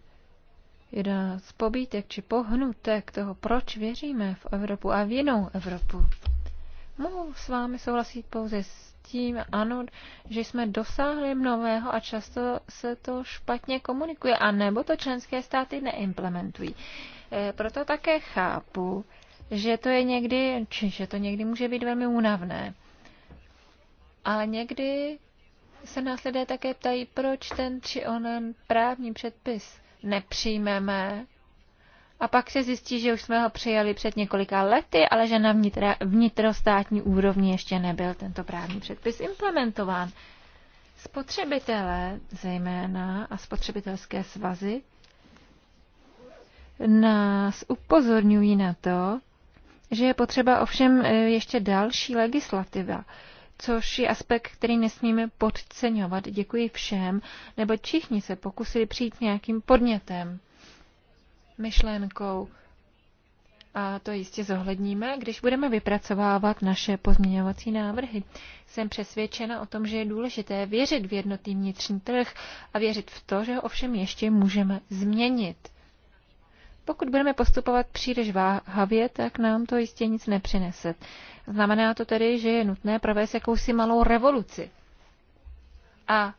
jedna z pobítek či pohnutek toho, proč věříme v Evropu a v jinou Evropu. Mohu s vámi souhlasit pouze s tím, ano, že jsme dosáhli mnohého a často se to špatně komunikuje, a nebo to členské státy neimplementují. E, proto také chápu, že to je někdy, či že to někdy může být velmi únavné. Ale někdy se nás lidé také ptají, proč ten či onen právní předpis nepřijmeme. A pak se zjistí, že už jsme ho přijali před několika lety, ale že na vnitra, vnitrostátní úrovni ještě nebyl tento právní předpis implementován. Spotřebitelé zejména a spotřebitelské svazy nás upozorňují na to, že je potřeba ovšem eh, ještě další legislativa což je aspekt, který nesmíme podceňovat. Děkuji všem, nebo všichni se pokusili přijít nějakým podnětem, myšlenkou. A to jistě zohledníme, když budeme vypracovávat naše pozměňovací návrhy. Jsem přesvědčena o tom, že je důležité věřit v jednotný vnitřní trh a věřit v to, že ho ovšem ještě můžeme změnit. Pokud budeme postupovat příliš váhavě, tak nám to jistě nic nepřinese. Znamená to tedy, že je nutné provést jakousi malou revoluci. A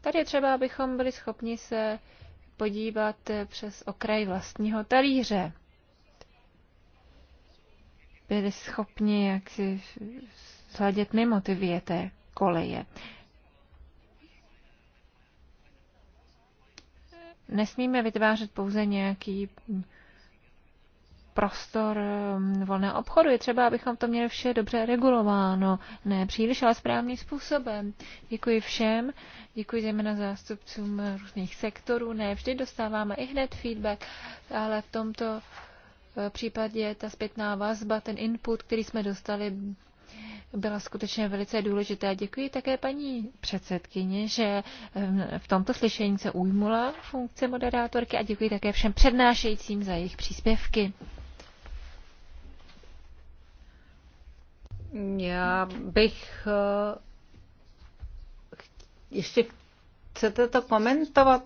tady je třeba, abychom byli schopni se podívat přes okraj vlastního talíře. Byli schopni jak si zhledět mimo ty věté koleje. nesmíme vytvářet pouze nějaký prostor um, volného obchodu. Je třeba, abychom to měli vše dobře regulováno. Ne příliš, ale správným způsobem. Děkuji všem, děkuji zejména zástupcům různých sektorů. Ne vždy dostáváme i hned feedback, ale v tomto eh, případě ta zpětná vazba, ten input, který jsme dostali, byla skutečně velice důležitá. Děkuji také paní předsedkyni, že v tomto slyšení se ujmula funkce moderátorky a děkuji také všem přednášejícím za jejich příspěvky. Já bych eh, ještě chcete to komentovat?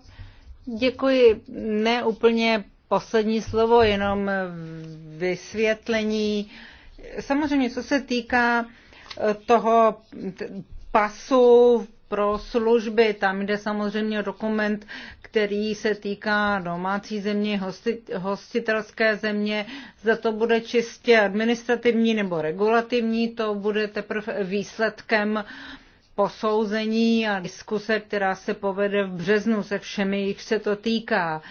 Děkuji. Ne úplně poslední slovo, jenom vysvětlení. Uh, Samozřejmě, co se týká e, toho pasu pro služby, tam jde samozřejmě dokument, který se týká domácí země, hostitelské země. Zda to bude čistě administrativní nebo regulativní, to bude teprve výsledkem posouzení a diskuse, která se povede v březnu se všemi, jich se to týká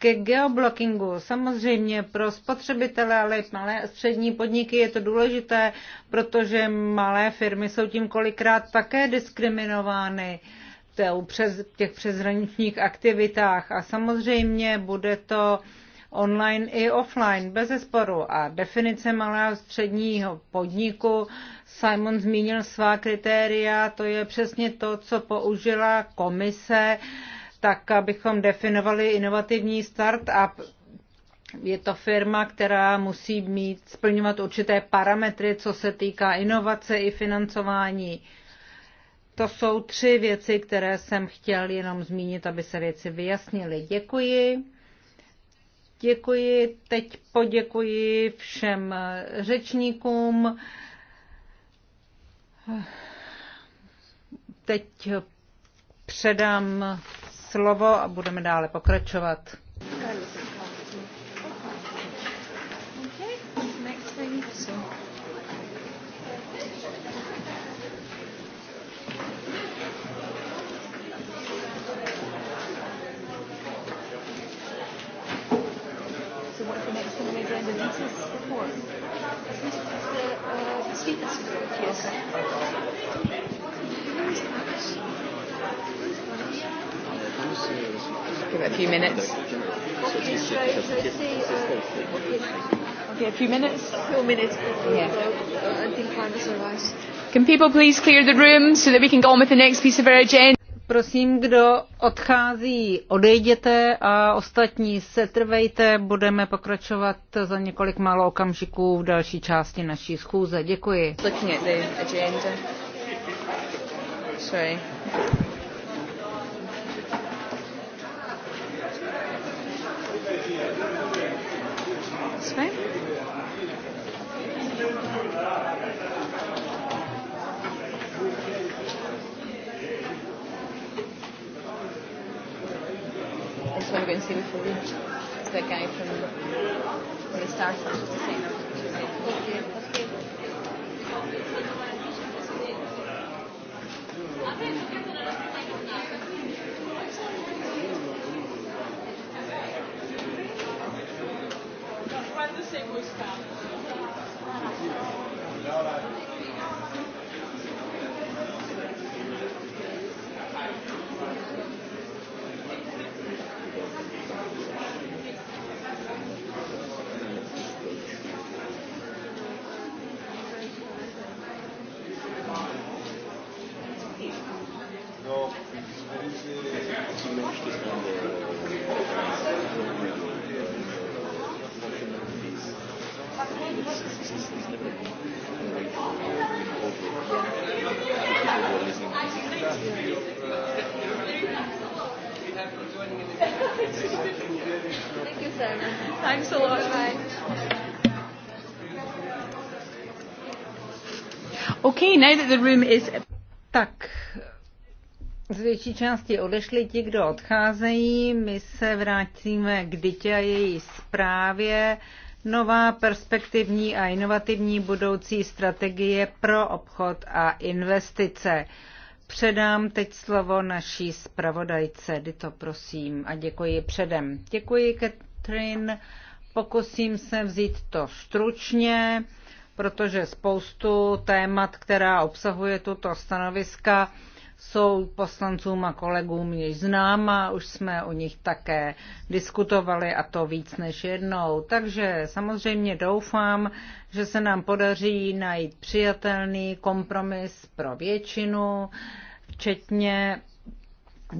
ke geoblockingu. Samozřejmě pro spotřebitele, ale i malé a střední podniky je to důležité, protože malé firmy jsou tím kolikrát také diskriminovány přes, těch přeshraničních aktivitách. A samozřejmě bude to online i offline, bez zesporu. A definice malého středního podniku, Simon zmínil svá kritéria, to je přesně to, co použila komise tak abychom definovali inovativní start-up, Je to firma, která musí mít, splňovat určité parametry, co se týká inovace i financování. To jsou tři věci, které jsem chtěl jenom zmínit, aby se věci vyjasnily. Děkuji. Děkuji. Teď poděkuji všem řečníkům. Teď předám slovo a budeme dále pokračovat. a few minutes? A few minutes before yeah. the vote, uh, until Candice arrives. Can people please clear the room so that we can go on with the next piece of our agenda? Prosím, kdo odchází, odejděte a ostatní se trvejte. Budeme pokračovat za několik málo okamžiků v další části naší schůze. Děkuji. Sorry. That's what we're going to see before we, the guy from, from the Star Search is saying. Okay, okay. Try the same with Star. No, no. Tak, z větší části odešli ti, kdo odcházejí. My se vrátíme k dytě a její zprávě. Nová perspektivní a inovativní budoucí strategie pro obchod a investice. Předám teď slovo naší zpravodajce. Dito, prosím. A děkuji předem. Děkuji, Katrin. Pokusím se vzít to stručně protože spoustu témat, která obsahuje tuto stanoviska, jsou poslancům a kolegům již známa, už jsme o nich také diskutovali a to víc než jednou. Takže samozřejmě doufám, že se nám podaří najít přijatelný kompromis pro většinu, včetně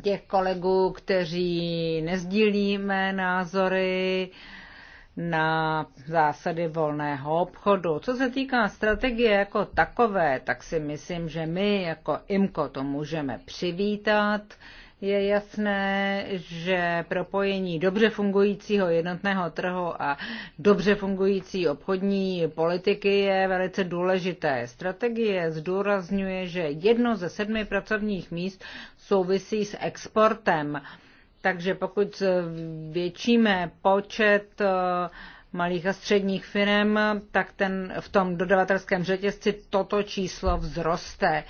těch kolegů, kteří nezdílíme názory, na zásady volného obchodu. Co se týká strategie jako takové, tak si myslím, že my jako IMCO to můžeme přivítat. Je jasné, že propojení dobře fungujícího jednotného trhu a dobře fungující obchodní politiky je velice důležité. Strategie zdůrazňuje, že jedno ze sedmi pracovních míst souvisí s exportem. Takže pokud většíme počet eh, malých a středních firm, tak ten v tom dodavatelském řetězci toto číslo vzroste.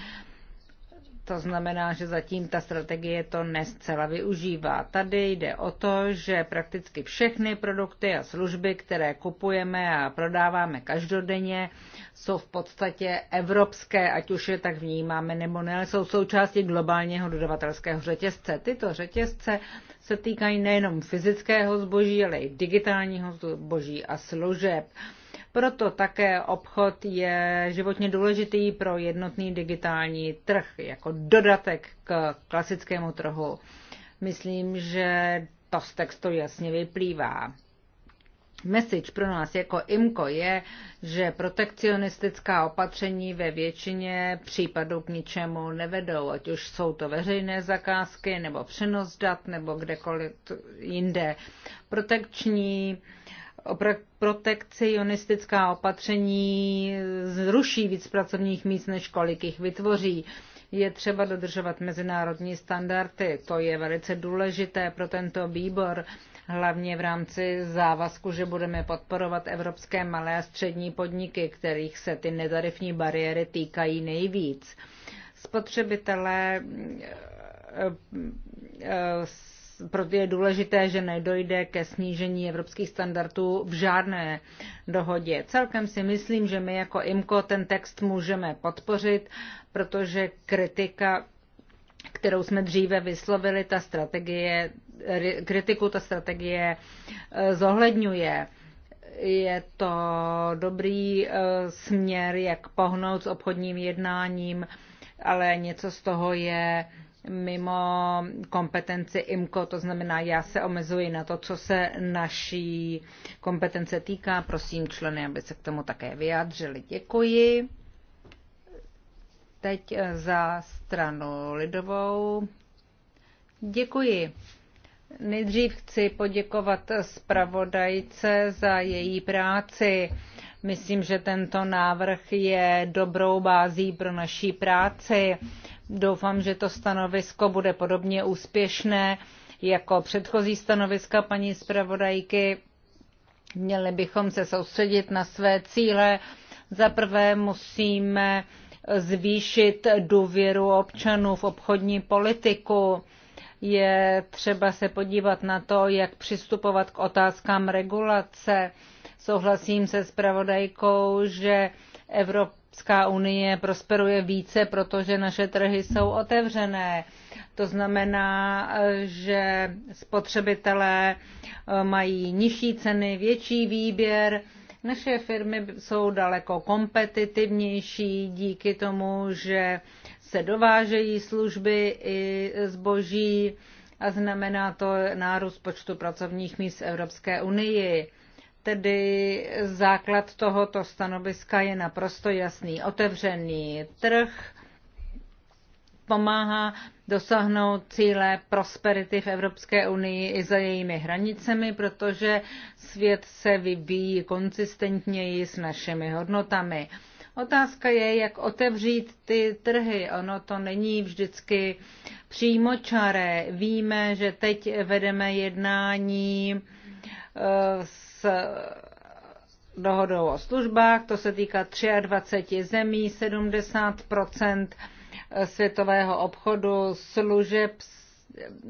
To znamená, že zatím ta strategie to nescela využívá. Tady jde o to, že prakticky všechny produkty a služby, které kupujeme a prodáváme každodenně, jsou v podstatě evropské, ať už je tak vnímáme nebo ne, jsou součástí globálního dodavatelského řetězce. Tyto řetězce se týkají nejenom fyzického zboží, ale i digitálního zboží a služeb. Proto také obchod je životně důležitý pro jednotný digitální trh jako dodatek k klasickému trhu. Myslím, že to z textu jasně vyplývá. Message pro nás jako IMCO je, že protekcionistická opatření ve většině případů k ničemu nevedou, ať už jsou to veřejné zakázky, nebo přenos dat, nebo kdekoliv jinde. Protekční uh, protekcionistická opatření zruší víc pracovních míst, než kolik jich vytvoří. Je třeba dodržovat mezinárodní standardy. To je velice důležité pro tento výbor, hlavně v rámci závazku, že budeme podporovat evropské malé a střední podniky, kterých se ty netarifní bariéry týkají nejvíc. Spotřebitelé eh, eh, proto je důležité, že nedojde ke snížení evropských standardů v žádné dohodě. Celkem si myslím, že my jako IMCO ten text můžeme podpořit, protože kritika kterou jsme dříve vyslovili, ta strategie, kritiku ta strategie eh, zohledňuje. Je to dobrý eh, směr, jak pohnout s obchodním jednáním, ale něco z toho je mimo kompetenci IMCO, to znamená, já se omezuji na to, co se naší kompetence týká. Prosím členy, aby se k tomu také vyjádřili. Děkuji. Teď eh, za stranu lidovou. Děkuji. Nejdřív chci poděkovat zpravodajce za její práci. Myslím, že tento návrh je dobrou bází pro naší práci Doufám, že to stanovisko bude podobně úspěšné jako předchozí stanoviska paní zpravodajky. Měli bychom se soustředit na své cíle. Za prvé musíme zvýšit důvěru občanů v obchodní politiku. Je třeba se podívat na to, jak přistupovat k otázkám regulace. Souhlasím se s pravodajkou, že Evropa Evropská unie prosperuje více, protože naše trhy jsou otevřené. To znamená, že spotřebitelé eh, mají nižší ceny, větší výběr. Naše firmy jsou daleko kompetitivnější díky tomu, že se dovážejí služby i zboží a znamená to nárůst počtu pracovních míst v Evropské unii tedy základ tohoto stanoviska je naprosto jasný. Otevřený trh pomáhá dosáhnout cíle prosperity v Evropské unii i za jejími hranicemi, protože svět se vyvíjí konzistentněji s našimi hodnotami. Otázka je, jak otevřít ty trhy. Ono to není vždycky přímočaré. Víme, že teď vedeme jednání eh, s s eh, dohodou o službách, to se týká 23 zemí, 70 eh, světového obchodu služeb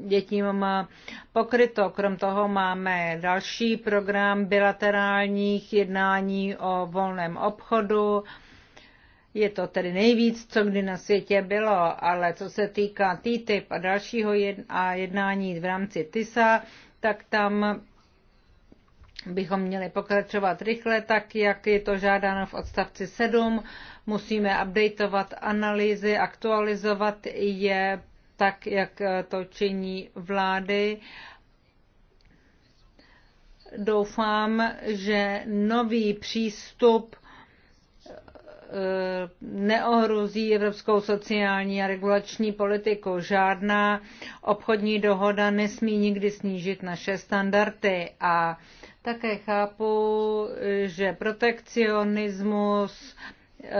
dětím má pokryto. Krom toho máme další program bilaterálních jednání o volném obchodu. Je to tedy nejvíc, co kdy na světě bylo, ale co se týká TTIP a dalšího jednání v rámci TISA, tak tam bychom měli pokračovat rychle, tak jak je to žádáno v odstavci 7. Musíme updateovat analýzy, aktualizovat je tak, jak eh, to činí vlády. Doufám, že nový přístup eh, neohrozí evropskou sociální a regulační politiku. Žádná obchodní dohoda nesmí nikdy snížit naše standardy a také chápu, že protekcionismus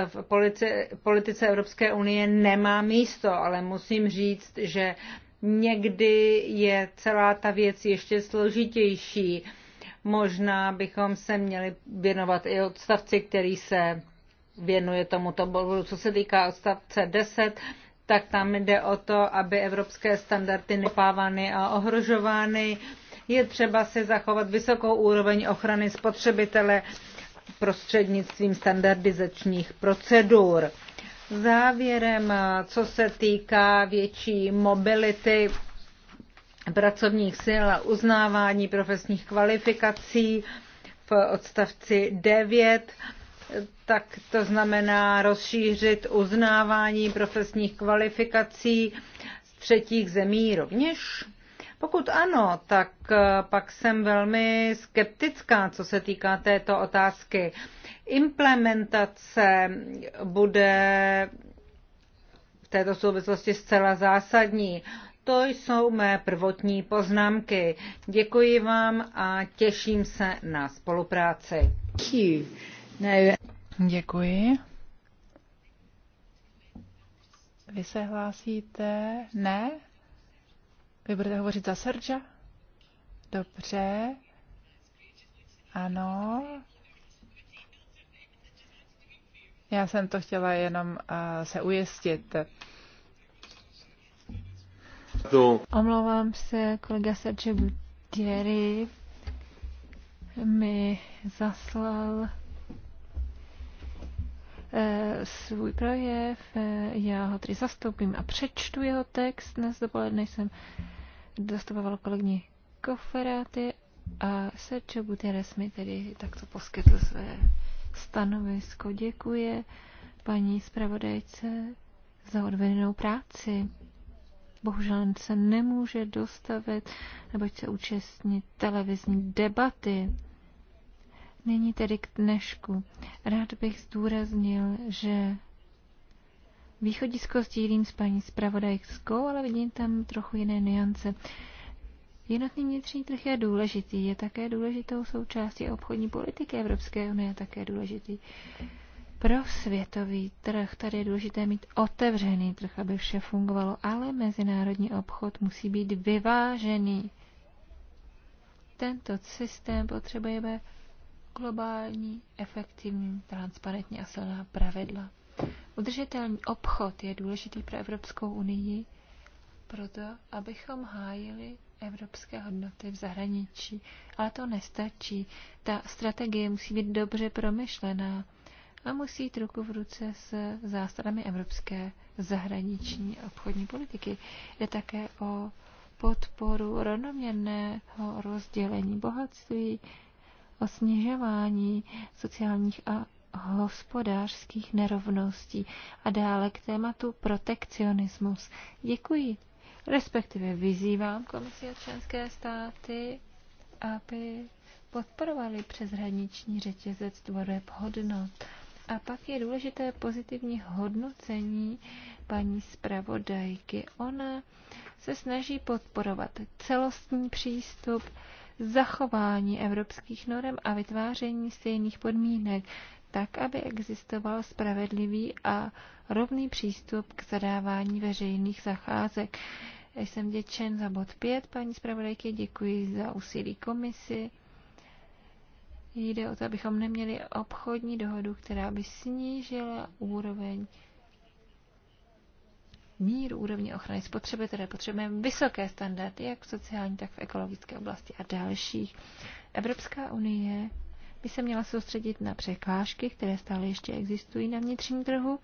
v politice, politice Evropské unie nemá místo, ale musím říct, že někdy je celá ta věc ještě složitější. Možná bychom se měli věnovat i odstavci, který se věnuje tomuto bodu. Co se týká odstavce 10, tak tam jde o to, aby evropské standardy nepávány a ohrožovány je třeba si zachovat vysokou úroveň ochrany spotřebitele prostřednictvím standardizačních procedur. Závěrem, co se týká větší mobility pracovních sil a uznávání profesních kvalifikací v odstavci 9, tak to znamená rozšířit uznávání profesních kvalifikací z třetích zemí rovněž pokud ano, tak eh, pak jsem velmi skeptická, co se týká této otázky. Implementace bude v této souvislosti zcela zásadní. To jsou mé prvotní poznámky. Děkuji vám a těším se na spolupráci. Děkuji. Vy se hlásíte? Ne? Vy budete hovořit za Serge? Dobře. Ano. Já jsem to chtěla jenom uh, se ujistit. No. Omlouvám se, kolega Serge Gutieri mi zaslal eh, svůj projev, eh, já ho tedy zastoupím a přečtu jeho text. Dnes dopoledne jsem zastupoval kolegyni Koferáty a Sergio Guterres mi tedy takto poskytl své stanovisko. Děkuje paní zpravodajce za odvedenou práci. Bohužel se nemůže dostavit, neboť se účastnit televizní debaty. Nyní tedy k dnešku. Rád bych zdůraznil, že Východisko sdílím s paní zpravodajskou, ale vidím tam trochu jiné nuance. Jednotný vnitřní trh je důležitý, je také důležitou součástí obchodní politiky Evropské unie, je také důležitý. Pro světový trh tady je důležité mít otevřený trh, aby vše fungovalo, ale mezinárodní obchod musí být vyvážený. Tento systém potřebujeme globální, efektivní, transparentní a silná pravidla. Udržitelný obchod je důležitý pro Evropskou unii, proto abychom hájili evropské hodnoty v zahraničí. Ale to nestačí. Ta strategie musí být dobře promyšlená a musí jít ruku v ruce s zásadami evropské zahraniční obchodní politiky. Je také o podporu rovnoměrného rozdělení bohatství, o snižování sociálních a hospodářských nerovností a dále k tématu protekcionismus. Děkuji. Respektive vyzývám komisi a členské státy, aby podporovali přeshraniční řetězec tvoreb hodnot. A pak je důležité pozitivní hodnocení paní zpravodajky. Ona se snaží podporovat celostní přístup, zachování evropských norm a vytváření stejných podmínek tak, aby existoval spravedlivý a rovný přístup k zadávání veřejných zacházek. Já jsem děčen za bod 5, paní zpravodajky, děkuji za úsilí komisi. Jde o to, abychom neměli obchodní dohodu, která by snížila úroveň míru úrovně ochrany které Potřebujeme vysoké standardy, jak v sociální, tak v ekologické oblasti a dalších. Evropská unie by se měla soustředit na překážky, které stále ještě existují na vnitřním trhu.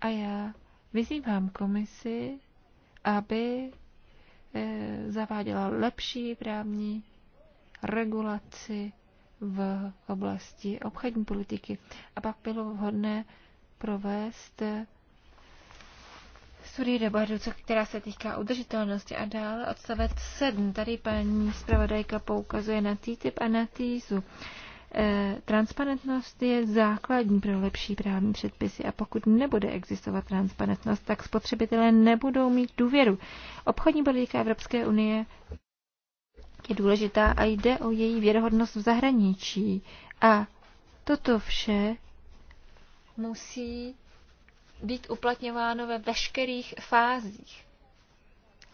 A já vyzývám komisi, aby eh, zaváděla lepší právní regulaci v oblasti obchodní politiky. A pak bylo vhodné provést studii nebo která se týká udržitelnosti a dále odstavec 7. Tady paní zpravodajka poukazuje na TTIP a na TISu. E, transparentnost je základní pro lepší právní předpisy a pokud nebude existovat transparentnost, tak spotřebitelé nebudou mít důvěru. Obchodní politika Evropské unie je důležitá a jde o její věrohodnost v zahraničí. A toto vše musí být uplatňováno ve veškerých fázích.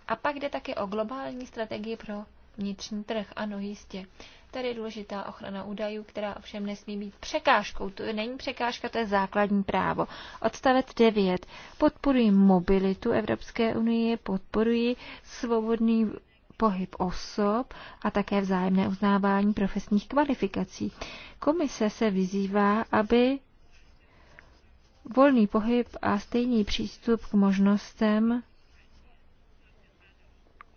A pak jde také o globální strategii pro vnitřní trh. Ano, jistě. Tady je důležitá ochrana údajů, která ovšem nesmí být překážkou. To není překážka, to je základní právo. Odstavec 9. Podporuji mobilitu Evropské unie, podporuji svobodný pohyb osob a také vzájemné uznávání profesních kvalifikací. Komise se vyzývá, aby volný pohyb a stejný přístup k možnostem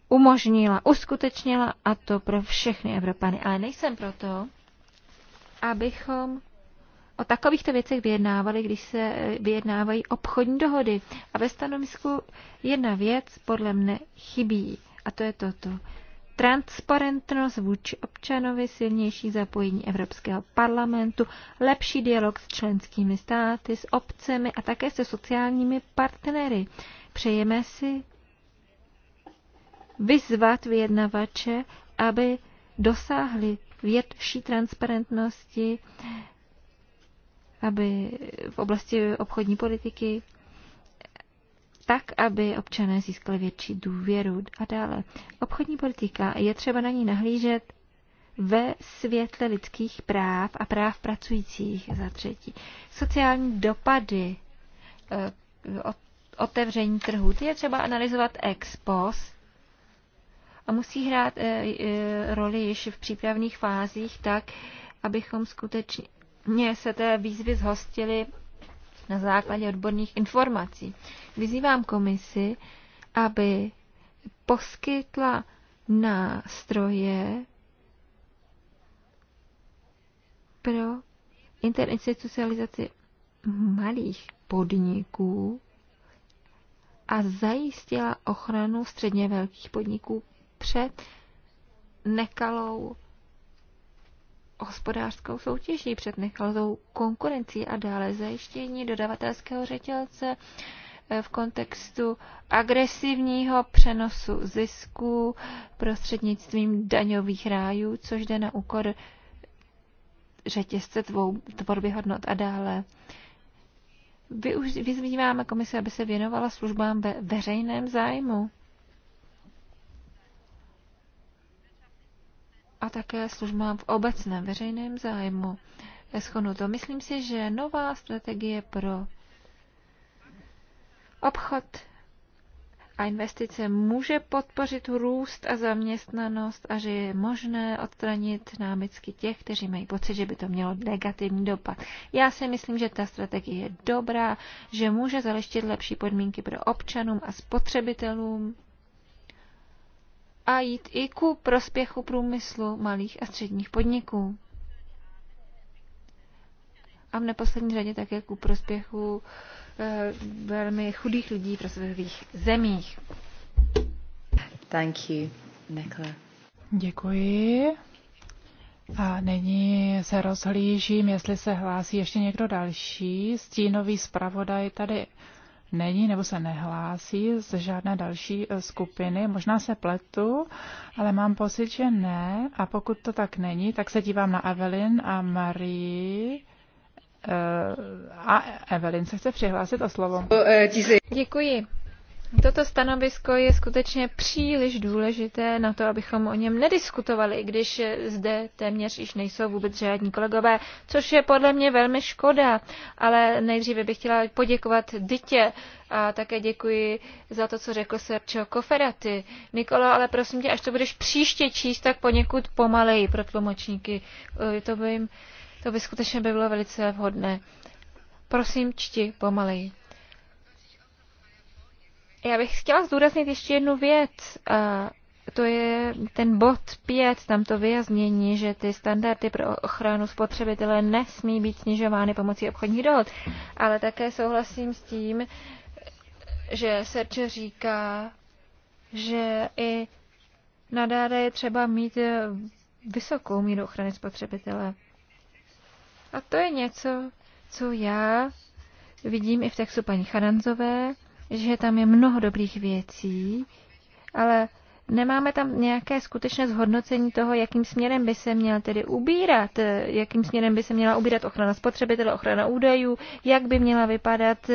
umožnila, uskutečnila a to pro všechny Evropany. Ale nejsem proto, abychom o takovýchto věcech vyjednávali, když se eh, vyjednávají obchodní dohody. A ve stanovisku jedna věc podle mne chybí. A to je toto transparentnost vůči občanovi, silnější zapojení Evropského parlamentu, lepší dialog s členskými státy, s obcemi a také se sociálními partnery. Přejeme si vyzvat vyjednavače, aby dosáhli větší transparentnosti aby v oblasti obchodní politiky tak, aby občané získali větší důvěru a dále. Obchodní politika je třeba na ní nahlížet ve světle lidských práv a práv pracujících za třetí. Sociální dopady eh, otevření trhu, ty je třeba analyzovat ex post a musí hrát eh, eh, roli již v přípravných fázích tak, abychom skutečně se té výzvy zhostili na základě odborných informací. Vyzývám komisi, aby poskytla nástroje pro interinstitucionalizaci malých podniků a zajistila ochranu středně velkých podniků před nekalou hospodářskou soutěží, před nechalou konkurencí a dále zajištění dodavatelského řetělce eh, v kontextu agresivního přenosu zisků prostřednictvím daňových rájů, což jde na úkor řetězce tvou, tvorby hodnot a dále. už vyzýváme komise, aby se věnovala službám ve veřejném zájmu. a také službám v obecném veřejném zájmu. to. myslím si, že nová strategie pro obchod a investice může podpořit růst a zaměstnanost a že je možné odstranit námitky těch, kteří mají pocit, že by to mělo negativní dopad. Já si myslím, že ta strategie je dobrá, že může zaleštit lepší podmínky pro občanům a spotřebitelům a jít i ku prospěchu průmyslu malých a středních podniků. A v neposlední řadě také ku prospěchu e, velmi chudých lidí v rozvojových zemích. Thank you, Nicola. Děkuji. A nyní se rozhlížím, jestli se hlásí ještě někdo další. Stínový zpravodaj tady není nebo se nehlásí z žádné další eh, skupiny. Možná se pletu, ale mám pocit, že ne. A pokud to tak není, tak se dívám na Evelyn a Marie. Eh, a Evelyn se chce přihlásit o slovo. Eh, Děkuji. Toto stanovisko je skutečně příliš důležité na to, abychom o něm nediskutovali, i když zde téměř již nejsou vůbec žádní kolegové, což je podle mě velmi škoda. Ale nejdříve bych chtěla poděkovat Dytě a také děkuji za to, co řekl Serčo Koferaty. Nikola, ale prosím tě, až to budeš příště číst, tak poněkud pomaleji pro tlumočníky. To by, jim, to by skutečně by bylo velice vhodné. Prosím, čti pomaleji. Já bych chtěla zdůraznit ještě jednu věc. A to je ten bod 5, tam to vyjaznění, že ty standardy pro ochranu spotřebitele nesmí být snižovány pomocí obchodních dohod. Ale také souhlasím s tím, že Serče říká, že i nadále je třeba mít vysokou míru ochrany spotřebitele. A to je něco, co já vidím i v textu paní Charanzové, že tam je mnoho dobrých věcí, ale nemáme tam nějaké skutečné zhodnocení toho, jakým směrem by se měl tedy ubírat, jakým směrem by se měla ubírat ochrana spotřebitele, ochrana údajů, jak by měla vypadat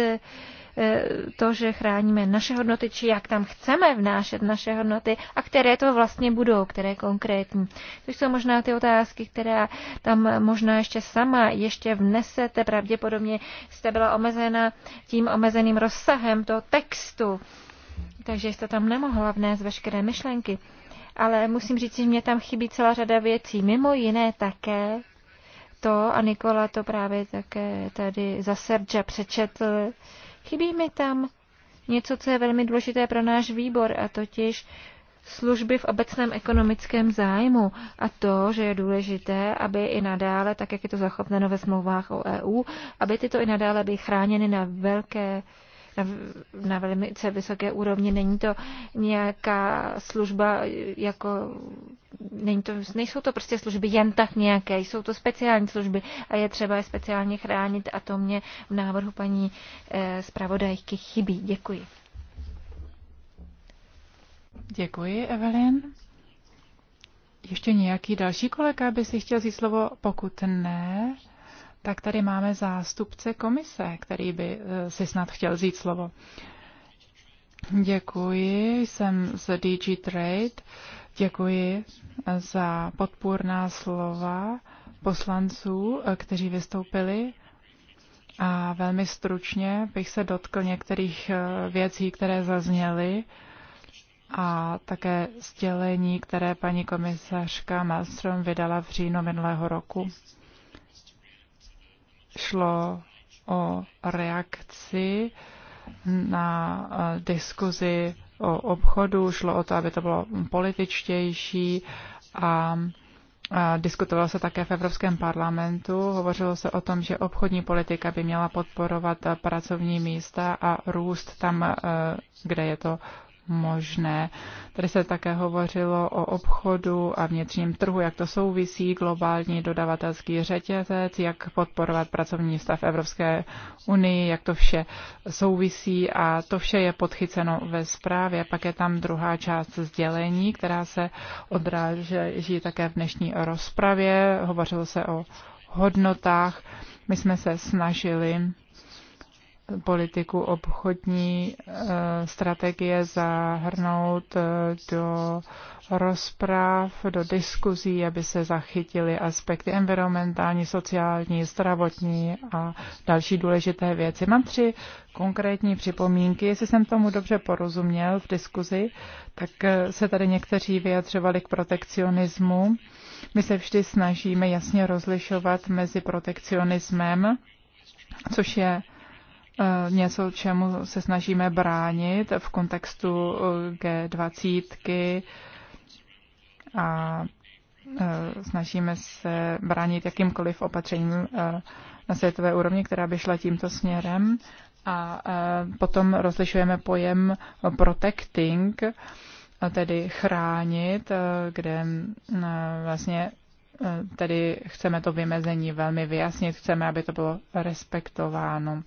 Eh, to, že chráníme naše hodnoty, či jak tam chceme vnášet naše hodnoty a které to vlastně budou, které konkrétní. To jsou možná ty otázky, která tam možná ještě sama ještě vnesete. Pravděpodobně jste byla omezena tím omezeným rozsahem toho textu, takže jste tam nemohla vnést veškeré myšlenky. Ale musím říct, že mě tam chybí celá řada věcí. Mimo jiné také to, a Nikola to právě také tady za Serge přečetl, Chybí mi tam něco, co je velmi důležité pro náš výbor, a totiž služby v obecném ekonomickém zájmu a to, že je důležité, aby i nadále, tak jak je to zachopneno ve smlouvách o EU, aby tyto i nadále byly chráněny na velké na velice vysoké úrovni. Není to nějaká služba jako Není to, nejsou to prostě služby jen tak nějaké, jsou to speciální služby a je třeba je speciálně chránit a to mě v návrhu paní eh, zpravodajky chybí. Děkuji. Děkuji, Evelyn. Ještě nějaký další kolega by si chtěl říct slovo? Pokud ne, tak tady máme zástupce komise, který by eh, si snad chtěl vzít slovo. Děkuji, jsem z DG Trade. Děkuji eh, za podpůrná slova poslanců, eh, kteří vystoupili. A velmi stručně bych se dotkl některých věcí, které zazněly a také sdělení, které paní komisařka Malmström vydala v říjnu minulého roku šlo o reakci na eh, diskuzi o obchodu, šlo o to, aby to bylo političtější a eh, Diskutovalo se také v Evropském parlamentu. Hovořilo se o tom, že obchodní politika by měla podporovat pracovní místa a růst tam, eh, kde je to možné. Tady se také hovořilo o obchodu a vnitřním trhu, jak to souvisí globální dodavatelský řetězec, jak podporovat pracovní stav Evropské unii, jak to vše souvisí a to vše je podchyceno ve zprávě. Pak je tam druhá část sdělení, která se odráží také v dnešní rozpravě. Hovořilo se o hodnotách. My jsme se snažili politiku obchodní eh, strategie zahrnout eh, do rozpráv, do diskuzí, aby se zachytily aspekty environmentální, sociální, zdravotní a další důležité věci. Mám tři konkrétní připomínky. Jestli jsem tomu dobře porozuměl v diskuzi, tak eh, se tady někteří vyjadřovali k protekcionismu. My se vždy snažíme jasně rozlišovat mezi protekcionismem, což je Eh, něco, čemu se snažíme bránit v kontextu eh, G20 a eh, snažíme se bránit jakýmkoliv opatřením na světové úrovni, která by šla tímto směrem. A potom rozlišujeme pojem protecting, tedy chránit, kde mm, vlastně tedy chceme to vymezení velmi vyjasnit, chceme, aby to bylo respektováno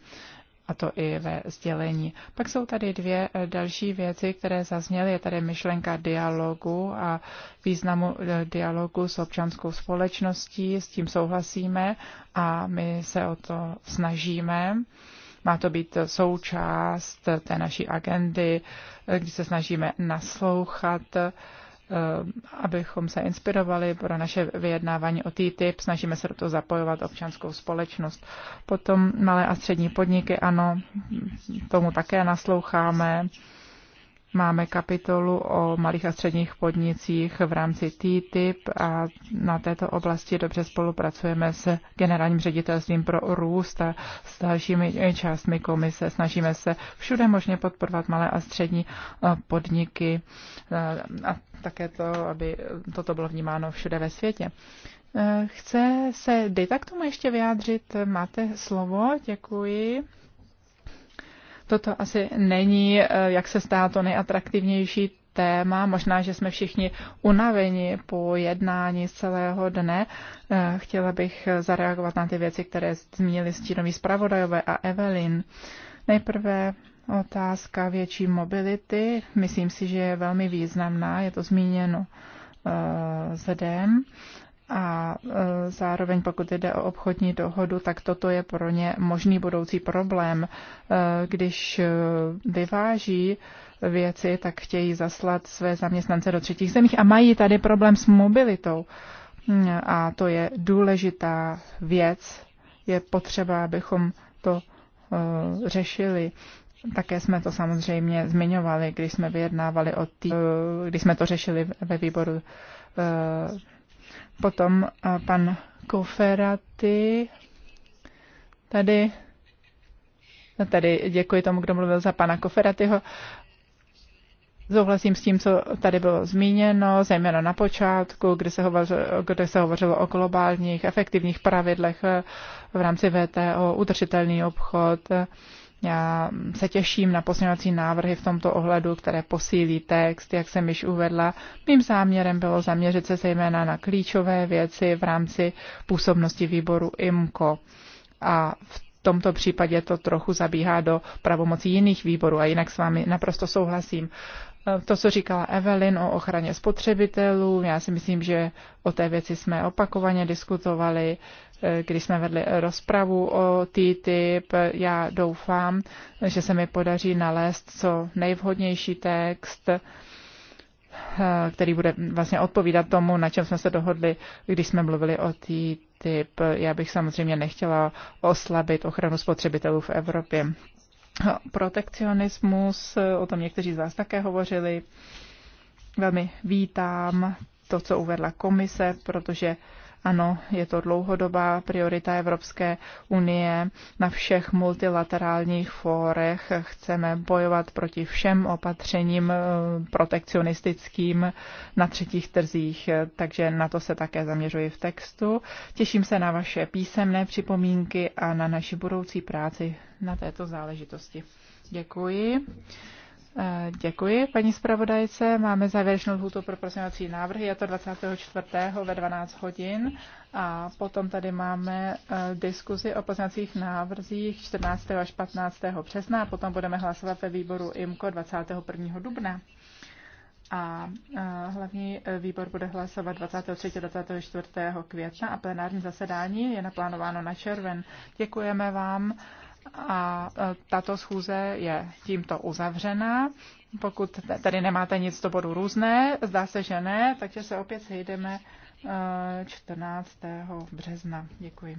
a to i ve sdělení. Pak jsou tady dvě eh, další věci, které zazněly. Je tady myšlenka dialogu a významu eh, dialogu s občanskou společností. S tím souhlasíme a my se o to snažíme. Má to být součást té naší agendy, eh, kdy se snažíme naslouchat Eh, abychom se inspirovali pro naše vyjednávání o TTIP. Snažíme se do toho zapojovat občanskou společnost. Potom malé a střední podniky, ano, tomu také nasloucháme. Máme kapitolu o malých a středních podnicích v rámci TTIP a na této oblasti dobře spolupracujeme s generálním ředitelstvím pro růst a s dalšími částmi komise. Snažíme se všude možně podporovat malé a střední eh, podniky eh, a také to, aby toto bylo vnímáno všude ve světě. Eh, chce se Dita k tomu ještě vyjádřit? Máte slovo? Děkuji. Toto asi není, eh, jak se stá to nejatraktivnější téma. Možná, že jsme všichni unaveni po jednání z celého dne. Eh, chtěla bych eh, zareagovat na ty věci, které zmínili stínoví zpravodajové a Evelyn. Nejprve otázka větší mobility. Myslím si, že je velmi významná, je to zmíněno zde a e, zároveň pokud jde o obchodní dohodu, tak toto je pro ně možný budoucí problém. E, když e, vyváží věci, tak chtějí zaslat své zaměstnance do třetích zemích a mají tady problém s mobilitou. A to je důležitá věc. Je potřeba, abychom to řešili. Také jsme to samozřejmě zmiňovali, když jsme vyjednávali o tý, když jsme to řešili ve výboru Potom eh, pan Koferaty tady no Tady děkuji tomu, kdo mluvil za pana Koferatyho. Zouhlasím s tím, co tady bylo zmíněno, zejména na počátku, kde se, hovořilo, kde se hovořilo o globálních efektivních pravidlech eh, v rámci VTO, udržitelný obchod, eh, já se těším na pozměňovací návrhy v tomto ohledu, které posílí text, jak jsem již uvedla. Mým záměrem bylo zaměřit se zejména na klíčové věci v rámci působnosti výboru IMCO. A v tomto případě to trochu zabíhá do pravomocí jiných výborů a jinak s vámi naprosto souhlasím. To, co říkala Evelyn o ochraně spotřebitelů, já si myslím, že o té věci jsme opakovaně diskutovali když jsme vedli rozpravu o TTIP. Já doufám, že se mi podaří nalézt co nejvhodnější text, eh, který bude vlastně odpovídat tomu, na čem jsme se dohodli, když jsme mluvili o TTIP. Já bych samozřejmě nechtěla oslabit ochranu spotřebitelů v Evropě. Protekcionismus, o tom někteří z vás také hovořili. Velmi vítám to, co uvedla komise, protože uh, ano, je to dlouhodobá priorita Evropské unie. Na všech multilaterálních fórech chceme bojovat proti všem opatřením eh, protekcionistickým na třetích trzích, eh, takže na to se také zaměřuji v textu. Těším se na vaše písemné připomínky a na naši budoucí práci na této záležitosti. Děkuji. Eh, děkuji, paní zpravodajce. Máme závěrečnou lhůtu pro prosinací návrhy, je to 24. ve 12 hodin. A potom tady máme eh, diskuzi o poznacích návrzích 14. až 15. března a potom budeme hlasovat ve výboru IMKO 21. dubna. A eh, hlavní výbor bude hlasovat 23. a 24. května a plenární zasedání je naplánováno na červen. Děkujeme vám a e, tato schůze je tímto uzavřena. Pokud tady nemáte nic do bodu různé, zdá se, že ne, takže se opět sejdeme 14. E, března. Děkuji.